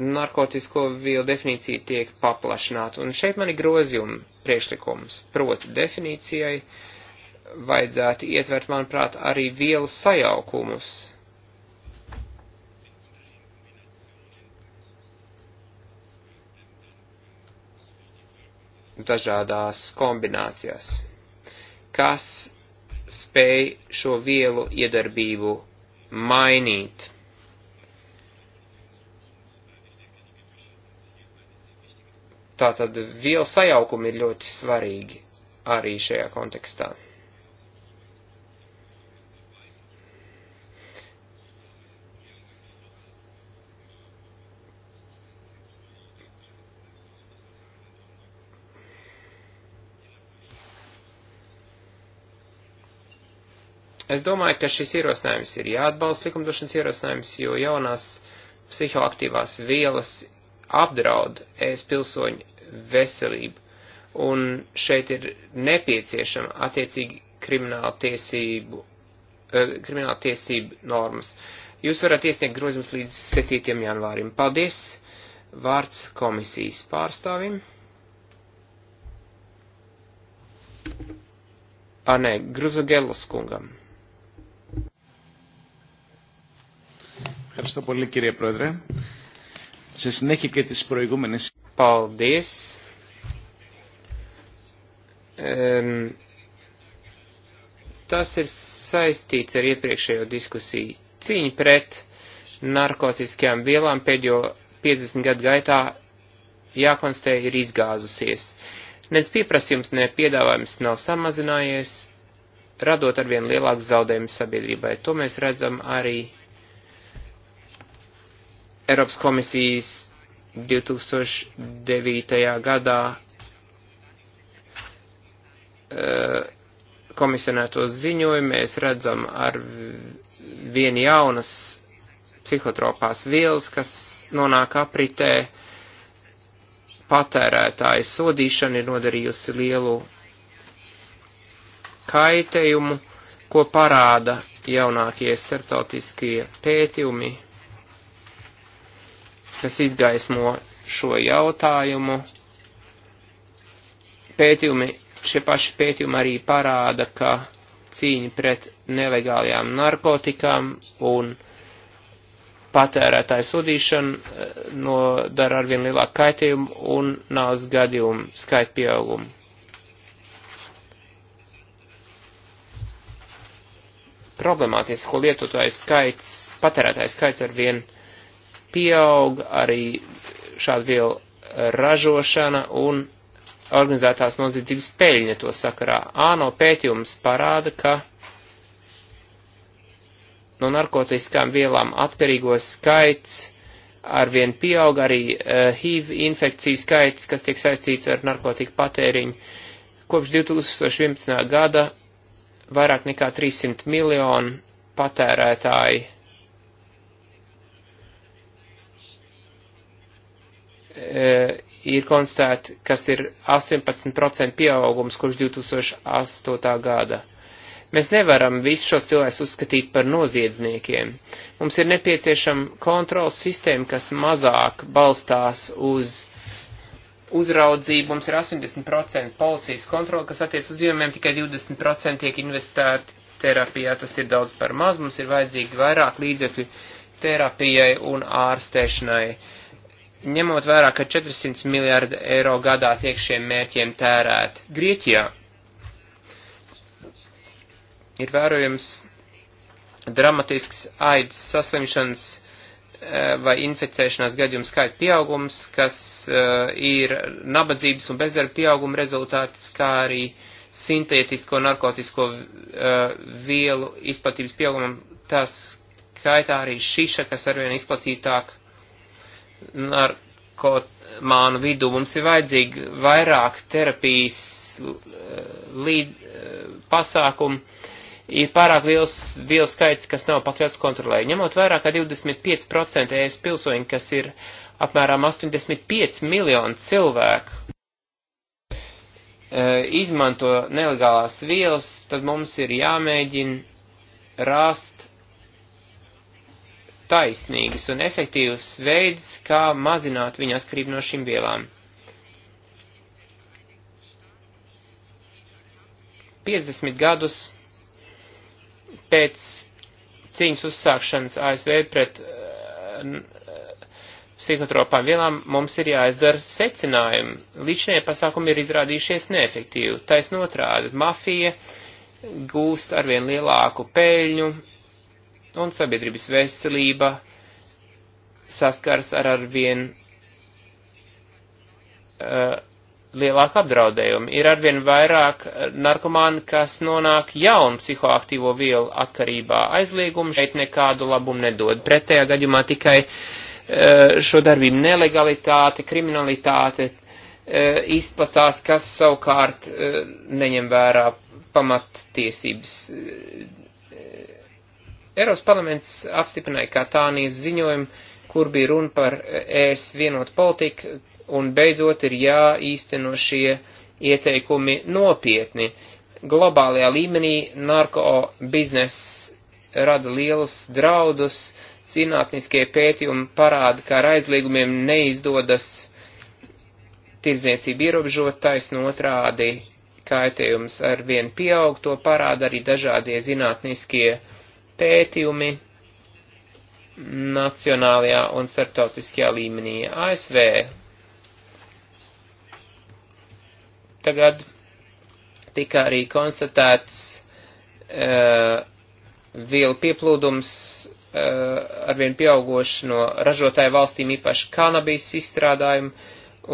narkotisko vielu definīcija tiek paplašināta. Un šeit man ir grozījumi priekšlikums. Proti definīcijai vajadzētu ietvert, manuprāt, arī vielu sajaukumus. dažādās kombinācijās, kas spēj šo vielu iedarbību mainīt. Tātad vielu sajaukumi ir ļoti svarīgi arī šajā kontekstā. Es domāju, ka šis ierosinājums ir jāatbalsta likumdošanas ierosinājums, jo jaunās psihoaktīvās vielas apdraud ēst pilsoņu veselību. Un šeit ir nepieciešama attiecīgi krimināla tiesību, eh, krimināla tiesību normas. Jūs varat iesniegt grozījumus līdz 7. janvārim. Paldies! Vārds komisijas pārstāvim. A, ah, nē, Gruzogelos kungam. Ευχαριστώ πολύ κύριε Πρόεδρε. Σε συνέχεια και της προηγούμενης Paldies. Um, tas ir saistīts ar iepriekšējo diskusiju cīņu pret narkotiskajām vielām pēdējo 50 gadu gaitā jākonstē ir izgāzusies. Nec pieprasījums, ne piedāvājums nav samazinājies, radot arvien lielāku zaudējumu sabiedrībai. To mēs redzam arī Eiropas komisijas 2009. gadā e, komisionētos ziņojumu mēs redzam ar vien jaunas psihotropās vielas, kas nonāk apritē, patērētāja sodīšana ir nodarījusi lielu kaitējumu, ko parāda jaunākie starptautiskie pētījumi kas izgaismo šo jautājumu. Pētījumi, šie paši pētījumi arī parāda, ka cīņa pret nelegālajām narkotikām un patērētāju sodīšana eh, nodara arvien lielāku kaitījumu un nāves gadījumu skaitu pieaugumu. Problemātiski lietotāju skaits, patērētāju skaits arvien vien pieaug arī šādu vielu ražošana un organizētās noziedzības peļņa to sakarā. ANO pētījums parāda, ka no narkotiskām vielām atkarīgo skaits arvien pieaug arī uh, HIV infekciju skaits, kas tiek saistīts ar narkotiku patēriņu. Kopš 2011. gada vairāk nekā 300 miljonu patērētāji Eh, ir konstatēti, kas ir 18% pieaugums kurš 2008. gada. Mēs nevaram visus šos cilvēkus uzskatīt par noziedzniekiem. Mums ir nepieciešama kontrols sistēma, kas mazāk balstās uz uzraudzību. Mums ir 80% policijas kontrola, kas attiec uz dzīvumiem, tikai 20% tiek investēti terapijā. Tas ir daudz par maz. Mums ir vajadzīgi vairāk līdzekļu terapijai un ārstēšanai. Uh, ņemot vērā, ka 400 miljārdi eiro gadā tiek šiem mērķiem tērēti Grieķijā, ir vērojams dramatisks aids saslimšanas eh, vai inficēšanās gadījumu skaita pieaugums, kas eh, ir nabadzības un bezdarba pieauguma rezultāts, kā arī sintētisko narkotisko eh, vielu izplatības pieaugumam, tās skaitā arī šiša, kas arvien izplatītāk narkomānu vidū. Mums ir vajadzīgi vairāk terapijas eh, līd, eh, pasākumu. Ir pārāk liels vielu skaits, kas nav pakļauts kontrolē. Ņemot vairāk kā 25% ES pilsoņu, kas ir apmēram 85 miljonu cilvēku, eh, izmanto nelegālās vielas, tad mums ir jāmēģina rast taisnīgs un efektīvs veids, kā mazināt viņu atkarību no šīm vielām. 50 gadus pēc cīņas uzsākšanas ASV pret uh, psihotropām vielām mums ir jāizdara secinājumi. Līdzšanie pasākumi ir izrādījušies neefektīvi. Taisnotrādi, mafija gūst arvien lielāku peļņu, un sabiedrības veselība saskars ar arvien uh, lielāku apdraudējumu. Ir arvien vairāk eh, narkomāni, kas nonāk jaunu psihoaktīvo vielu atkarībā. Aizliegumu šeit nekādu labumu nedod. Pretējā gadījumā tikai uh, šo darbību nelegalitāte, kriminalitāte uh, izplatās, kas savukārt uh, neņem vērā pamattiesības. Uh, Eiropas parlaments apstiprināja Katānijas ziņojumu, kur bija runa par ES vienotu politiku, un beidzot ir jāīsteno šie ieteikumi nopietni. Globālajā līmenī narko bizness rada lielus draudus, cinātniskie pētījumi parāda, ka ar aizliegumiem neizdodas tirdzniecību ierobežot taisno otrādi, kaitējums ar vien pieaug, to parāda arī dažādie zinātniskie pētījumi pētījumi nacionālajā un starptautiskajā līmenī. ASV tagad tika arī konstatēts uh, vielu pieplūdums uh, arvien pieaugoši no ražotāju valstīm, īpaši kanabijas izstrādājumu,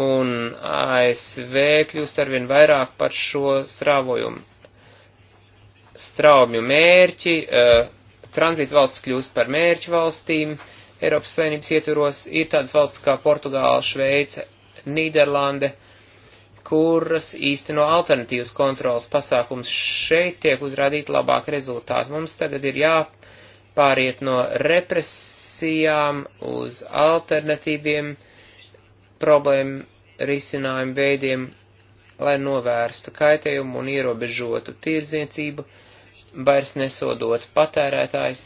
un ASV kļūst arvien vairāk par šo strāvojumu straumju mērķi, uh, tranzīta valsts kļūst par mērķu valstīm Eiropas Savienības ietvaros. Ir tādas valsts kā Portugāla, Šveice, Nīderlande, kuras īsteno alternatīvas kontrolas pasākums. Šeit tiek uzrādīti labāki rezultāti. Mums tagad ir jāpāriet no represijām uz alternatīviem problēmu risinājumu veidiem, lai novērstu kaitējumu un ierobežotu tirdzniecību vairs nesodot patērētājs,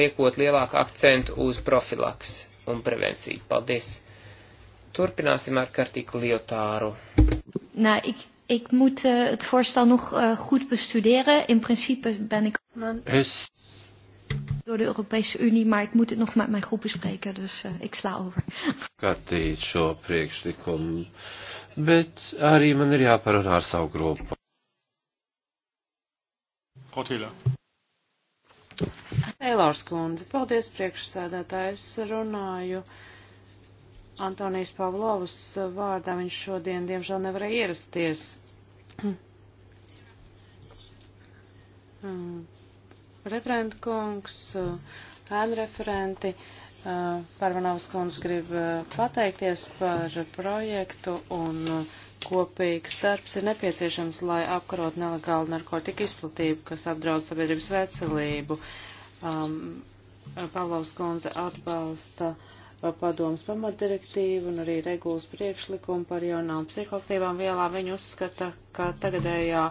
liekot lielāku akcentu uz profilaks un prevenciju. Paldies! Turpināsim ar kartiku Liotāru. Nā, ik, ik moet uh, het voorstel nog uh, goed bestuderen. In principe ben ik Man. Es... door de Europese Unie, maar ik moet het nog met mijn groep bespreken, dus uh, ik sla over. Kartīt šo priekšlikumu, bet arī man ir jāparunā ar savu grupu. Potīlā. Eilārs kundze, paldies priekšsēdētājs, runāju. Antonijas Pavlovas vārdā viņš šodien, diemžēl, nevarēja ierasties. [CLEARS THROAT] Referentu kungs, ēnu referenti, Parvanovas kungs grib eh, pateikties par projektu un uh, kopīgs darbs ir nepieciešams, lai apkarot nelegālu narkotiku izplatību, kas apdraud sabiedrības veselību. Um, Pavlovs Konze atbalsta uh, padomas pamatdirektīvu un arī regulas priekšlikumu par jaunām psihoaktīvām vielām. Viņa uzskata, ka tagadējā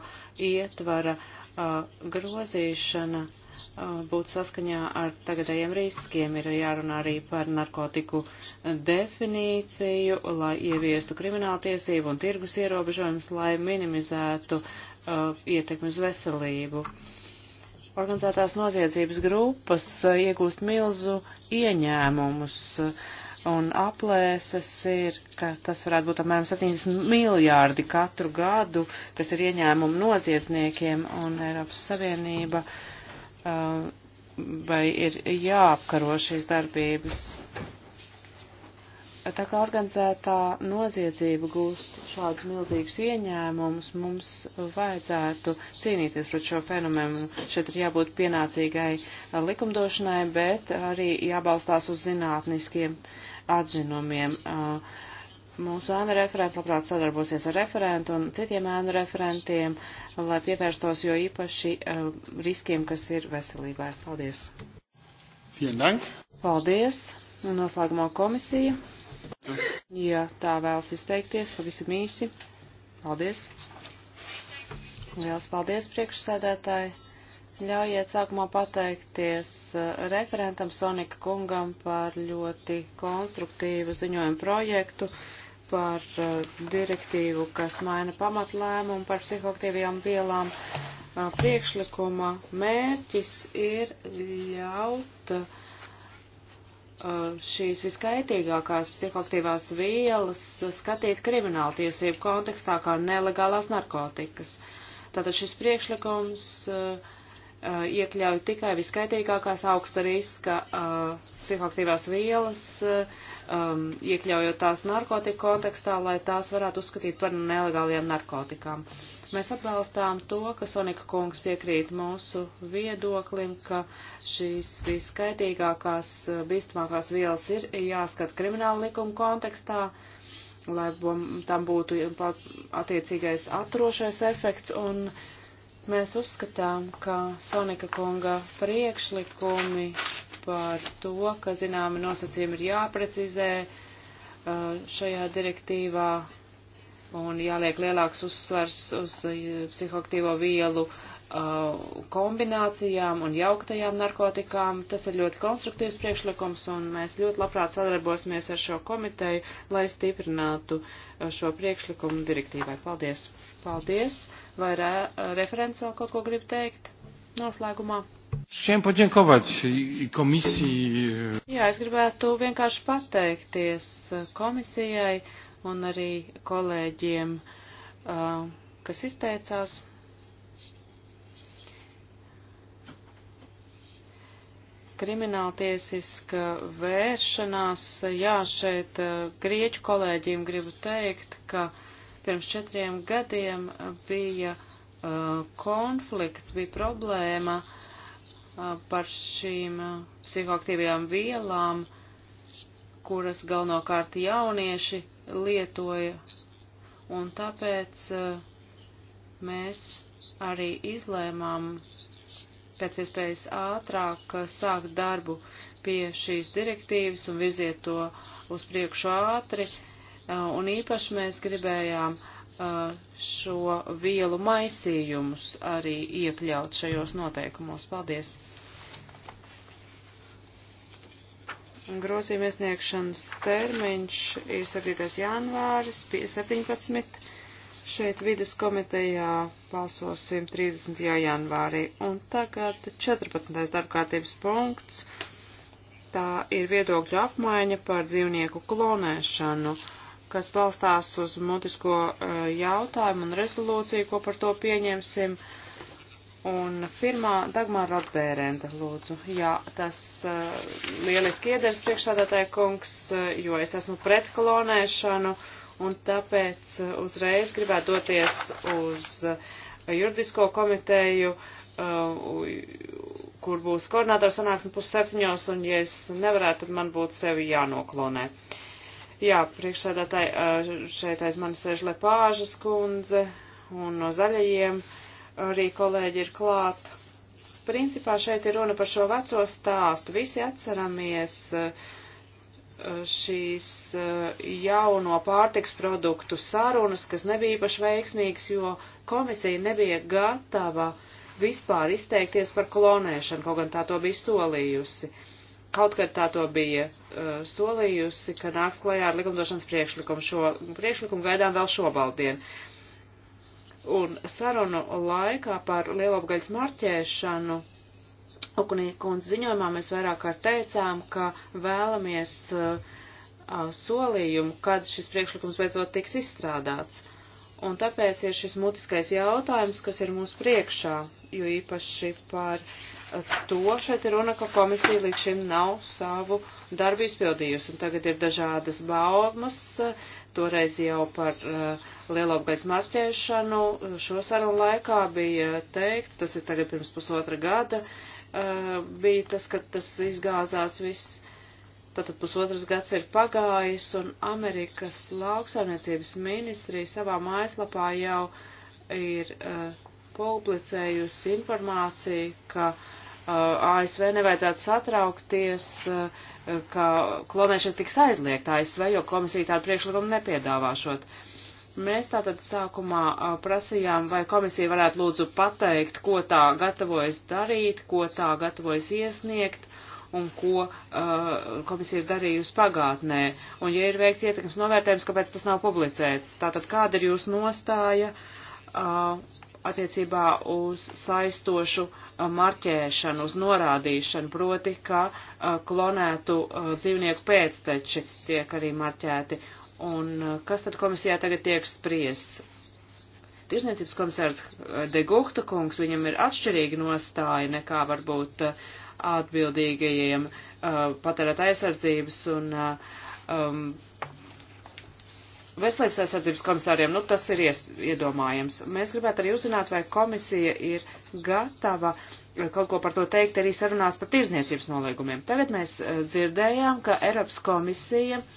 ietvara uh, grozīšana uh, Uh, būtu saskaņā ar tagadējiem riskiem. Ir jārunā arī par narkotiku definīciju, lai ieviestu krimināltiesību un tirgus ierobežojumus, lai minimizētu uh, ietekmi uz veselību. Organizētās noziedzības grupas uh, iegūst milzu ieņēmumus, uh, un aplēses ir, ka tas varētu būt apmēram 70 miljārdi katru gadu, kas ir ieņēmumi noziedzniekiem, un Eiropas Savienība uh, Uh, vai ir jāapkaro šīs darbības. Tā kā organizētā noziedzība gūst šādus milzīgus ieņēmumus, mums vajadzētu cīnīties pret šo fenomenu. Šeit ir jābūt pienācīgai likumdošanai, bet arī jābalstās uz zinātniskiem atzinumiem. Uh, Mūsu ēna referenta labprāt sadarbosies ar referentu un citiem ēnu referentiem, lai pievērstos jo īpaši uh, riskiem, kas ir veselībai. Paldies! Paldies! Un noslēgumā komisija. Ja tā vēlas izteikties, pavisam īsi. Paldies! Liels paldies, priekšsēdētāji! Ļaujiet sākumā pateikties eh, referentam Sonika kungam par ļoti konstruktīvu ziņojumu projektu par uh, direktīvu, kas maina pamatlēmumu par psihoaktīvajām vielām. Uh, priekšlikuma mērķis ir ļaut uh, šīs viskaitīgākās psihoaktīvās vielas skatīt krimināla tiesību kontekstā kā nelegālās narkotikas. Tātad šis priekšlikums uh, iekļauj tikai viskaitīgākās augsta riska uh, psihoaktīvās vielas, uh, um, iekļaujot tās narkotiku kontekstā, lai tās varētu uzskatīt par nelegāliem narkotikām. Mēs atbalstām to, ka Sonika kungs piekrīt mūsu viedoklim, ka šīs viskaitīgākās, bīstamākās vielas ir jāskat krimināla likuma kontekstā lai tam būtu attiecīgais atrošais efekts, un mēs uzskatām, ka Sonika kunga priekšlikumi par to, ka zināmi nosacījumi ir jāprecizē uh, šajā direktīvā un jāliek lielāks uzsvars uz uh, psihoaktīvo vielu uh, kombinācijām un jauktajām narkotikām. Tas ir ļoti konstruktīvs priekšlikums, un mēs ļoti labprāt sadarbosimies ar šo komiteju, lai stiprinātu šo priekšlikumu direktīvai. Paldies! Paldies! Vai re referents vēl kaut ko grib teikt noslēgumā? Šiem paģenkovāt komisiju. E, jā, es gribētu vienkārši pateikties komisijai un arī kolēģiem, kas izteicās. Krimināltiesiska vēršanās, jā, šeit grieķu kolēģiem gribu teikt, ka pirms četriem gadiem bija konflikts, bija problēma, uh, par šīm psihoaktīvajām vielām, kuras galvenokārt jaunieši lietoja. Un tāpēc mēs arī izlēmām pēc iespējas ātrāk sākt darbu pie šīs direktīvas un virziet to uz priekšu ātri. Un īpaši mēs gribējām uh, šo vielu maisījumus arī iekļaut šajos noteikumos. Paldies! Grozījuma iesniegšanas termiņš ir 7. janvāris 17. Šeit vidas komitejā balsosim 30. janvārī. Un tagad 14. darbkārtības punkts. Tā ir viedokļu apmaiņa par dzīvnieku klonēšanu kas balstās uz mutisko eh, jautājumu un rezolūciju, ko par to pieņemsim. Un pirmā Dagmāra Rotbērenda, lūdzu. Jā, tas uh, lieliski iedars priekšsādātāja kungs, eh, jo es esmu pret klonēšanu, un tāpēc uzreiz gribētu doties uz juridisko komiteju, uh, kur būs koordinātors sanāksme pusseptiņos, un ja es nevarētu, tad man būtu sevi jānoklonē. Uh, Jā, priekšsēdētāji, šeit aiz manis sēž Lepāžas kundze un no zaļajiem arī kolēģi ir klāt. Principā šeit ir runa par šo veco stāstu. Visi atceramies šīs jauno pārtiks produktu sarunas, kas nebija paši veiksmīgas, jo komisija nebija gatava vispār izteikties par klonēšanu, kaut gan tā to bija solījusi. Uh, kaut kad tā to bija uh, solījusi, ka nāks klajā ar likumdošanas priekšlikumu. Šo priekšlikumu gaidām vēl šobaldien. Un sarunu laikā par lielopgaļas marķēšanu Okunīkunas ziņojumā mēs vairāk kārt teicām, ka vēlamies uh, uh solījumu, kad šis priekšlikums beidzot tiks izstrādāts. Uh, Un tāpēc ir šis mutiskais jautājums, kas ir mūsu priekšā, jo īpaši par uh, to šeit ir runa, ka komisija līdz šim nav savu darbu izpildījusi. Un tagad ir dažādas baumas, uh, toreiz jau par uh, lielopgais marķēšanu. Uh, šo sarunu laikā bija teikts, tas ir tagad pirms pusotra gada, uh, bija tas, ka tas izgāzās viss Tātad pusotras gads ir pagājis, un Amerikas lauksaimniecības ministrija savā mājaslapā jau ir uh, publicējusi informāciju, ka uh, eh, ASV nevajadzētu satraukties, uh, ka klonēšana tiks aizliegta ASV, jo komisija tādu priekšlikumu nepiedāvāšot. Mēs tātad sākumā uh, prasījām, vai komisija varētu lūdzu pateikt, ko tā gatavojas darīt, ko tā gatavojas iesniegt, un ko uh, komisija ir darījusi pagātnē, un ja ir veikts ietekmes novērtējums, kāpēc tas nav publicēts. Tātad kāda ir jūsu nostāja uh, attiecībā uz saistošu uh, marķēšanu, uz norādīšanu, proti, ka uh, klonētu uh, dzīvnieku pēcteči tiek arī marķēti. Un uh, kas tad komisijā tagad tiek spriests? Tirzniecības komisārs uh, Degukta kungs, viņam ir atšķirīga nostāja nekā varbūt uh, atbildīgajiem uh, patērēt aizsardzības un uh, um, veselības aizsardzības komisāriem. Nu, tas ir ies, iedomājams. Mēs gribētu arī uzzināt, vai komisija ir gatava uh, kaut ko par to teikt arī sarunās par tirzniecības nolīgumiem. Tagad mēs uh, dzirdējām, ka Eiropas komisija uh,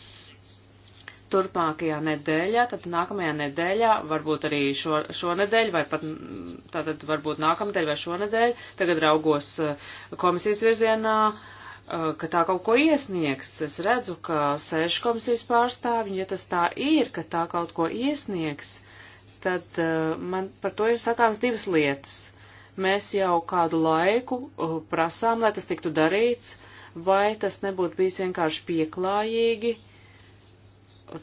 turpmākajā nedēļā, tad nākamajā nedēļā, varbūt arī šo, šonedēļ, vai pat mm, tātad varbūt nākamdēļ vai šonedēļ, tagad raugos eh, komisijas virzienā, eh, ka tā kaut ko iesniegs. Es redzu, ka sēž komisijas pārstāvji, ja tas tā ir, ka tā kaut ko iesniegs, tad eh, man par to ir sakāms divas lietas. Mēs jau kādu laiku prasām, lai tas tiktu darīts, vai tas nebūtu bijis vienkārši pieklājīgi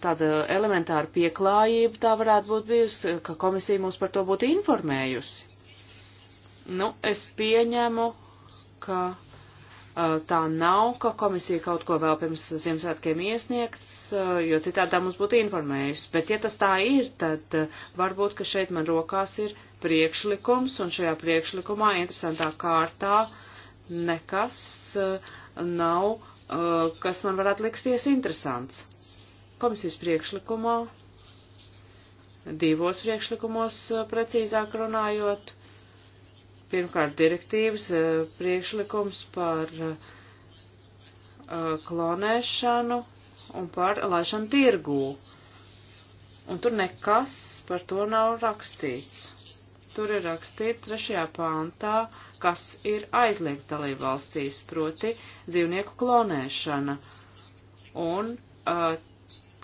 tāda elementāra pieklājība tā varētu būt bijusi, ka komisija mūs par to būtu informējusi. Nu, es pieņemu, ka uh, tā nav, ka komisija kaut ko vēl pirms Ziemassvētkiem iesniegts, uh, jo citādi tā mums būtu informējusi. Bet, ja tas tā ir, tad uh, varbūt, ka šeit man rokās ir priekšlikums, un šajā priekšlikumā interesantā kārtā nekas nav, kas man varētu liksties interesants. Komisijas priekšlikumā, divos priekšlikumos eh, precīzāk runājot, pirmkārt direktīvas eh, priekšlikums par eh, klonēšanu un par laišanu tirgū. Un tur nekas par to nav rakstīts. Tur ir rakstīts trešajā pāntā, kas ir aizliegt dalībvalstīs, proti dzīvnieku klonēšana. Un uh,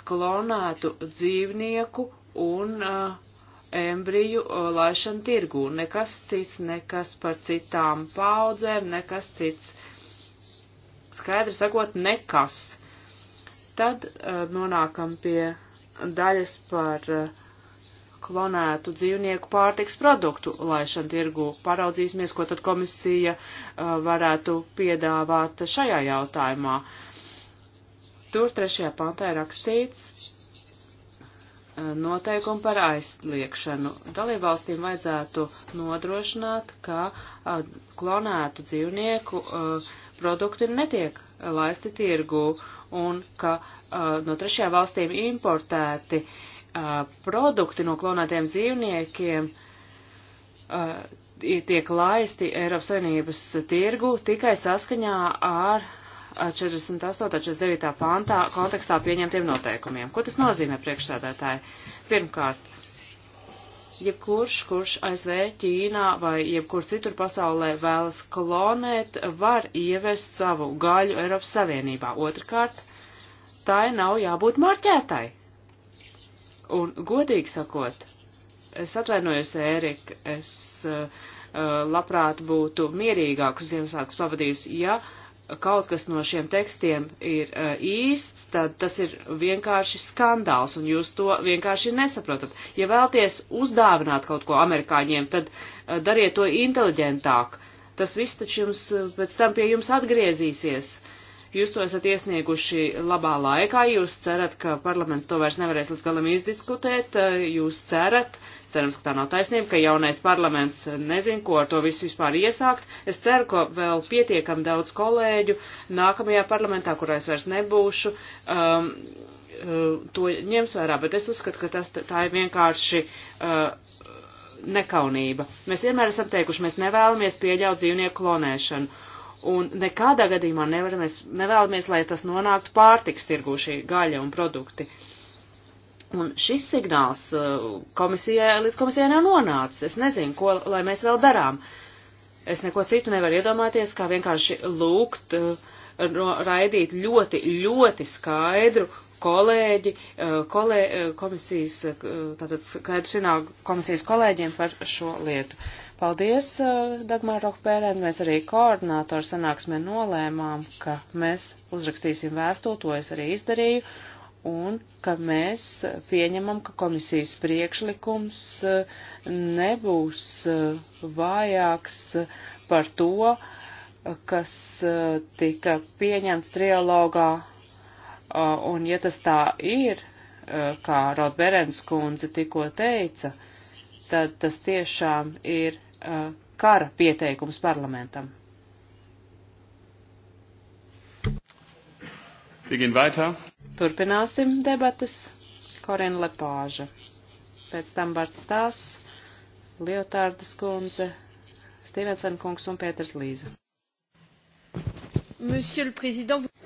klonētu dzīvnieku un uh, embriju uh, laišanu tirgū. Nekas cits, nekas par citām paudzēm, nekas cits. Skaidri sakot, nekas. Tad uh, nonākam pie daļas par uh, klonētu dzīvnieku pārtiks produktu laišanu tirgu. Paraudzīsimies, ko tad komisija uh, varētu piedāvāt šajā jautājumā. Uh, Tur trešajā pantā ir rakstīts e, noteikumi par aizliekšanu. Dalībvalstīm vajadzētu nodrošināt, ka e, klonētu dzīvnieku e, produkti netiek laisti tirgū un ka no trešajā valstīm importēti produkti no klonētiem dzīvniekiem tiek laisti Eiropas Savienības tirgu tikai saskaņā ar 48. 49. pāntā kontekstā pieņemtiem noteikumiem. Ko tas nozīmē priekšsēdētāji? Pirmkārt, jebkurš, kurš ASV, Ķīnā vai jebkur citur pasaulē vēlas kolonēt, var ievest savu gaļu Eiropas Savienībā. Otrkārt, tai nav jābūt marķētai. Un, godīgi sakot, es atvainojos, Ērika, es uh, labprāt būtu mierīgākus Ziemassvētkus pavadījusi, ja kaut kas no šiem tekstiem ir uh, īsts, tad tas ir vienkārši skandāls, un jūs to vienkārši nesaprotat. Ja vēlties uzdāvināt kaut ko amerikāņiem, tad uh, dariet to inteliģentāk. Tas viss taču jums eh, pēc tam pie jums atgriezīsies. Uh, Jūs to esat iesnieguši labā laikā, jūs cerat, ka parlaments to vairs nevarēs līdz galam izdiskutēt, jūs cerat, cerams, ka tā nav taisnība, ka jaunais parlaments nezin, ko ar to visu vispār iesākt. Es ceru, ka vēl pietiekam daudz kolēģu nākamajā parlamentā, kurā es vairs nebūšu, um, uh, to ņems vērā, bet es uzskatu, ka tas tā ir vienkārši. Uh, nekaunība. Mēs vienmēr esam teikuši, mēs nevēlamies pieļaut dzīvnieku klonēšanu un nekādā gadījumā nevēlamies, nevēlamies, lai tas nonāktu pārtiks tirgū šī gaļa un produkti. Un šis signāls uh, komisijai, līdz komisijai nav nonācis. Es nezinu, ko, lai mēs vēl darām. Es neko citu nevaru iedomāties, kā vienkārši lūgt, uh, raidīt ļoti, ļoti skaidru kolēģi, uh, kolē, komisijas, tātad skaidru sināgu komisijas kolēģiem par šo lietu. Uh, Paldies, uh, Dagmar Rokpērēn, mēs arī koordinātoru sanāksmē nolēmām, ka mēs uzrakstīsim vēstuli, to es arī izdarīju, un ka mēs pieņemam, ka komisijas priekšlikums uh, nebūs uh, vājāks par to, kas tika pieņemts trialogā, un ja tas tā ir, kā Rodberens kundze tikko teica, tad tas tiešām ir uh, kara pieteikums parlamentam. Turpināsim debatas. Korina Lepāža. Pēc tam Barts Tās, Liotārdas kundze, Stevenson kungs un Pēters Līza.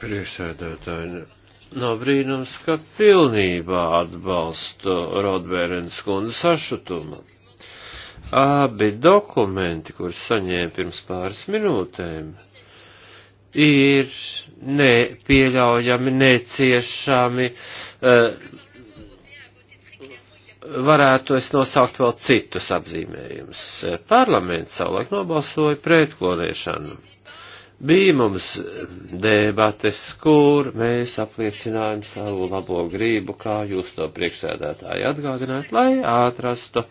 Priekšsēdētāji, nav brīnums, ka pilnībā atbalstu Rodvērens kundzes sašutumu. Abi dokumenti, kurus saņēmu pirms pāris minūtēm, ir nepieļaujami, neciešami. Eh, varētu es nosaukt vēl citus apzīmējumus. Parlaments savulaik nobalsoja pret klonēšanu Bija mums debates, kur mēs apliecinājām savu labo grību, kā jūs to priekšsēdētāji atgādināt, lai atrastu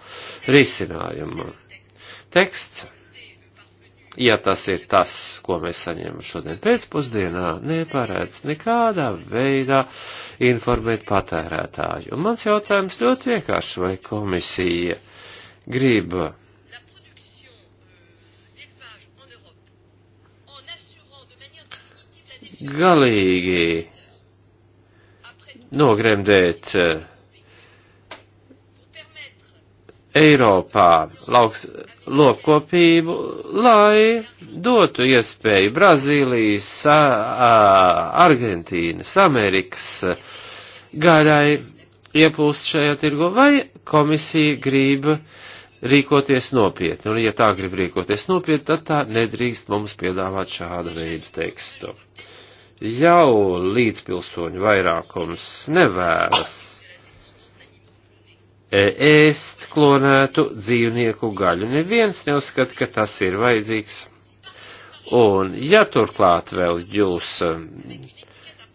risinājumu. Teksts, ja tas ir tas, ko mēs saņemam šodien pēcpusdienā, neparēdz nekādā veidā informēt patērētāju. Un mans jautājums ļoti vienkārši, vai komisija grib galīgi nogremdēt eh, Eiropā lauks lopkopību, lai dotu iespēju Brazīlijas, Argentīnas, Amerikas gaļai iepūst šajā tirgo, vai komisija grib rīkoties nopietni, un ja tā grib rīkoties nopietni, tad tā nedrīkst mums piedāvāt šādu veidu tekstu jau līdzpilsoņu vairākums nevēlas ēst klonētu dzīvnieku gaļu. Neviens neuzskata, ka tas ir vajadzīgs. Un ja turklāt vēl jūs um,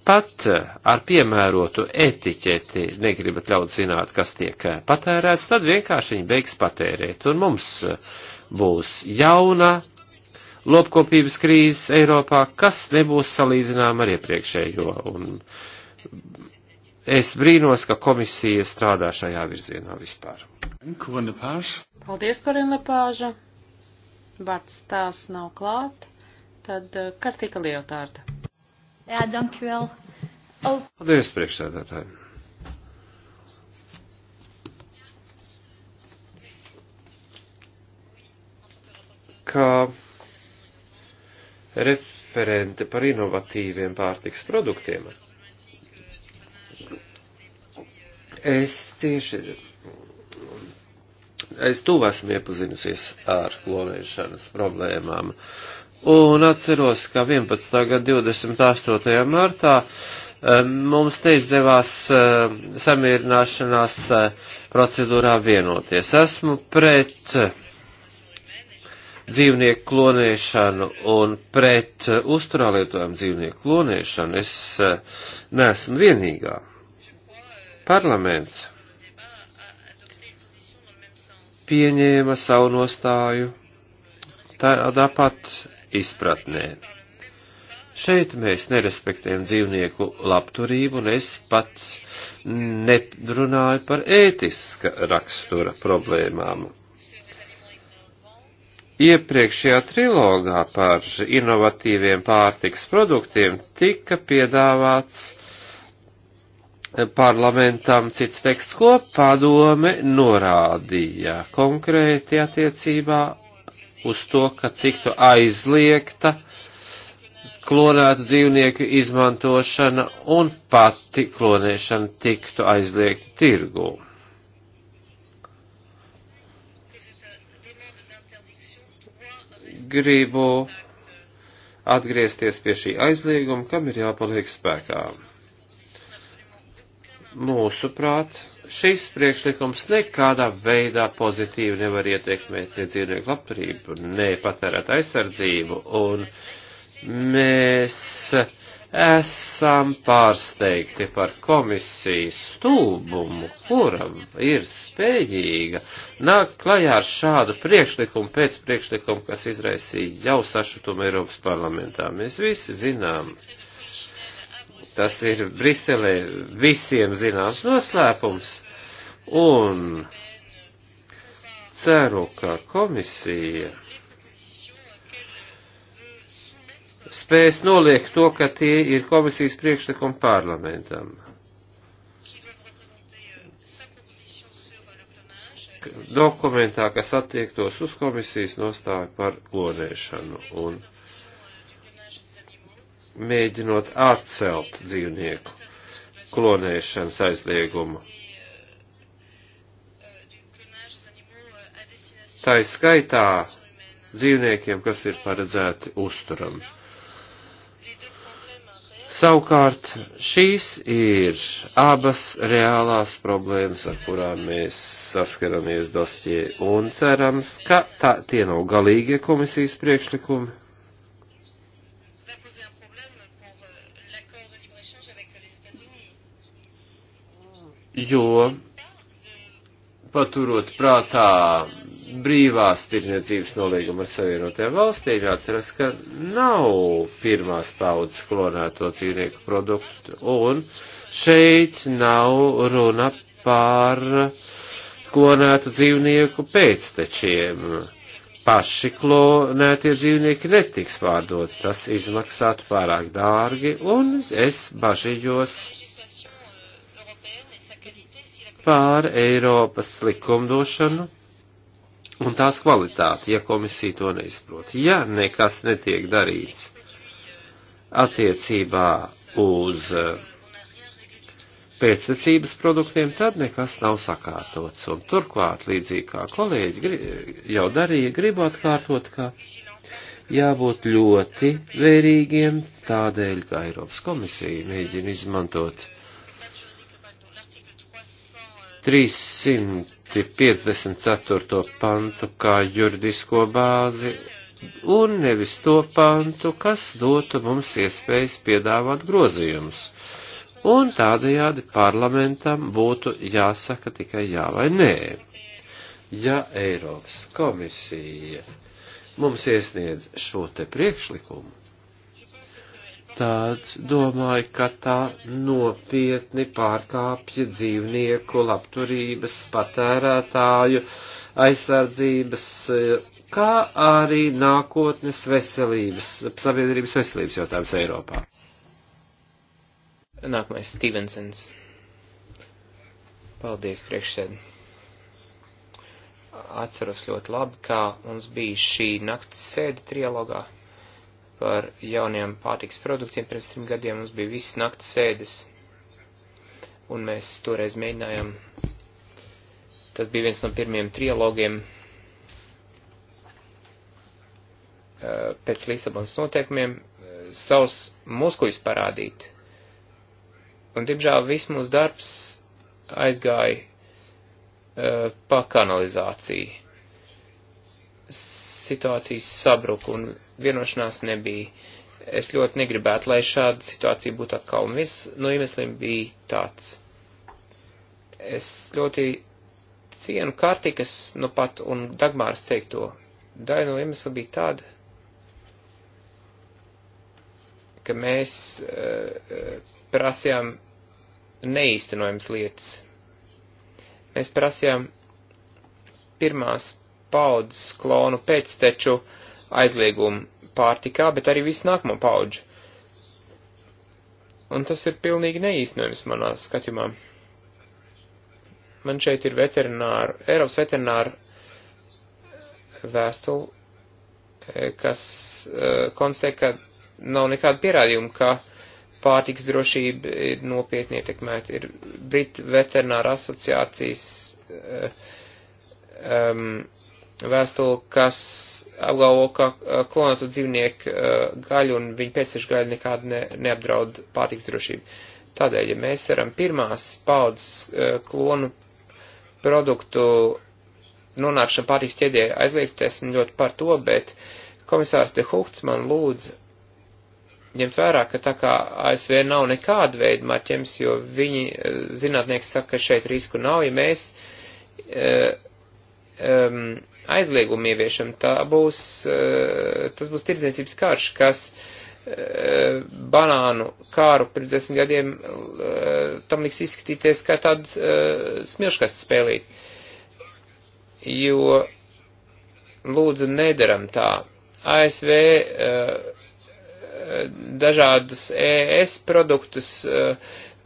pat uh, ar piemērotu etiķeti negribat ļaut zināt, kas tiek uh, patērēts, tad vienkārši viņi beigs patērēt. Un mums uh, būs jauna lopkopības krīzes Eiropā, kas nebūs salīdzināma ar iepriekšējo. Un es brīnos, ka komisija strādā šajā virzienā vispār. Paldies, Korina Lepāža. Vārds tās nav klāt. Tad eh, Kartika Liotārda. Jā, dankvēl. Oh. Paldies, priekšsēdētāji. Kā referente par inovatīviem pārtiks produktiem. Es cieši, es tuvu esmu iepazinusies ar klonēšanas problēmām. Un atceros, ka 11. gada 28. martā mums te izdevās samierināšanās procedūrā vienoties. Esmu pret dzīvnieku klonēšanu un pret uzturālietojumu uh, dzīvnieku klonēšanu es uh, neesmu vienīgā. Parlaments pieņēma savu nostāju tāpat izpratnē. Šeit mēs nerespektējam dzīvnieku labturību, un es pats nerunāju par ētiska rakstura problēmām. Iepriekšējā trilogā par inovatīviem pārtiks produktiem tika piedāvāts parlamentam cits teksts, ko padome norādīja konkrēti attiecībā uz to, ka tiktu aizliegta klonētu dzīvnieku izmantošana un pati klonēšana tiktu aizliegta tirgū. gribu atgriezties pie šī aizlieguma, kam ir jāpaliek spēkā. Mūsuprāt, šis priekšlikums nekādā veidā pozitīvi nevar ietekmēt ne dzīvnieku labturību, ne patērēt aizsardzību, un mēs uh, esam pārsteigti par komisijas stūbumu, kura ir spējīga nākt klajā ar šādu priekšlikumu pēc priekšlikumu, kas izraisīja jau sašutumu Eiropas parlamentā. Mēs visi zinām, tas ir Briselē visiem zināms noslēpums, un ceru, ka komisija spēs noliekt to, ka tie ir komisijas priekšlikumi parlamentam. Dokumentā, kas attiektos uz komisijas nostāju par klonēšanu un mēģinot atcelt dzīvnieku klonēšanas aizliegumu. Tā ir skaitā dzīvniekiem, kas ir paredzēti uzturam. Savukārt šīs ir abas reālās problēmas, ar kurām mēs saskaramies dosjē un cerams, ka tā, tie nav galīgie komisijas priekšlikumi, jo paturot prātā brīvās tirzniecības nolīguma ar savienotajām valstīm, jāatceras, ka nav pirmās paudzes klonēto dzīvnieku produktu, un šeit nav runa par klonētu dzīvnieku pēctečiem. Paši klonētie dzīvnieki netiks pārdot, tas izmaksātu pārāk dārgi, un es bažījos pār Eiropas likumdošanu un tās kvalitāti, ja komisija to neizprot. Ja nekas netiek darīts attiecībā uz eh, pēctecības produktiem, tad nekas nav sakārtots. Un turklāt, līdzīgi kā kolēģi jau darīja, gribu atkārtot, ka jābūt ļoti vērīgiem tādēļ, ka Eiropas komisija mēģina izmantot 354. pantu kā juridisko bāzi un nevis to pantu, kas dotu mums iespējas piedāvāt grozījumus. Un tādējādi parlamentam būtu jāsaka tikai jā vai nē. Ja Eiropas komisija mums iesniedz šo te priekšlikumu, tad domāju, ka tā nopietni pārkāpja dzīvnieku labturības patērētāju aizsardzības, kā arī nākotnes veselības, sabiedrības veselības jautājums Eiropā. Nākamais Stevensons. Paldies, priekšsēd. Atceros ļoti labi, kā mums bija šī nakts sēde trialogā par jauniem pārtiks produktiem. Pirms trim gadiem mums bija viss naktas sēdes, un mēs toreiz mēģinājām. Tas bija viens no pirmiem trialogiem eh, pēc Lisabonas noteikumiem eh, savus muskuļus parādīt. Un, diemžēl, viss mūsu darbs aizgāja eh, pa kanalizāciju situācijas sabruka un vienošanās nebija. Es ļoti negribētu, lai šāda situācija būtu atkal, un viens no iemesliem bija tāds. Es ļoti cienu Kārtikas, nu pat, un Dagmāras teikto. Daļa no iemesla bija tāda, ka mēs uh, prasījām neīstenojams lietas. Mēs prasījām pirmās paudzes klonu pēcteču aizliegumu pārtikā, bet arī visu nākamo paudžu. Un tas ir pilnīgi neīstenojams manā skatījumā. Man šeit ir veterināru, Eiropas veterināru vēstuli, eh, kas uh, konstatē, ka nav nekāda pierādījuma, ka pārtiks drošība ir nopietni ietekmēta. Ir Brit veterināra asociācijas uh, um, vēstuli, kas apgalvo, ka eh, klonētu dzīvnieku eh, gaļu un viņu pēctešu gaļu nekādu ne, neapdraud pārtiks drošību. Tādēļ, ja mēs varam pirmās paudzes eh, klonu produktu nonākšanu pārtiks ķēdē aizliegt, esmu ļoti par to, bet komisārs De Hukts man lūdz ņemt vērā, ka tā kā ASV nav nekāda veida marķējums, jo viņi zinātnieki saka, ka šeit risku nav, ja mēs um, aizliegumu ieviešam, tā būs, eh, tas būs tirdzniecības karš, kas eh, banānu kāru pirms desmit gadiem eh, tam liks izskatīties kā tāds smilškas spēlīt. Jo lūdzu nedaram tā. ASV dažādas ES produktus uh,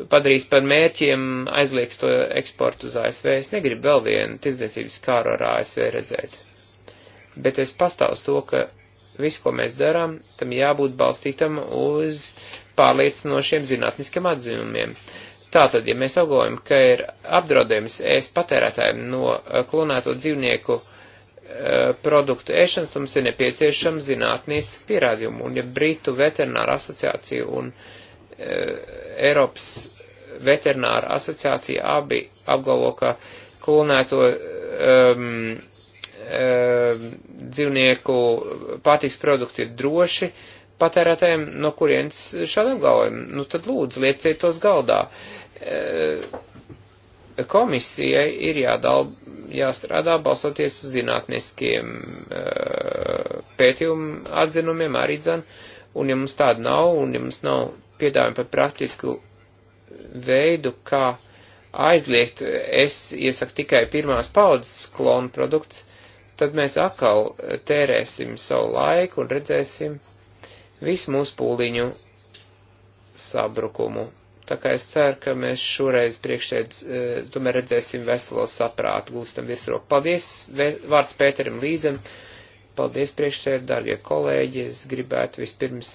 padarīs par mērķiem, aizliegs to eksportu uz ASV. Es negribu vēl vienu tirdzniecības kāru ar ASV redzēt. Bet es pastāvu to, ka viss, ko mēs darām, tam jābūt balstītam uz pārliecinošiem zinātniskiem atzinumiem. Tātad, ja mēs augojam, ka ir apdraudējums ēst patērētājiem no eh, klonēto dzīvnieku eh, produktu ēšanas, mums ir nepieciešama zinātniska pierādījuma. Un ja Britu veterināra asociācija un uh, Eh, Eiropas veterināra asociācija abi apgalvo, ka klonēto um, um, dzīvnieku pārtiks produkti ir droši patērētājiem, no kurienes šādi apgalvojumi. Nu tad lūdzu, lieciet tos galdā. Uh, komisijai ir jādal, jāstrādā balsoties uz zinātniskiem uh, eh, pētījumu atzinumiem arī dzen, un ja mums tāda nav, un ja mums nav piedāvājumu par praktisku veidu, kā aizliegt, es iesaku tikai pirmās paudzes klonu produkts, tad mēs atkal tērēsim savu laiku un redzēsim visu mūsu pūliņu sabrukumu. Tā kā es ceru, ka mēs šoreiz priekšēdz, eh, tomēr redzēsim veselo saprātu, gūstam virsroku. Paldies, vārds Pēterim Līzem, paldies priekšēdz, dargie kolēģi, es gribētu vispirms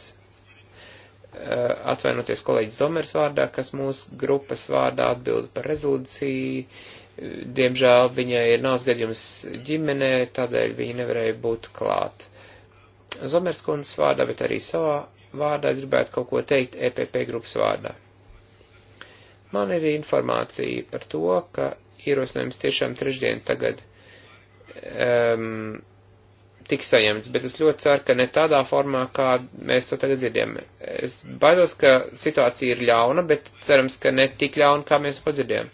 Eh, atvainoties kolēģis Zomers vārdā, kas mūsu grupas vārdā atbild par rezolūciju. Eh, diemžēl viņai ir nāc gadījums ģimenē, tādēļ viņa nevarēja būt klāt. Zomers kundzes vārdā, bet arī savā vārdā es gribētu kaut ko teikt EPP grupas vārdā. Man ir informācija par to, ka ierosinājums tiešām trešdien tagad um, tiks saņemts, bet es ļoti ceru, ka ne tādā formā, kā mēs to tagad dzirdējam. Es baidos, ka situācija ir ļauna, bet cerams, ka ne tik ļauna, kā mēs to dzirdējam.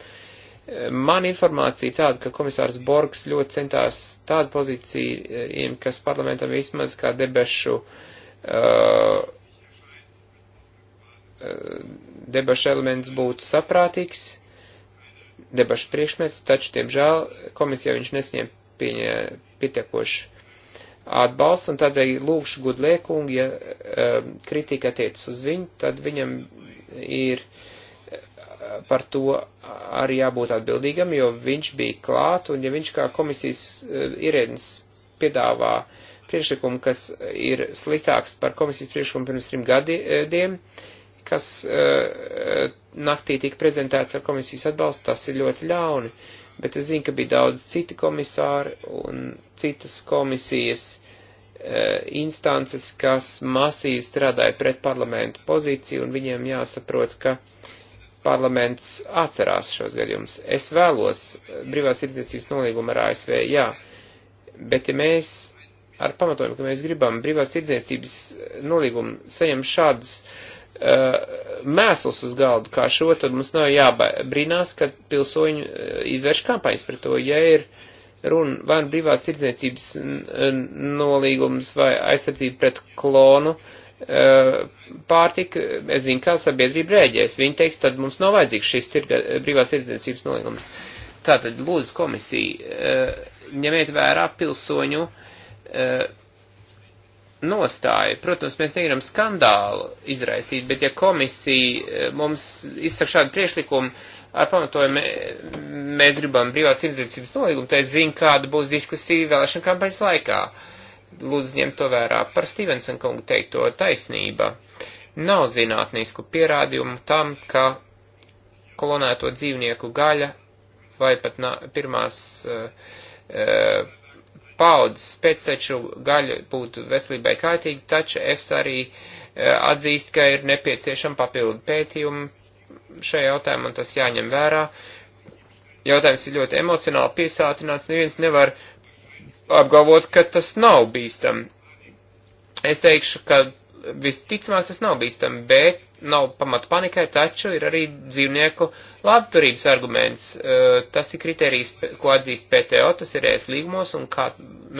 Man informācija tāda, ka komisārs Borgs ļoti centās tādu pozīciju, kas parlamentam vismaz kā debešu, uh, uh debešu elements būtu saprātīgs, debešu priekšmets, taču, diemžēl, komisija viņš nesņem pieņē, pietiekoši atbalsts, un tad arī lūkšu gudliekungu, ja um, kritika attiecas uz viņu, tad viņam ir e, par to arī jābūt atbildīgam, jo viņš bija klāt, un ja viņš kā komisijas e, ierēdnis piedāvā priekšlikumu, kas ir sliktāks par komisijas priekšlikumu pirms trim gadiem, kas uh, naktī tika prezentēts ar komisijas atbalstu, tas ir ļoti ļauni. Uh, Bet es zinu, ka bija daudz citi komisāri un citas komisijas e, instances, kas masīvi strādāja pret parlamentu pozīciju, un viņiem jāsaprot, ka parlaments atcerās šos gadījumus. Es vēlos brīvās tirdzniecības nolīgumu ar ASV, jā, bet ja mēs ar pamatojumu, ka mēs gribam brīvās tirdzniecības nolīgumu saņemt šādas uh, Eh, mēsls uz galdu kā šo, tad mums nav jābrīnās, ka pilsoņi eh, izvērš kampaņas par to, ja ir runa vai nu brīvās tirdzniecības nolīgums vai aizsardzība pret klonu eh, pārtika, es zinu, kā sabiedrība rēģēs. Viņi teiks, tad mums nav vajadzīgs šis tirga, brīvās tirdzniecības nolīgums. Tātad, lūdzu, komisija, ņemiet vērā pilsoņu nostāja. Protams, mēs negribam skandālu izraisīt, bet ja komisija eh, mums izsaka šādu priekšlikumu ar pamatojumu, mēs gribam brīvās tirdzniecības nolīgumu, tad es zinu, kāda būs diskusija vēlēšana kampaņas laikā. Lūdzu, ņem to vērā par Stevenson kungu teikto taisnība. Nav zinātnisku pierādījumu tam, ka klonēto dzīvnieku gaļa vai pat pirmās uh, uh, paudzes pēcteču gaļa būtu veselībai kaitīga, taču EFS arī e, atzīst, ka ir nepieciešama papildu pētījuma šajā jautājumā, un tas jāņem vērā. Jautājums ir ļoti emocionāli piesātināts, neviens nevar apgalvot, ka tas nav bīstam. Es teikšu, ka visticamāk tas nav bīstam, bet nav pamata panikai, taču ir arī dzīvnieku labturības arguments. Tas ir kriterijs, ko atzīst PTO, tas ir ēs līgumos, un kā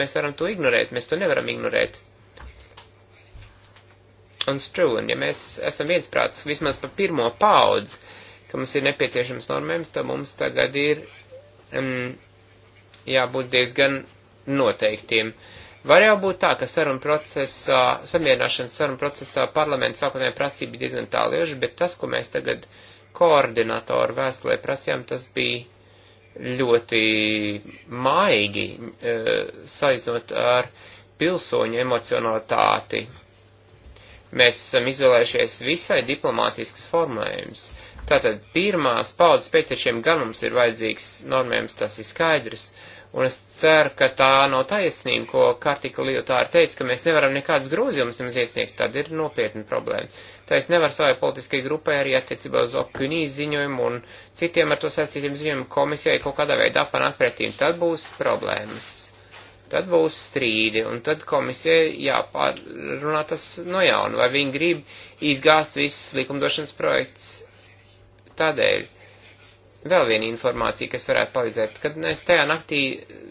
mēs varam to ignorēt, mēs to nevaram ignorēt. Un strūn, ja mēs esam viensprāts vismaz par pirmo paudzi, ka mums ir nepieciešams normēms, tad mums tagad ir um, jābūt diezgan noteiktiem. Uh, Var jau būt tā, ka saruna procesā, samierināšanas saruna procesā parlamenta sākotnējā prasība bija diezgan tālieša, bet tas, ko mēs tagad koordinatoru vēstulē prasījām, tas bija ļoti maigi e, saiznot ar pilsoņu emocionalitāti. Mēs esam izvēlējušies visai diplomātisks formējums. Tātad pirmās paudzes pēc ar šiem gan mums ir vajadzīgs normējums, tas ir skaidrs, Un es ceru, ka tā nav no taisnība, ko Kartika Liotāra teica, ka mēs nevaram nekādas grozījumus nemaz iesniegt, tad ir nopietna problēma. Tā es nevaru savai politiskajai grupai arī attiecībā uz opinijas ziņojumu un citiem ar to saistītiem ziņojumu komisijai kaut kādā veidā panākt pretīm. Tad būs problēmas. Tad būs strīdi, un tad komisijai jāpārunā tas no jauna, vai viņi grib izgāzt visas likumdošanas projekts. Tādēļ Vēl viena informācija, kas varētu palīdzēt, kad mēs tajā naktī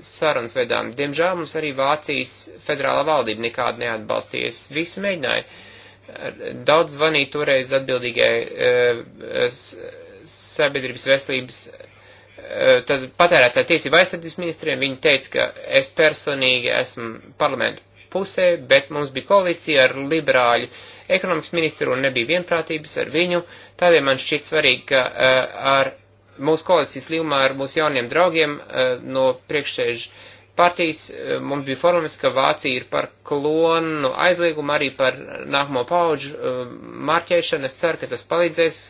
sarunas vedām, diemžēl mums arī Vācijas federālā valdība nekādu neatbalstīja. Es visu mēģināju. Daudz zvanīja toreiz atbildīgai e, eh, sabiedrības veselības, e, tad patērētāja tiesība aizsardzības ministriem. Viņi teica, ka es personīgi esmu parlamentu pusē, bet mums bija koalīcija ar liberāļu ekonomikas ministru un nebija vienprātības ar viņu. Tādēļ man šķiet svarīgi, ka e, ar mūsu koalīcijas līgumā ar mūsu jauniem draugiem eh, no priekšsēžu partijas eh, mums bija formulēts, ka Vācija ir par klonu aizliegumu, arī par nākamo pauģu eh, marķēšanu. Es ceru, ka tas palīdzēs.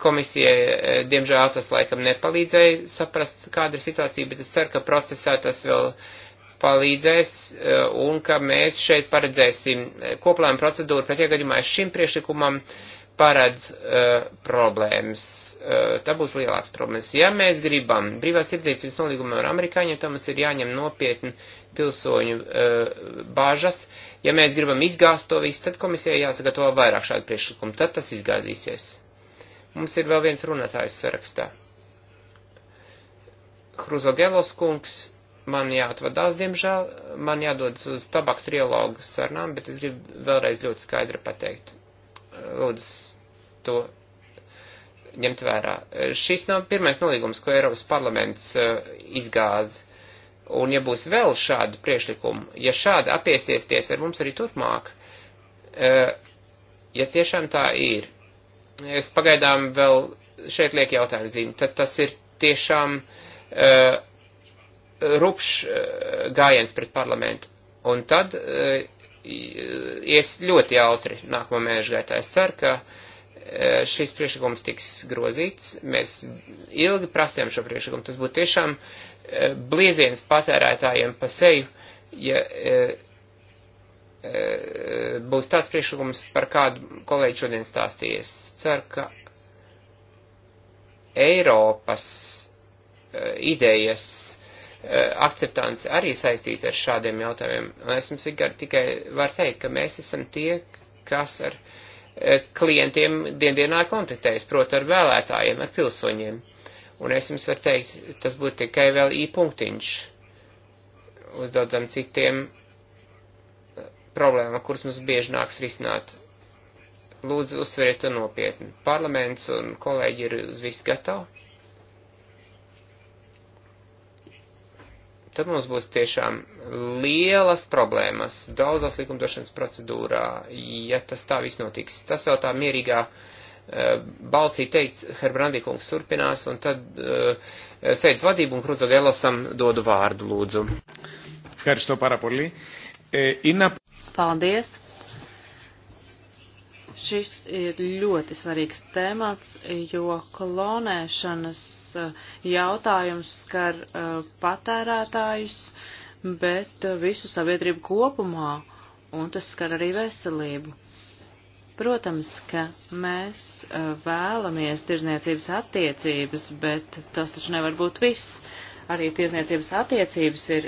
Komisijai, diemžēl, tas laikam nepalīdzēja saprast, kāda ir situācija, bet es ceru, ka procesā tas vēl palīdzēs un ka mēs šeit paredzēsim koplējumu procedūru pretiegaļumā šim priešlikumam. Uh, paredz uh, problēmas. Uh, tā būs lielāks problēmas. Ja mēs gribam brīvās tirdzniecības nolīgumu ar amerikāņiem, tad mums ir jāņem nopietni pilsoņu uh, bāžas. Ja mēs gribam izgāzt to visu, tad komisijai jāsagatavo vairāk šādu priekšlikumu. Tad tas izgāzīsies. Mums ir vēl viens runātājs sarakstā. Hruzogelos kungs, man jāatvadās, diemžēl, man jādodas uz tabaku trilogu sarunām, bet es gribu vēlreiz ļoti skaidri pateikt lūdzu to ņemt vērā. Šis nav pirmais nolīgums, ko Eiropas parlaments eh, izgāza. Un ja būs vēl šādu priešlikumu, ja šādi apiesiesties ar mums arī turpmāk, eh, ja tiešām tā ir, es pagaidām vēl šeit lieku jautājumu zīmi, tad tas ir tiešām eh, rupšs gājiens pret parlamentu. Un tad ies ļoti jautri nākamo mēnešu gaitā. Es ceru, ka e, šis priekšlikums tiks grozīts. Mēs ilgi prasījām šo priekšlikumu. Tas būtu tiešām e, blieziens patērētājiem pa seju, ja e, būs tāds priekšlikums, par kādu kolēģi šodien stāstījies. Ceru, ka Eiropas idejas akceptance arī saistīta ar šādiem jautājumiem. Un es jums tikai varu teikt, ka mēs esam tie, kas ar e, klientiem diendienā kontaktējas, proti ar vēlētājiem, ar pilsoņiem. Un es jums varu teikt, tas būtu tikai vēl īpunktiņš uz daudzam citiem e, problēmām, kuras mums bieži nāks risināt. Lūdzu, uztveriet to nopietni. Parlaments un kolēģi ir uz visu gatavi tad mums būs tiešām lielas problēmas daudzās likumdošanas procedūrā, ja tas tā viss notiks. Tas vēl tā mierīgā uh, balsī teikts, Herbrandīkungs turpinās, un tad uh, e, sēdz vadību un Krūdzo Gelosam dodu vārdu, lūdzu. Paldies! Šis ir ļoti svarīgs temats, jo klonēšanas eh, jautājums skar eh, patērētājus, bet eh, visu sabiedrību kopumā, un tas skar arī veselību. Protams, ka mēs vēlamies tirzniecības attiecības, bet tas taču nevar būt viss arī tiesniecības attiecības ir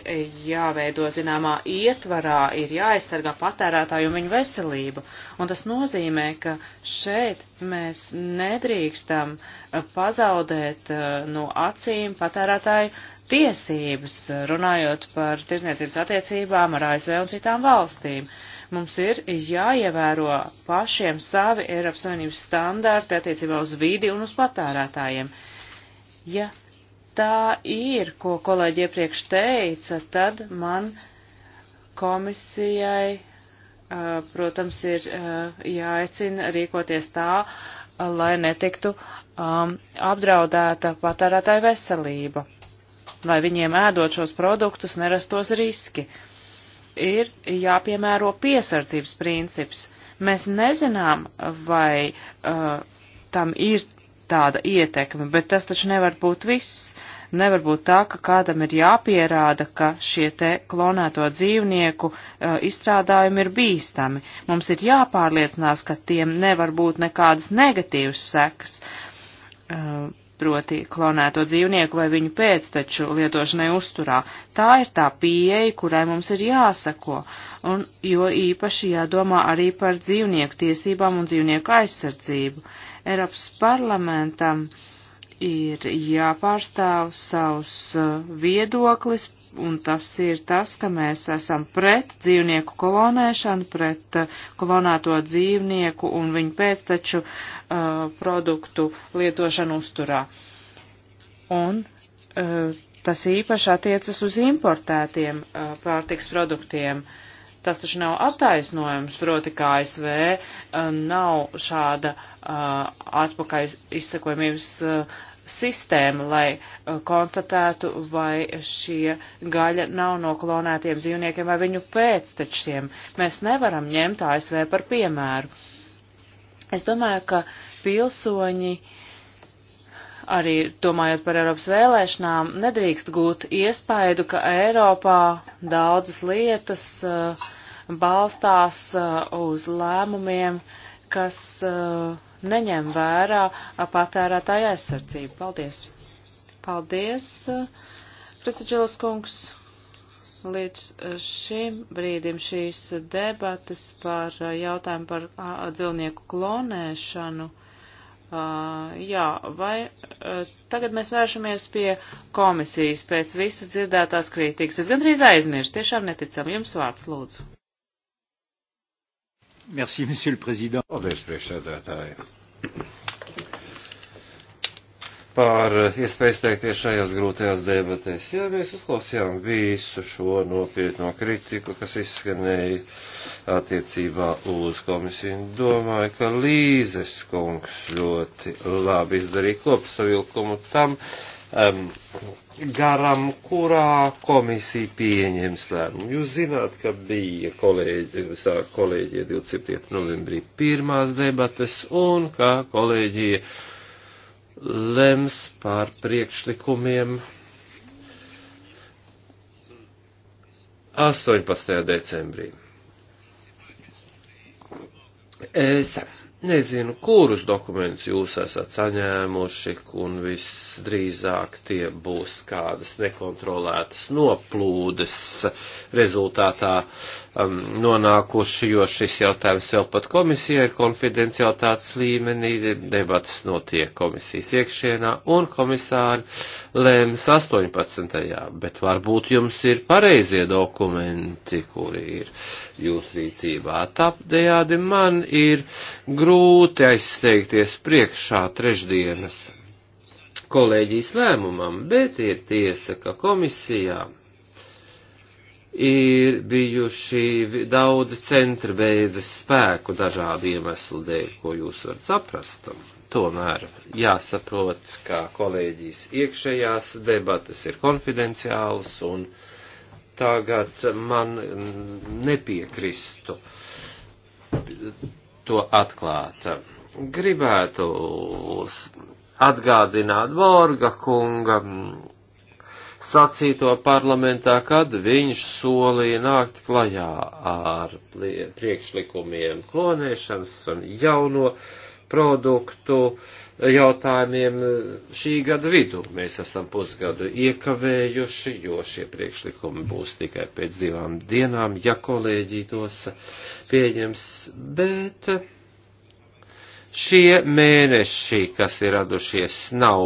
jāveido zināmā ietvarā, ir jāaizsargā patērētāju un viņu veselība. Un tas nozīmē, ka šeit mēs nedrīkstam eh, pazaudēt eh, no acīm patērētāju tiesības, runājot par tiesniecības attiecībām ar ASV un citām valstīm mums ir jāievēro pašiem savi Eiropas Savienības standārti attiecībā uz vidi un uz patērētājiem. Ja tā ir, ko kolēģi iepriekš teica, tad man komisijai, protams, ir jāaicina rīkoties tā, lai netiktu um, apdraudēta patērētāja veselība, lai viņiem ēdot šos produktus nerastos riski. Ir jāpiemēro piesardzības princips. Mēs nezinām, vai uh, tam ir tāda ietekme, bet tas taču nevar būt viss. Nevar būt tā, ka kādam ir jāpierāda, ka šie te klonēto dzīvnieku uh, izstrādājumi ir bīstami. Mums ir jāpārliecinās, ka tiem nevar būt nekādas negatīvas sekas. Uh, proti klonēto dzīvnieku vai viņu pēcteču lietošanai uzturā. Tā ir tā pieeja, kurai mums ir jāsako, un jo īpaši jādomā arī par dzīvnieku tiesībām un dzīvnieku aizsardzību. Eiropas parlamentam uh, ir jāpārstāv savs uh, viedoklis, un tas ir tas, ka mēs esam pret dzīvnieku kolonēšanu, pret uh, kolonēto dzīvnieku un viņu pēcteču uh, produktu lietošanu uzturā. Un uh, tas īpaši attiecas uz importētiem uh, pārtiks produktiem. Uh, Tas taču nav attaisnojums, proti, kā ASV eh, nav šāda uh, atpakaļ izsakojumības uh, sistēma, lai uh, konstatētu, vai šie gaļa nav no klonētiem dzīvniekiem vai viņu pēctečiem. Mēs nevaram ņemt ASV par piemēru. Es domāju, ka pilsoņi uh, arī domājot par Eiropas vēlēšanām, nedrīkst gūt iespaidu, ka Eiropā daudzas lietas uh, balstās uh, uz lēmumiem, kas uh, neņem vērā patērētāja aizsardzību. Paldies! Paldies, uh, Kristaģilas kungs! Līdz šim brīdim šīs debatas par jautājumu par dzīvnieku klonēšanu. Uh, jā, vai uh, tagad mēs vēršamies pie komisijas pēc visas dzirdētās kritikas? Es gandrīz aizmirstu, tiešām neticam. Jums vārds, lūdzu. Merci, monsieur le prezident. Paldies, priekšsēdētāji. Par eh, iespēju izteikties šajās grūtajās debatēs. Jā, mēs uzklausījām visu šo nopietno kritiku, kas izskanēja attiecībā uz komisiju. Domāju, ka Līzes kungs ļoti labi izdarīja kopsavilkumu tam. Uh, um, garam, kurā komisija pieņems lēmumu. Jūs zināt, ka bija kolēģi, sāk kolēģija 27. novembrī pirmās debates un ka kolēģija lems par priekšlikumiem 18. decembrī. Es Nezinu, kurus dokumentus jūs esat saņēmuši, un visdrīzāk tie būs kādas nekontrolētas noplūdes rezultātā um, nonākuši, jo šis jautājums vēl pat komisijai ir konfidencialitātes līmenī, debatas notiek komisijas iekšienā, un komisāri lēms 18. Bet varbūt jums ir pareizie dokumenti, kuri ir jūsu rīcībā. Tāpdējādi man ir grūti grūti aizsteigties priekšā trešdienas kolēģijas lēmumam, bet ir tiesa, ka komisijā ir bijuši daudzi centri beidzas spēku dažādu iemeslu dēļ, ko jūs varat saprast. Tomēr jāsaprot, ka kolēģijas iekšējās debatas ir konfidenciālas un tagad man nepiekristu to atklāt. Gribētu atgādināt Vorga kunga sacīto parlamentā, kad viņš solīja nākt klajā ar priekšlikumiem klonēšanas un jauno produktu uh, jautājumiem šī gada vidu. Mēs esam pusgadu iekavējuši, jo šie priekšlikumi būs tikai pēc divām dienām, ja kolēģi tos pieņems, bet šie mēneši, kas ir radušies, nav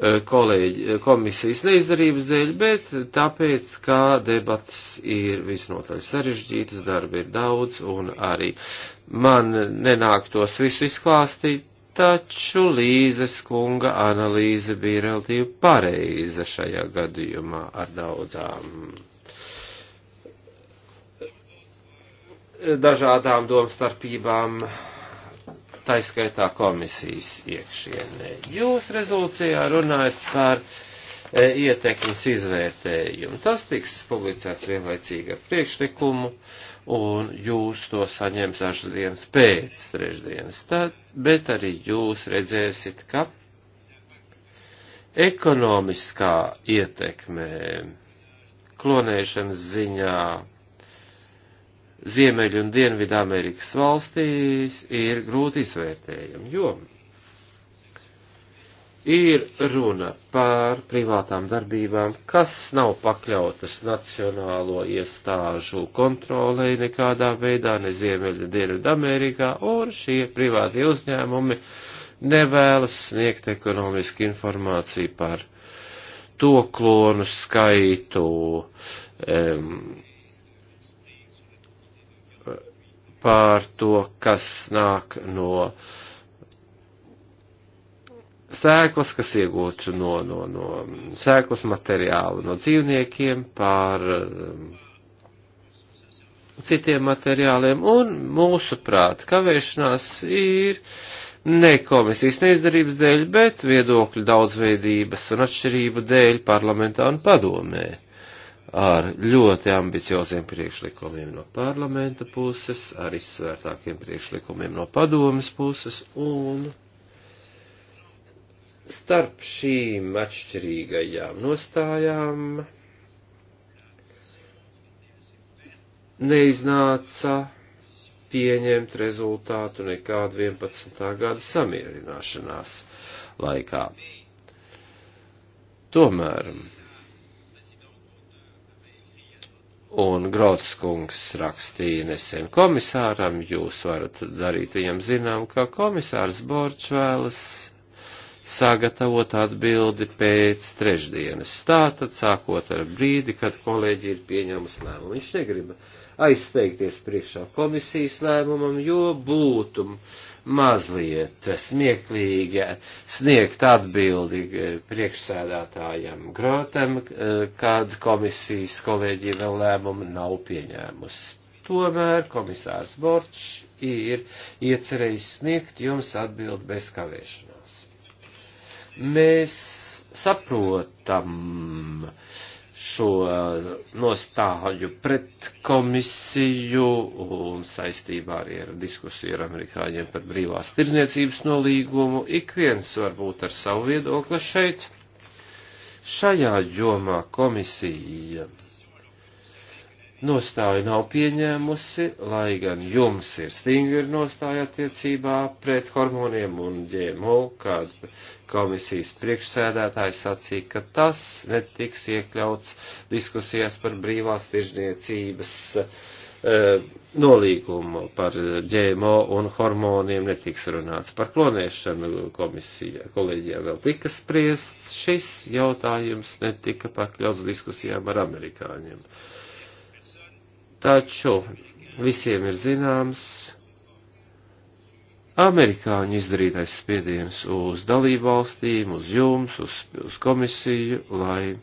Eh, kolēģi, eh, komisijas neizdarības dēļ, bet tāpēc, kā debatas ir visnotaļ sarežģītas, darba ir daudz un arī man nenāk tos visu izklāstīt, taču Līzes kunga analīze bija relatīvi pareiza šajā gadījumā ar daudzām eh, dažādām domstarpībām. starpībām taiskaitā komisijas iekšienē. Jūs rezolūcijā runājat par e, ietekmes izvērtējumu. Tas tiks publicēts vienlaicīgi ar priekšlikumu, un jūs to saņems dažas dienas pēc trešdienas. Tad, bet arī jūs redzēsit, ka ekonomiskā ietekme klonēšanas ziņā Ziemeļu un Dienvidu Amerikas valstīs ir grūti izvērtējami, jo ir runa par privātām darbībām, kas nav pakļautas nacionālo iestāžu kontrolei nekādā veidā, ne Ziemeļa Dienvidamerikā, un šie privāti uzņēmumi nevēlas sniegt ekonomisku informāciju par to klonu skaitu, um, pār to, kas nāk no sēklas, kas iegūtu no, no, no sēklas materiālu, no dzīvniekiem, pār um, citiem materiāliem, un mūsu prāt kavēšanās ir ne komisijas neizdarības dēļ, bet viedokļu daudzveidības un atšķirību dēļ parlamentā un padomē ar ļoti ambicioziem priekšlikumiem no parlamenta puses, ar izsvērtākiem priekšlikumiem no padomas puses, un starp šīm atšķirīgajām nostājām neiznāca pieņemt rezultātu nekādu 11. gada samierināšanās laikā. Tomēr Un Grots kungs rakstīja nesen komisāram, jūs varat darīt viņam zinām, ka komisārs Borčs vēlas sagatavot atbildi pēc trešdienas. Tātad sākot ar brīdi, kad kolēģi ir pieņēmusi lēmumu. Viņš negrib aizsteigties priekšā komisijas lēmumam, jo būtu mazliet smieklīgi sniegt atbildi eh, priekšsēdētājam Grotam, eh, kad komisijas kolēģija vēl lēmumu nav pieņēmusi. Tomēr komisārs Borčs ir iecerējis sniegt jums atbildi bez kavēšanās. Mēs saprotam, uh, šo eh, nostāju pret komisiju un saistībā arī ar diskusiju ar amerikāņiem par brīvās tirzniecības nolīgumu. Ik viens varbūt ar savu viedokli šeit. Šajā jomā komisija nostāju nav pieņēmusi, lai gan jums ir stingri nostāja attiecībā pret hormoniem un ģēmo, kad komisijas priekšsēdētājs sacīja, ka tas netiks iekļauts diskusijās par brīvās tiržniecības eh, nolīgumu par ģēmo un hormoniem netiks runāts. Par klonēšanu komisija kolēģijā vēl tika spriests, šis jautājums netika pakļauts diskusijām ar amerikāņiem. Uh, Taču visiem ir zināms amerikāņu izdarītais spiediens uz dalību valstīm, uz jums, uz, uz komisiju, lai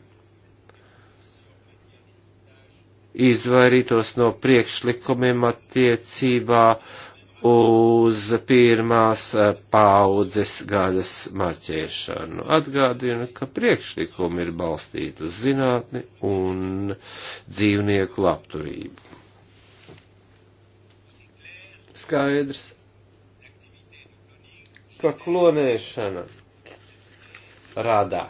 izvairītos no priekšlikumiem attiecībā uh, uz pirmās eh, paudzes gaļas marķēšanu. Atgādinu, ka priekšlikumi ir balstīti uz zinātni un dzīvnieku labturību. Skaidrs, ka klonēšana radā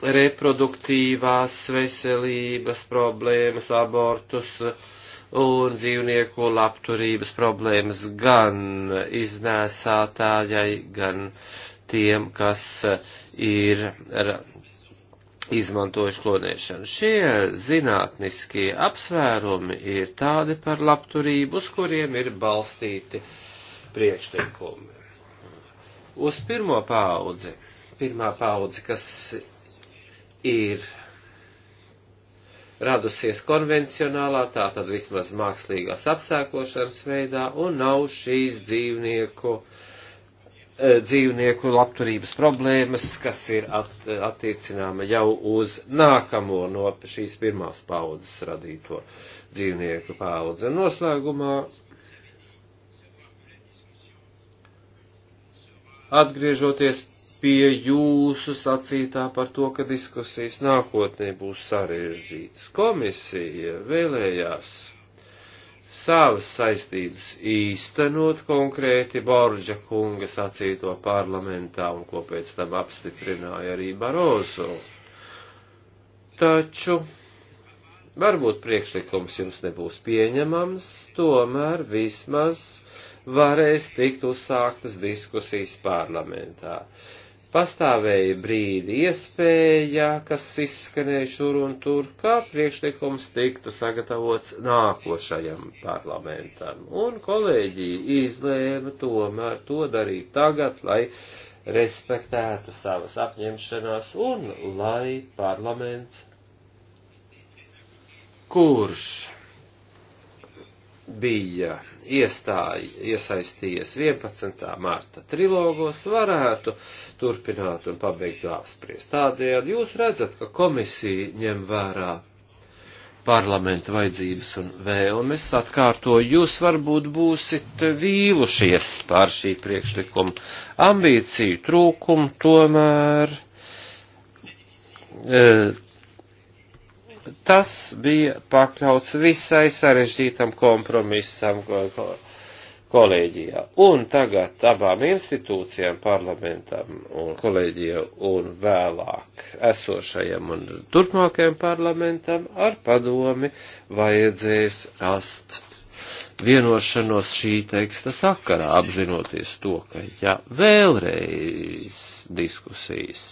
reproduktīvās veselības problēmas, abortus, uh, un dzīvnieku labturības problēmas gan iznēsātājai, gan tiem, kas ir izmantojuši klonēšanu. Šie zinātniskie apsvērumi ir tādi par labturību, uz kuriem ir balstīti priekšteikumi. Uz pirmo paudzi, pirmā paudze, kas ir radusies konvencionālā, tātad vismaz mākslīgās apsēkošanas veidā, un nav šīs dzīvnieku, e, dzīvnieku labturības problēmas, kas ir at, e, attiecināma jau uz nākamo no šīs pirmās paudzes radīto dzīvnieku paudzi. Un noslēgumā atgriežoties pie jūsu sacītā par to, ka diskusijas nākotnē būs sarežģītas. Komisija vēlējās savas saistības īstenot konkrēti Borģa kunga sacīto parlamentā un ko pēc tam apstiprināja arī Barozo. Taču varbūt priekšlikums jums nebūs pieņemams, tomēr vismaz varēs tikt uzsāktas diskusijas parlamentā. Uh, pastāvēja brīdi iespēja, kas izskanēja šur un tur, kā priekšlikums tiktu sagatavots nākošajam parlamentam. Un kolēģija izlēma tomēr to darīt tagad, lai respektētu savas apņemšanās un lai parlaments kurš bija iestāji, iesaistījies 11. mārta trilogos, varētu turpināt un pabeigt apspriest. Tādējādi jūs redzat, ka komisija ņem vērā parlamenta vajadzības un vēlmes. Atkārtoju, jūs varbūt būsit vīlušies pār šī priekšlikuma ambīciju trūkumu, tomēr. E, tas bija pakļauts visai sarežģītam kompromisam kolēģijā. Un tagad abām institūcijām, parlamentam un kolēģijā un vēlāk esošajam un turpmākajam parlamentam ar padomi vajadzēs rast vienošanos šī teksta sakarā, apzinoties to, ka ja vēlreiz diskusijas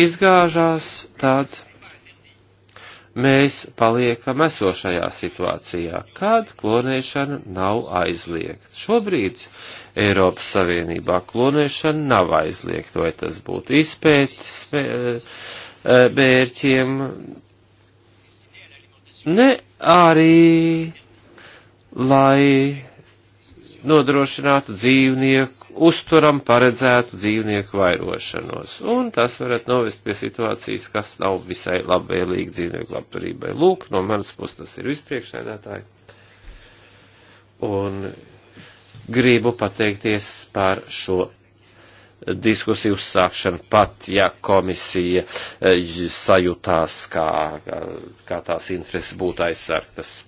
izgāžās, tad mēs paliekam esošajā situācijā, kad klonēšana nav aizliegta. Šobrīd Eiropas Savienībā klonēšana nav aizliegta, vai tas būtu izpētes e, mērķiem, ne arī lai nodrošinātu dzīvnieku, uzturam paredzētu dzīvnieku vairošanos. Un tas varat novest pie situācijas, kas nav visai labvēlīgi dzīvnieku labturībai. Lūk, no manas puses tas ir vispriekšēdētāji. Un gribu pateikties par šo diskusiju uzsākšanu, pat ja komisija eh, sajūtās, kā, kā tās intereses būtu aizsargtas.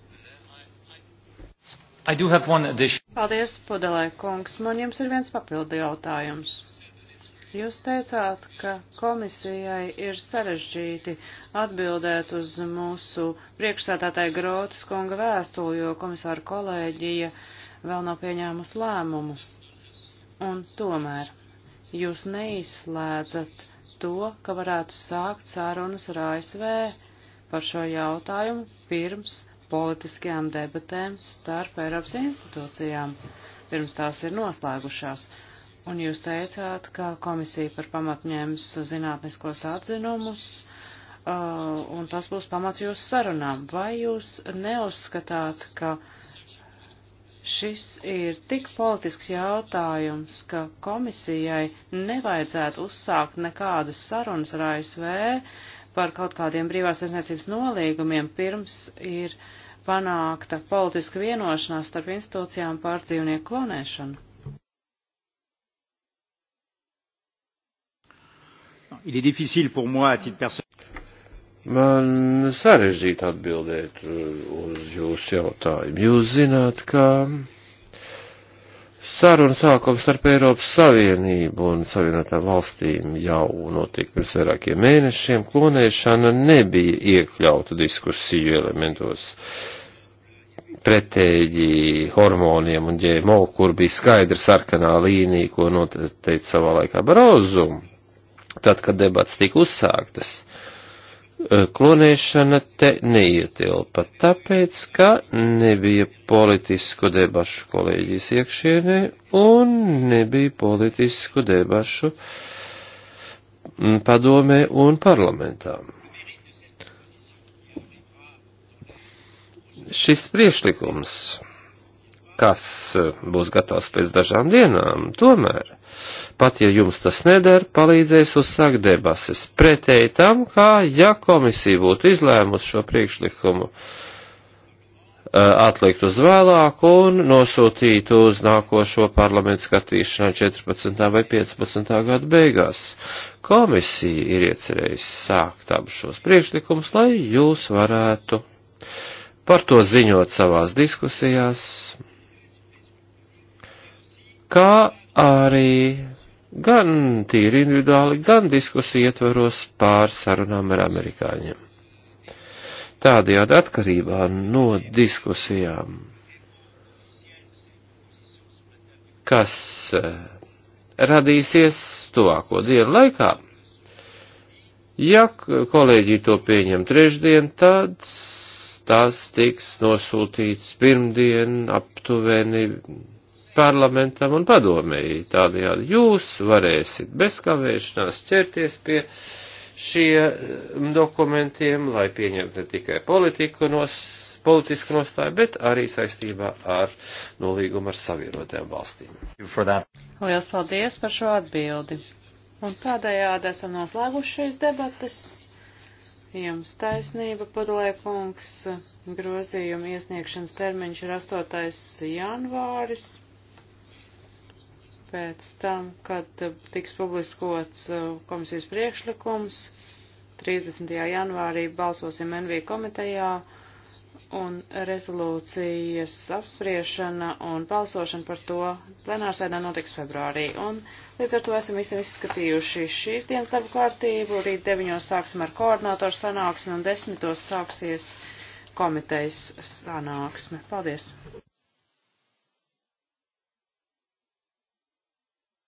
I do have one addition. Paldies, Pudelē kungs. Man jums ir viens papildu jautājums. Jūs teicāt, ka komisijai ir sarežģīti atbildēt uz mūsu priekšsētātāja Grotas kunga vēstuli, jo komisāra kolēģija vēl nav pieņēmusi lēmumu. Un tomēr jūs neizslēdzat to, ka varētu sākt sārunas ar ASV par šo jautājumu pirms politiskajām debatēm starp Eiropas institūcijām, pirms tās ir noslēgušās. Un jūs teicāt, ka komisija par pamatu ņems zinātniskos atzinumus, uh, un tas būs pamats jūsu sarunām. Vai jūs neuzskatāt, ka šis ir tik politisks jautājums, ka komisijai nevajadzētu uzsākt nekādas sarunas ar ASV par kaut kādiem brīvās aizniecības nolīgumiem, pirms ir uh, panākta politiska vienošanās starp institūcijām par dzīvnieku klonēšanu? Il est difficile pour moi, à titre personnel. Man sarežģīti atbildēt uh, uz jūsu jautājumu. Jūs zināt, ka. Kā saruna sākums starp Eiropas Savienību un Savienotām valstīm jau notika pirms vairākiem mēnešiem, klonēšana nebija iekļauta diskusiju elementos pretēji hormoniem un ģēmo, kur bija skaidra sarkanā līnija, ko noteica savā laikā Barozu, tad, kad debats tika uzsāktas. Eh, klonēšana te neietilpa, tāpēc, ka nebija politisku debašu kolēģijas iekšienē un nebija politisku debašu mm, padomē un parlamentā. Šis priešlikums, kas eh, būs gatavs pēc dažām dienām, tomēr pat ja jums tas neder, palīdzēs uzsākt debases. Pretēji tam, kā ja komisija būtu izlēmusi šo priekšlikumu atlikt uz vēlāku un nosūtīt uz nākošo parlamentu skatīšanai 14. vai 15. gada beigās. Komisija ir iecerējusi sākt abus šos priekšlikumus, lai jūs varētu par to ziņot savās diskusijās, kā arī gan tīri individuāli, gan diskusiju ietvaros pār sarunām ar amerikāņiem. Tādējādi atkarībā no diskusijām, kas eh, radīsies tuvāko dienu laikā, ja kolēģi to pieņem trešdien, tad tās tiks nosūtīts pirmdien aptuveni parlamentam un padomēji. Tādējādi jūs varēsiet bez kavēšanās ķerties pie šiem dokumentiem, lai pieņemtu ne tikai politiku nos, politisku nostāju, bet arī saistībā ar nolīgumu ar savienotēm valstīm. Lielas paldies par šo atbildi. Un tādējādi esam noslēguši šīs debatas. Jums taisnība, padlēkungs, grozījuma iesniegšanas termiņš ir 8. janvāris pēc tam, kad tiks publiskots uh, komisijas priekšlikums. 30. janvārī balsosim NV komitejā un rezolūcijas apspriešana un balsošana par to plenārsēdā notiks februārī. Un līdz ar to esam visam izskatījuši šīs dienas darba kārtību. Rīt 9. sāksim ar koordinātoru sanāksmi un 10. sāksies komitejas sanāksme. Paldies!